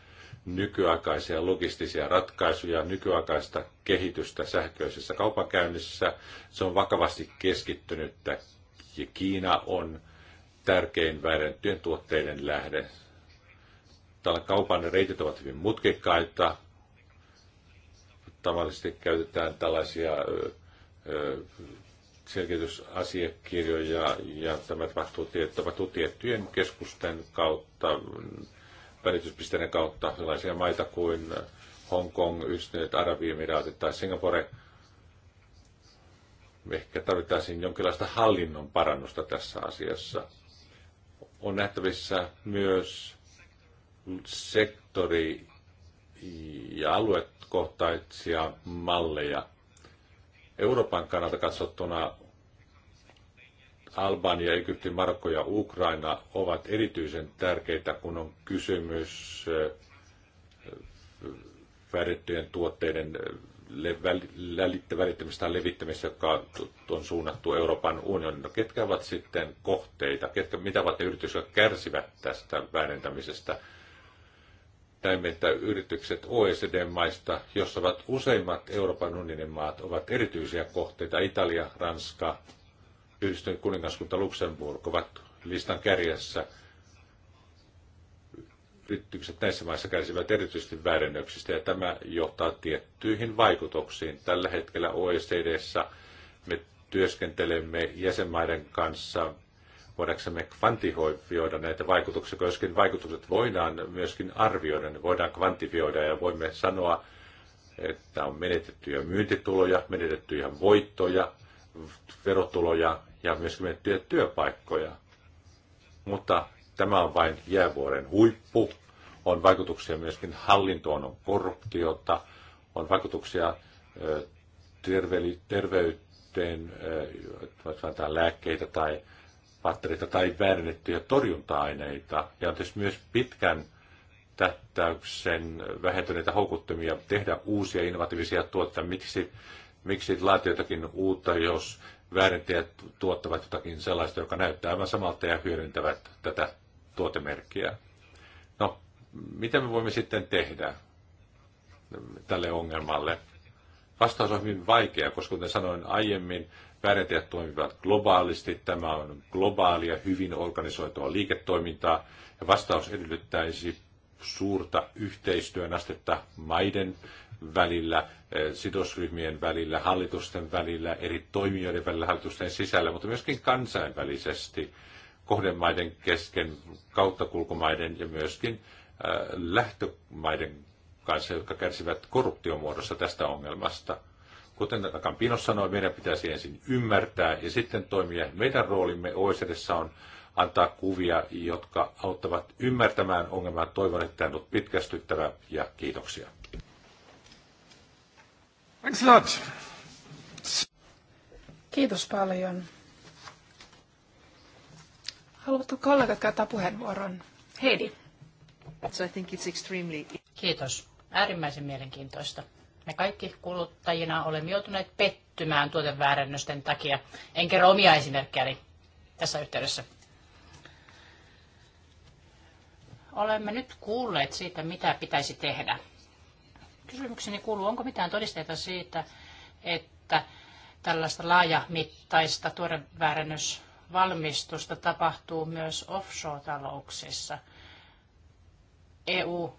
nykyaikaisia logistisia ratkaisuja, nykyaikaista kehitystä sähköisessä kaupankäynnissä. Se on vakavasti keskittynyt ja Kiina on tärkein väärentyjen tuotteiden lähde. Tällä kaupan reitit ovat hyvin mutkikkaita. Tavallisesti käytetään tällaisia selkeytysasiakirjoja ja tämä tapahtuu, tapahtuu tiettyjen keskusten kautta, välityspisteiden kautta sellaisia maita kuin Hongkong, Yhdistyneet Arabiemiraatit tai Singapore. Ehkä tarvittaisiin jonkinlaista hallinnon parannusta tässä asiassa. On nähtävissä myös sektori- ja aluekohtaisia malleja, Euroopan kannalta katsottuna Albania, Egypti, Marokko ja Ukraina ovat erityisen tärkeitä, kun on kysymys eh, värittyjen tuotteiden eh, välittämistä ja levittämistä, jotka on suunnattu Euroopan unionin. No, ketkä ovat sitten kohteita? Ketkä, mitä ovat ne yritykset, jotka kärsivät tästä väärentämisestä? näemme, että yritykset OECD-maista, jossa ovat useimmat Euroopan unionin maat, ovat erityisiä kohteita. Italia, Ranska, Yhdistynyt kuningaskunta, Luxemburg ovat listan kärjessä. Yritykset näissä maissa kärsivät erityisesti väärennöksistä ja tämä johtaa tiettyihin vaikutuksiin. Tällä hetkellä OECDssä me työskentelemme jäsenmaiden kanssa voidaanko me kvantifioida näitä vaikutuksia, koska vaikutukset voidaan myöskin arvioida, ne voidaan kvantifioida ja voimme sanoa, että on menetettyjä myyntituloja, menetettyjä voittoja, verotuloja ja myöskin menetettyjä työpaikkoja. Mutta tämä on vain jäävuoren huippu. On vaikutuksia myöskin hallintoon, on korruptiota, on vaikutuksia terveyteen, lääkkeitä tai patterita tai väärennettyjä torjunta-aineita. Ja on tietysti myös pitkän tähtäyksen vähentyneitä houkuttimia tehdä uusia innovatiivisia tuotteita. Miksi, miksi laatia jotakin uutta, jos väärentäjät tuottavat jotakin sellaista, joka näyttää aivan samalta ja hyödyntävät tätä tuotemerkkiä. No, mitä me voimme sitten tehdä tälle ongelmalle? Vastaus on hyvin vaikea, koska kuten sanoin aiemmin, Pärjätäjät toimivat globaalisti, tämä on globaalia, hyvin organisoitua liiketoimintaa ja vastaus edellyttäisi suurta yhteistyön astetta maiden välillä, eh, sidosryhmien välillä, hallitusten välillä, eri toimijoiden välillä, hallitusten sisällä, mutta myöskin kansainvälisesti kohdemaiden kesken, kauttakulkumaiden ja myöskin eh, lähtömaiden kanssa, jotka kärsivät korruptiomuodossa tästä ongelmasta – Kuten Campino sanoi, meidän pitäisi ensin ymmärtää ja sitten toimia. Meidän roolimme oecd on antaa kuvia, jotka auttavat ymmärtämään ongelmaa. Toivon, että tämä on ollut pitkästyttävä ja kiitoksia. Thanks a lot. Kiitos paljon. Haluatko kollegat käyttää puheenvuoron? Heidi. So I think it's extremely... Kiitos. Äärimmäisen mielenkiintoista. Me kaikki kuluttajina olemme joutuneet pettymään tuoteväärennösten takia. En kerro omia esimerkkejäni tässä yhteydessä. Olemme nyt kuulleet siitä, mitä pitäisi tehdä. Kysymykseni kuuluu, onko mitään todisteita siitä, että tällaista laajamittaista tuoteväärennösvalmistusta tapahtuu myös offshore-talouksissa. EU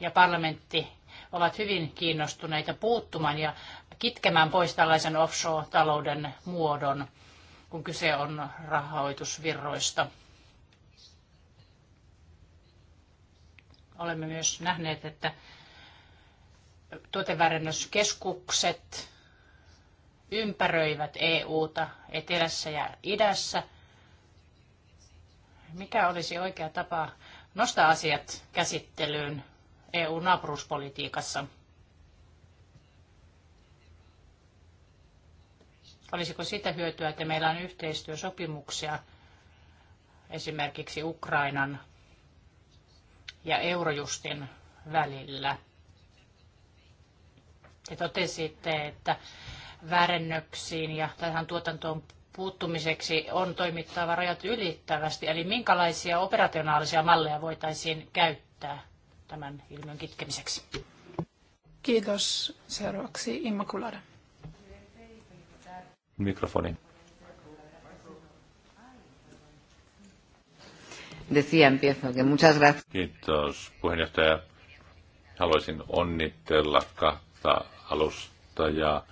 ja parlamentti ovat hyvin kiinnostuneita puuttumaan ja kitkemään pois tällaisen offshore-talouden muodon, kun kyse on rahoitusvirroista. Olemme myös nähneet, että tuoteväärennyskeskukset ympäröivät EU-ta etelässä ja idässä. Mikä olisi oikea tapa nostaa asiat käsittelyyn EU-naapuruuspolitiikassa? Olisiko sitä hyötyä, että meillä on yhteistyösopimuksia esimerkiksi Ukrainan ja Eurojustin välillä? Te totesitte, että väärennöksiin ja tähän tuotantoon puuttumiseksi on toimittava rajat ylittävästi, eli minkälaisia operationaalisia malleja voitaisiin käyttää? tämän ilmiön kitkemiseksi. Kiitos. Seuraavaksi Immaculada. Mikrofoni. Decía, Kiitos puheenjohtaja. Haluaisin onnitella kahta ja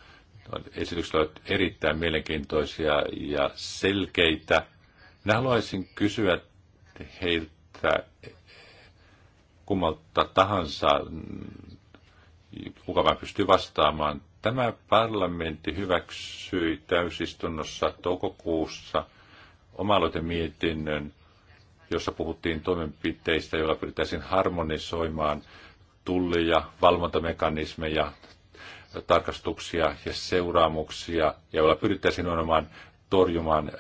Esitykset ovat erittäin mielenkiintoisia ja selkeitä. Minä haluaisin kysyä heiltä kummalta tahansa, mm, kuka vain pystyy vastaamaan. Tämä parlamentti hyväksyi täysistunnossa toukokuussa oma mietinnön, jossa puhuttiin toimenpiteistä, joilla pyritäisiin harmonisoimaan ja valvontamekanismeja, tarkastuksia ja seuraamuksia, joilla pyrittäisiin olemaan torjumaan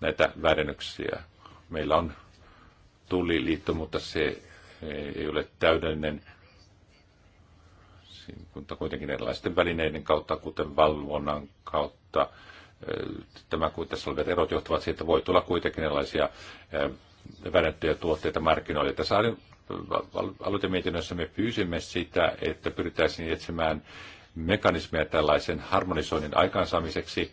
näitä väärennöksiä. Meillä on tulliliitto, mutta se ei ole täydellinen, mutta kuitenkin erilaisten välineiden kautta, kuten valvonnan kautta, tämä kuin tässä olevat erot johtuvat siitä, että voi tulla kuitenkin erilaisia väärennettyjä tuotteita markkinoille. Tässä aloitemietinnössä me pyysimme sitä, että pyritäisiin etsimään mekanismeja tällaisen harmonisoinnin aikaansaamiseksi.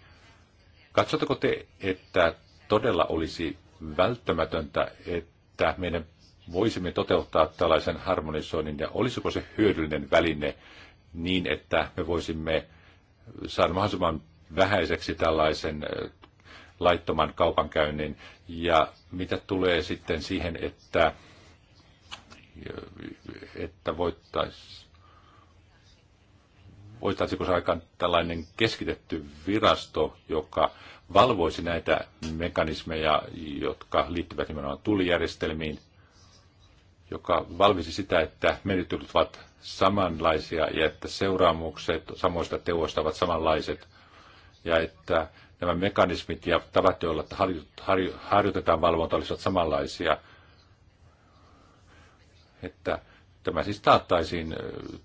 Katsotteko te, että todella olisi välttämätöntä, että meidän voisimme toteuttaa tällaisen harmonisoinnin ja olisiko se hyödyllinen väline niin, että me voisimme saada mahdollisimman vähäiseksi tällaisen laittoman kaupankäynnin. Ja mitä tulee sitten siihen, että, että voittaisiin voitaisiko se aikaan tällainen keskitetty virasto, joka valvoisi näitä mekanismeja, jotka liittyvät nimenomaan tulijärjestelmiin joka valvisi sitä, että menettelyt ovat samanlaisia ja että seuraamukset samoista teoista ovat samanlaiset ja että nämä mekanismit ja tavat, joilla harjoitetaan valvonta, olisivat samanlaisia. Että tämä siis taattaisiin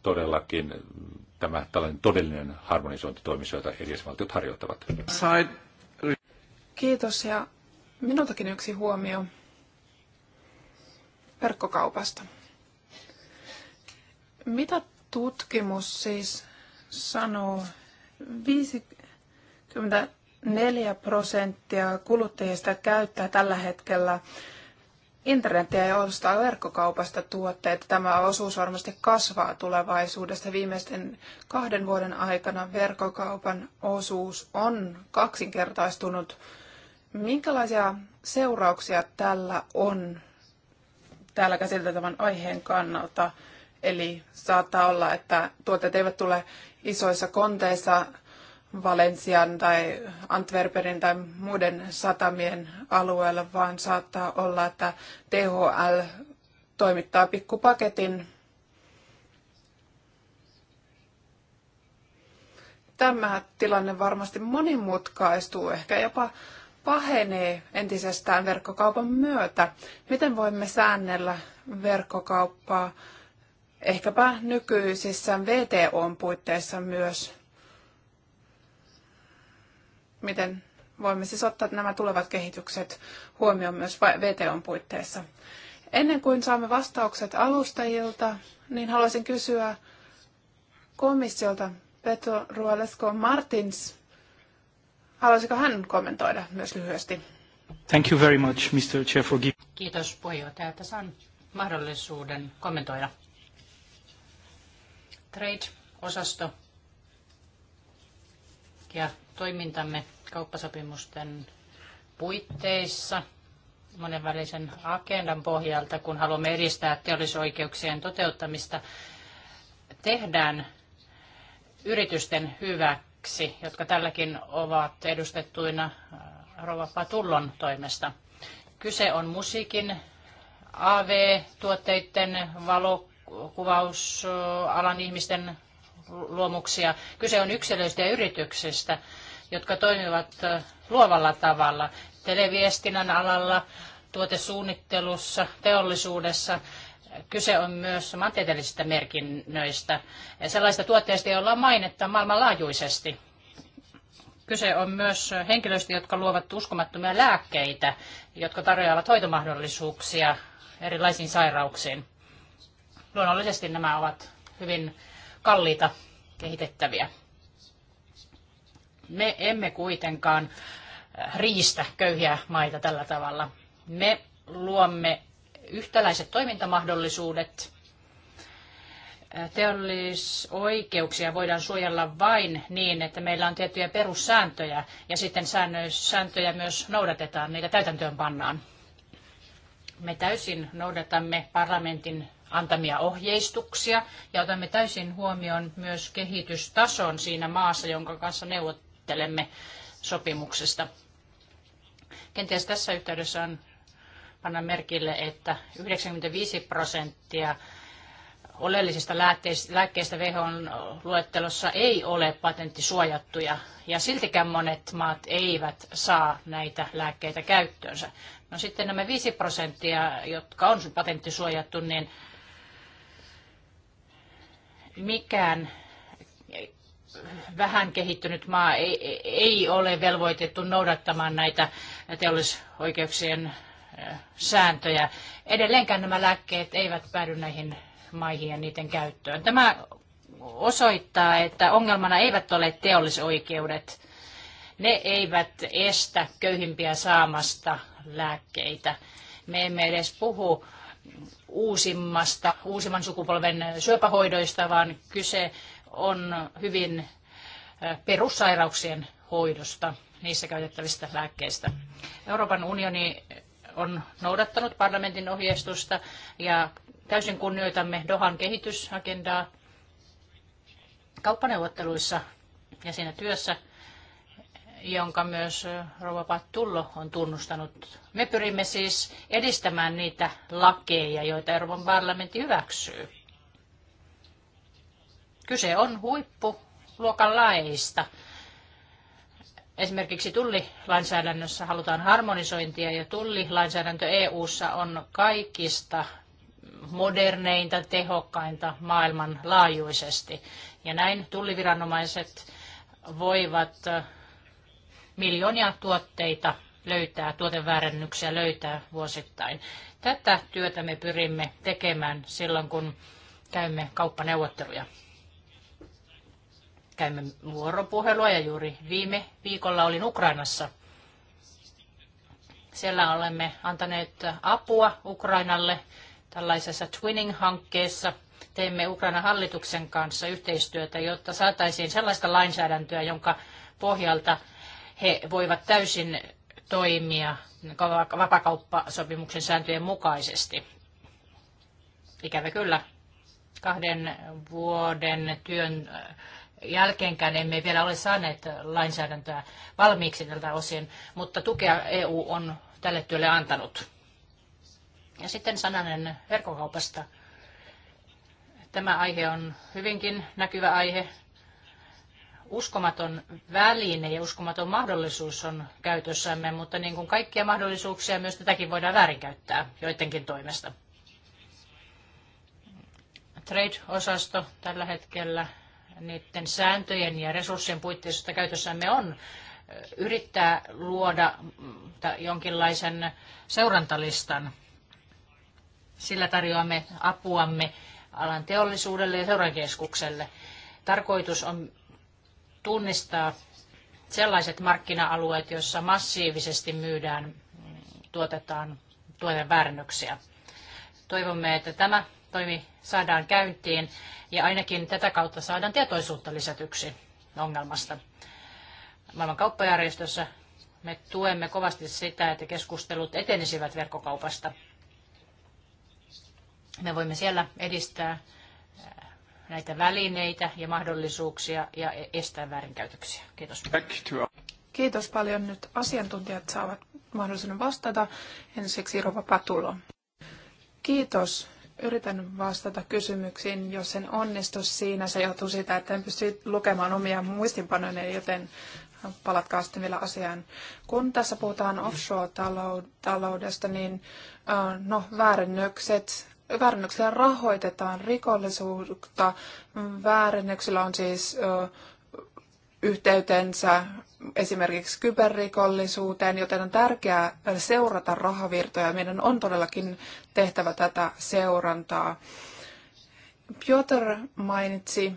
todellakin tämä tällainen todellinen harmonisointi toimissa, jota eri harjoittavat. Kiitos ja minultakin yksi huomio verkkokaupasta. Mitä tutkimus siis sanoo? 54 prosenttia kuluttajista käyttää tällä hetkellä internetiä ja ostaa verkkokaupasta tuotteet. Tämä osuus varmasti kasvaa tulevaisuudessa. Viimeisten kahden vuoden aikana verkkokaupan osuus on kaksinkertaistunut. Minkälaisia seurauksia tällä on täällä käsiteltävän aiheen kannalta. Eli saattaa olla, että tuotteet eivät tule isoissa konteissa Valensian tai Antwerpenin tai muiden satamien alueella, vaan saattaa olla, että THL toimittaa pikkupaketin. Tämä tilanne varmasti monimutkaistuu, ehkä jopa pahenee entisestään verkkokaupan myötä. Miten voimme säännellä verkkokauppaa ehkäpä nykyisissä VTOn puitteissa myös? Miten voimme siis ottaa nämä tulevat kehitykset huomioon myös VTOn puitteissa? Ennen kuin saamme vastaukset alustajilta, niin haluaisin kysyä komissiolta Petro Ruolesko Martins Haluaisiko hän kommentoida myös lyhyesti? Thank you very much, Mr. Chair, for giving... Kiitos puheenjohtaja, että saan mahdollisuuden kommentoida. Trade-osasto ja toimintamme kauppasopimusten puitteissa monenvälisen agendan pohjalta, kun haluamme edistää teollisoikeuksien toteuttamista, tehdään yritysten hyväksi kaksi, jotka tälläkin ovat edustettuina äh, Rova Patullon toimesta. Kyse on musiikin AV-tuotteiden valokuvausalan ihmisten luomuksia. Kyse on yksilöistä ja yrityksistä, jotka toimivat äh, luovalla tavalla televiestinnän alalla, tuotesuunnittelussa, teollisuudessa Kyse on myös maantieteellisistä merkinnöistä, sellaista tuotteista, joilla on mainetta maailmanlaajuisesti. Kyse on myös henkilöistä, jotka luovat uskomattomia lääkkeitä, jotka tarjoavat hoitomahdollisuuksia erilaisiin sairauksiin. Luonnollisesti nämä ovat hyvin kalliita kehitettäviä. Me emme kuitenkaan riistä köyhiä maita tällä tavalla. Me luomme yhtäläiset toimintamahdollisuudet. Teollisoikeuksia voidaan suojella vain niin, että meillä on tiettyjä perussääntöjä ja sitten sääntöjä myös noudatetaan, niitä täytäntöön pannaan. Me täysin noudatamme parlamentin antamia ohjeistuksia ja otamme täysin huomioon myös kehitystason siinä maassa, jonka kanssa neuvottelemme sopimuksesta. Kenties tässä yhteydessä on panna merkille, että 95 prosenttia oleellisista lääkkeistä WHOn luettelossa ei ole patenttisuojattuja ja siltikään monet maat eivät saa näitä lääkkeitä käyttöönsä. No sitten nämä 5 prosenttia, jotka on patenttisuojattu, niin mikään vähän kehittynyt maa ei, ei ole velvoitettu noudattamaan näitä teollisoikeuksien sääntöjä. Edelleenkään nämä lääkkeet eivät päädy näihin maihin ja niiden käyttöön. Tämä osoittaa, että ongelmana eivät ole teollisoikeudet. Ne eivät estä köyhimpiä saamasta lääkkeitä. Me emme edes puhu uusimmasta, uusimman sukupolven syöpähoidoista, vaan kyse on hyvin perussairauksien hoidosta, niissä käytettävistä lääkkeistä. Euroopan unioni on noudattanut parlamentin ohjeistusta ja täysin kunnioitamme Dohan kehitysagendaa kauppaneuvotteluissa ja siinä työssä, jonka myös Rova Pattullo on tunnustanut. Me pyrimme siis edistämään niitä lakeja, joita Euroopan parlamentti hyväksyy. Kyse on huippuluokan laeista Esimerkiksi tullilainsäädännössä halutaan harmonisointia ja tullilainsäädäntö EU:ssa on kaikista moderneinta, tehokkainta maailmanlaajuisesti. Ja näin tulliviranomaiset voivat miljoonia tuotteita löytää, tuoteväärännyksiä löytää vuosittain. Tätä työtä me pyrimme tekemään silloin, kun käymme kauppaneuvotteluja käymme vuoropuhelua ja juuri viime viikolla olin Ukrainassa. Siellä olemme antaneet apua Ukrainalle tällaisessa twinning-hankkeessa. Teimme Ukrainan hallituksen kanssa yhteistyötä, jotta saataisiin sellaista lainsäädäntöä, jonka pohjalta he voivat täysin toimia vapakauppasopimuksen sääntöjen mukaisesti. Ikävä kyllä, kahden vuoden työn jälkeenkään emme vielä ole saaneet lainsäädäntöä valmiiksi tältä osin, mutta tukea EU on tälle työlle antanut. Ja sitten sananen verkkokaupasta. Tämä aihe on hyvinkin näkyvä aihe. Uskomaton väline ja uskomaton mahdollisuus on käytössämme, mutta niin kuin kaikkia mahdollisuuksia, myös tätäkin voidaan väärinkäyttää joidenkin toimesta. Trade-osasto tällä hetkellä niiden sääntöjen ja resurssien puitteissa, joita käytössämme on, yrittää luoda mm, jonkinlaisen seurantalistan. Sillä tarjoamme apuamme alan teollisuudelle ja seurakeskukselle. Tarkoitus on tunnistaa sellaiset markkina-alueet, joissa massiivisesti myydään, mm, tuotetaan tuoteväärennöksiä. Toivomme, että tämä toimi saadaan käyntiin ja ainakin tätä kautta saadaan tietoisuutta lisätyksi ongelmasta. Maailman kauppajärjestössä me tuemme kovasti sitä, että keskustelut etenisivät verkkokaupasta. Me voimme siellä edistää näitä välineitä ja mahdollisuuksia ja e-, estää väärinkäytöksiä. Kiitos. Kiitos paljon. Nyt asiantuntijat saavat mahdollisuuden vastata. Ensiksi Rova Patulo. Kiitos yritän vastata kysymyksiin. Jos en onnistu siinä, se johtuu siitä, että en pysty lukemaan omia muistinpanoja, joten palatkaa sitten vielä asiaan. Kun tässä puhutaan offshore-taloudesta, niin no, väärennökset, väärennöksillä rahoitetaan rikollisuutta. Väärennöksillä on siis yhteytensä esimerkiksi kyberrikollisuuteen, joten on tärkeää seurata rahavirtoja. Meidän on todellakin tehtävä tätä seurantaa. Piotr mainitsi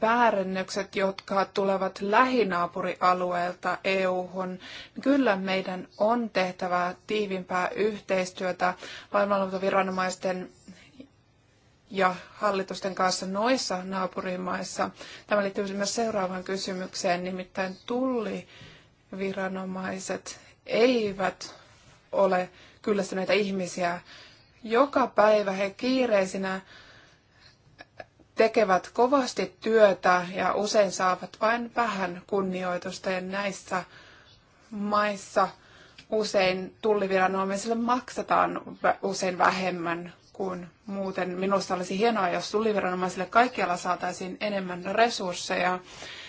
väärennökset, jotka tulevat lähinaapurialueelta EU-hun, kyllä meidän on tehtävä tiivimpää yhteistyötä viranomaisten ja hallitusten kanssa noissa naapurimaissa. Tämä liittyy myös seuraavaan kysymykseen, nimittäin tulliviranomaiset eivät ole kyllästyneitä ihmisiä. Joka päivä he kiireisinä tekevät kovasti työtä ja usein saavat vain vähän kunnioitusta ja näissä maissa usein tulliviranomaisille maksetaan usein vähemmän kuin muuten. Minusta olisi hienoa, jos tulliviranomaisille kaikkialla saataisiin enemmän resursseja.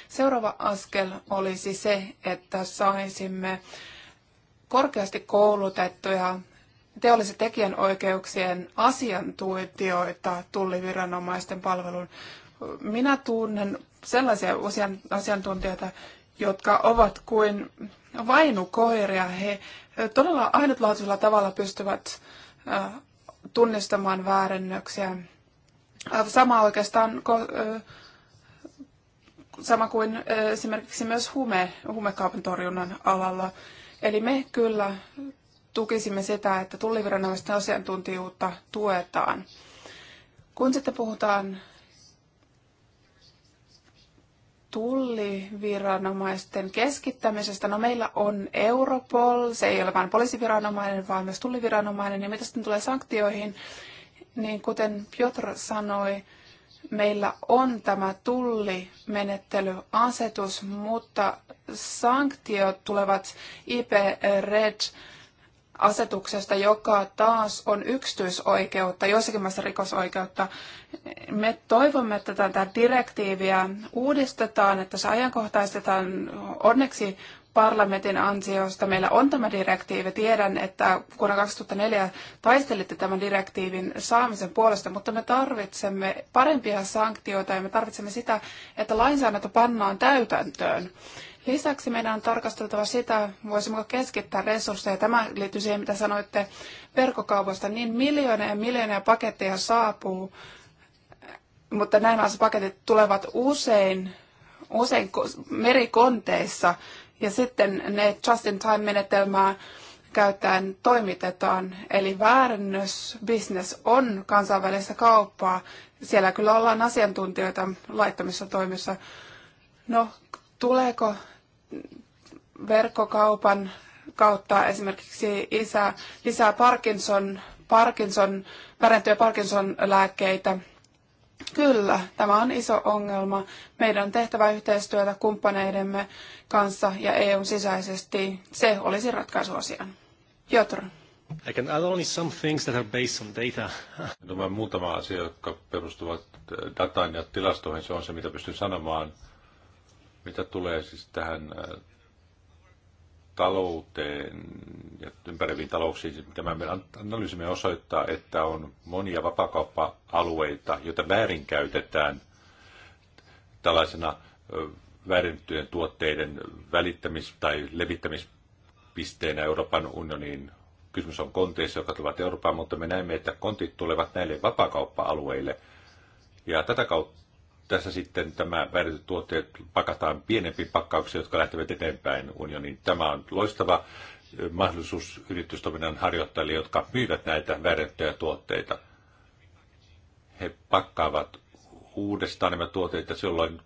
Seuraava askel olisi se, että saisimme korkeasti koulutettuja teollisen tekijänoikeuksien asiantuntijoita tulliviranomaisten palveluun. Minä tunnen sellaisia asiantuntijoita, jotka ovat kuin vainukoiria. He todella ainutlaatuisella tavalla pystyvät äh, tunnistamaan väärennöksiä. Sama oikeastaan sama kuin esimerkiksi myös Hume humekaupan torjunnan alalla. Eli me kyllä tukisimme sitä, että tulliviranomaisten asiantuntijuutta tuetaan. Kun sitten puhutaan tulliviranomaisten keskittämisestä. No meillä on Europol, se ei ole vain poliisiviranomainen, vaan myös tulliviranomainen. Ja mitä sitten tulee sanktioihin, niin kuten Piotr sanoi, meillä on tämä tullimenettelyasetus, mutta sanktiot tulevat IP Red asetuksesta, joka taas on yksityisoikeutta, joissakin maissa rikosoikeutta. Me toivomme, että tätä direktiiviä uudistetaan, että se ajankohtaistetaan. Onneksi parlamentin ansiosta meillä on tämä direktiivi. Tiedän, että vuonna 2004 taistelitte tämän direktiivin saamisen puolesta, mutta me tarvitsemme parempia sanktioita ja me tarvitsemme sitä, että lainsäädäntö pannaan täytäntöön. Lisäksi meidän on tarkasteltava sitä, voisimmeko keskittää resursseja. Tämä liittyy siihen, mitä sanoitte verkkokaupoista. Niin miljoonia ja miljoonia paketteja saapuu, mutta nämä paketit tulevat usein, usein merikonteissa ja sitten ne just-in-time-menetelmää käyttäen toimitetaan. Eli väärännösbisnes on kansainvälistä kauppaa. Siellä kyllä ollaan asiantuntijoita laittamissa toimissa. No, tuleeko verkkokaupan kautta esimerkiksi isä lisää Parkinson, Parkinson, värentyjä Parkinson-lääkkeitä. Kyllä, tämä on iso ongelma. Meidän on tehtävä yhteistyötä kumppaneidemme kanssa ja EUn sisäisesti. Se olisi ratkaisu asiaan. Piotr. I can add only some things that are based on data. Tämä muutama asia, jotka perustuvat äh, dataan ja tilastoihin, se on se, mitä pystyn sanomaan. Mitä tulee siis tähän äh, talouteen ja ympäröiviin talouksiin, siis tämä meidän analyysimme osoittaa, että on monia vapakauppa-alueita, joita väärinkäytetään tällaisena äh, väärintyjen tuotteiden välittämis- tai levittämispisteenä Euroopan unioniin. Kysymys on konteissa, jotka tulevat Eurooppaan, mutta me näemme, että kontit tulevat näille vapakauppa-alueille. Ja tätä kautta tässä sitten tämä väärätyt tuotteet pakataan pienempiin pakkauksiin, jotka lähtevät eteenpäin unioniin. Tämä on loistava eh, mahdollisuus yritystoiminnan harjoittajille, jotka myyvät näitä väärennettyjä tuotteita. He pakkaavat uudestaan nämä tuotteet, ja silloin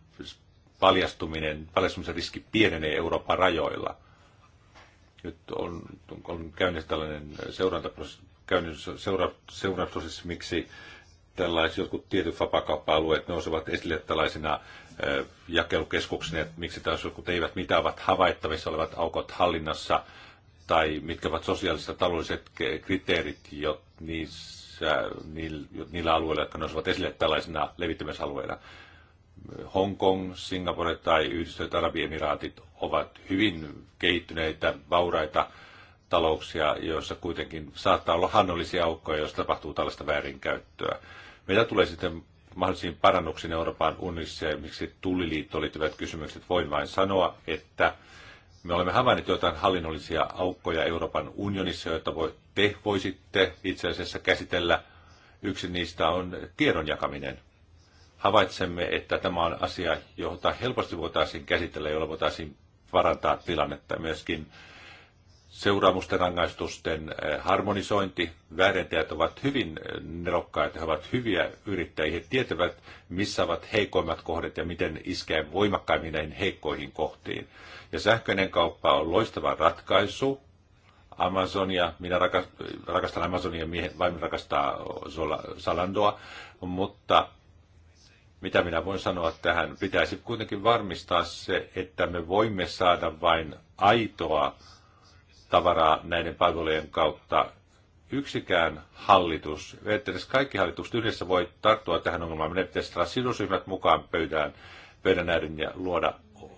paljastuminen, paljastumisen riski pienenee Euroopan rajoilla. Nyt on, on käynnissä tällainen seurantaprosessi, seura, seura, seuraprosessi, miksi tällaiset jotkut tietyt vapakauppa-alueet nousevat esille tällaisina jakelukeskuksina, että miksi taas jotkut eivät, mitä ovat havaittavissa olevat aukot hallinnassa, tai mitkä ovat sosiaaliset ja taloudelliset kriteerit, jo niissä, niillä alueilla, jotka nousevat esille tällaisina levittämisalueina. Hongkong, Singapore tai Yhdistyneet Arabiemiraatit ovat hyvin kehittyneitä, vauraita talouksia, joissa kuitenkin saattaa olla hannollisia aukkoja, jos tapahtuu tällaista väärinkäyttöä. Mitä tulee sitten mahdollisiin parannuksiin Euroopan unionissa ja miksi tulliliittoon liittyvät kysymykset, voin vain sanoa, että me olemme havainneet jotain hallinnollisia aukkoja Euroopan unionissa, joita voi, te voisitte itse asiassa käsitellä. Yksi niistä on tiedon jakaminen. Havaitsemme, että tämä on asia, jota helposti voitaisiin käsitellä, jolla voitaisiin parantaa tilannetta myöskin seuraamusten rangaistusten eh, harmonisointi. Väärentäjät ovat hyvin eh, nerokkaita, he ovat hyviä yrittäjiä, he tietävät, missä ovat heikoimmat kohdat ja miten iskeä voimakkaimmin näihin heikkoihin kohtiin. Ja sähköinen kauppa on loistava ratkaisu. Amazonia, minä rakastan Amazonia, miehen, minä rakastaa Salandoa, mutta mitä minä voin sanoa tähän, pitäisi kuitenkin varmistaa se, että me voimme saada vain aitoa tavaraa näiden palvelujen kautta. Yksikään hallitus, edes kaikki hallitukset yhdessä voi tarttua tähän ongelmaan. Meidän pitäisi saada sidosryhmät mukaan pöydään, pöydän ääreen ja luoda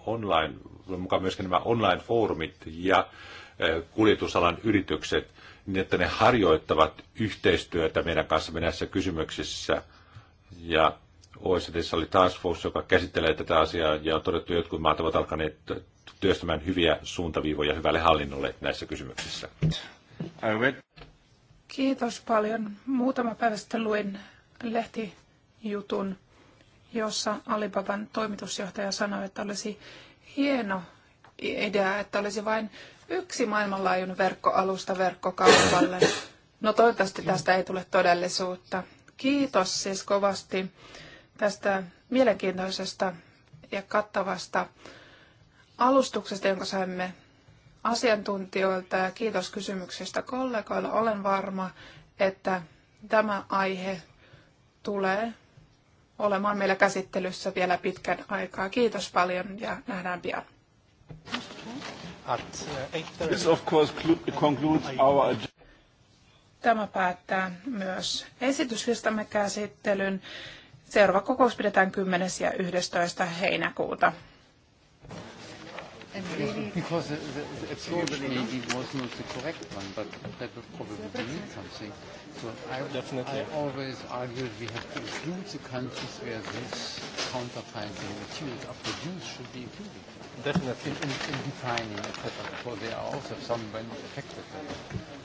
online, mukaan myöskin nämä online-foorumit ja eh, kuljetusalan yritykset, niin että ne harjoittavat yhteistyötä meidän kanssa näissä kysymyksissä. Ja OECDssä oli Task Force, joka käsittelee tätä asiaa, ja on todettu, että jotkut maat ovat alkaneet työstämään hyviä suuntaviivoja hyvälle hallinnolle näissä kysymyksissä. Kiitos paljon. Muutama päivä sitten luin lehtijutun, jossa Alibaban toimitusjohtaja sanoi, että olisi hieno idea, että olisi vain yksi maailmanlaajuinen verkkoalusta verkkokaupalle. No toivottavasti tästä ei tule todellisuutta. Kiitos siis kovasti tästä mielenkiintoisesta ja kattavasta alustuksesta, jonka saimme asiantuntijoilta ja kiitos kysymyksistä kollegoilla. Olen varma, että tämä aihe tulee olemaan meillä käsittelyssä vielä pitkän aikaa. Kiitos paljon ja nähdään pian. Eh, This of course concludes our Tämä päättää myös esityslistamme käsittelyn. Seuraava kokous pidetään 10. ja 11. heinäkuuta because the, the, the maybe was not the correct one, but that would probably mean something. So I, Definitely. I always argued we have to include the countries where these counterfeiting materials are produced should be included. Definitely. In, in, in defining, etc., because they are also somewhat affected by it.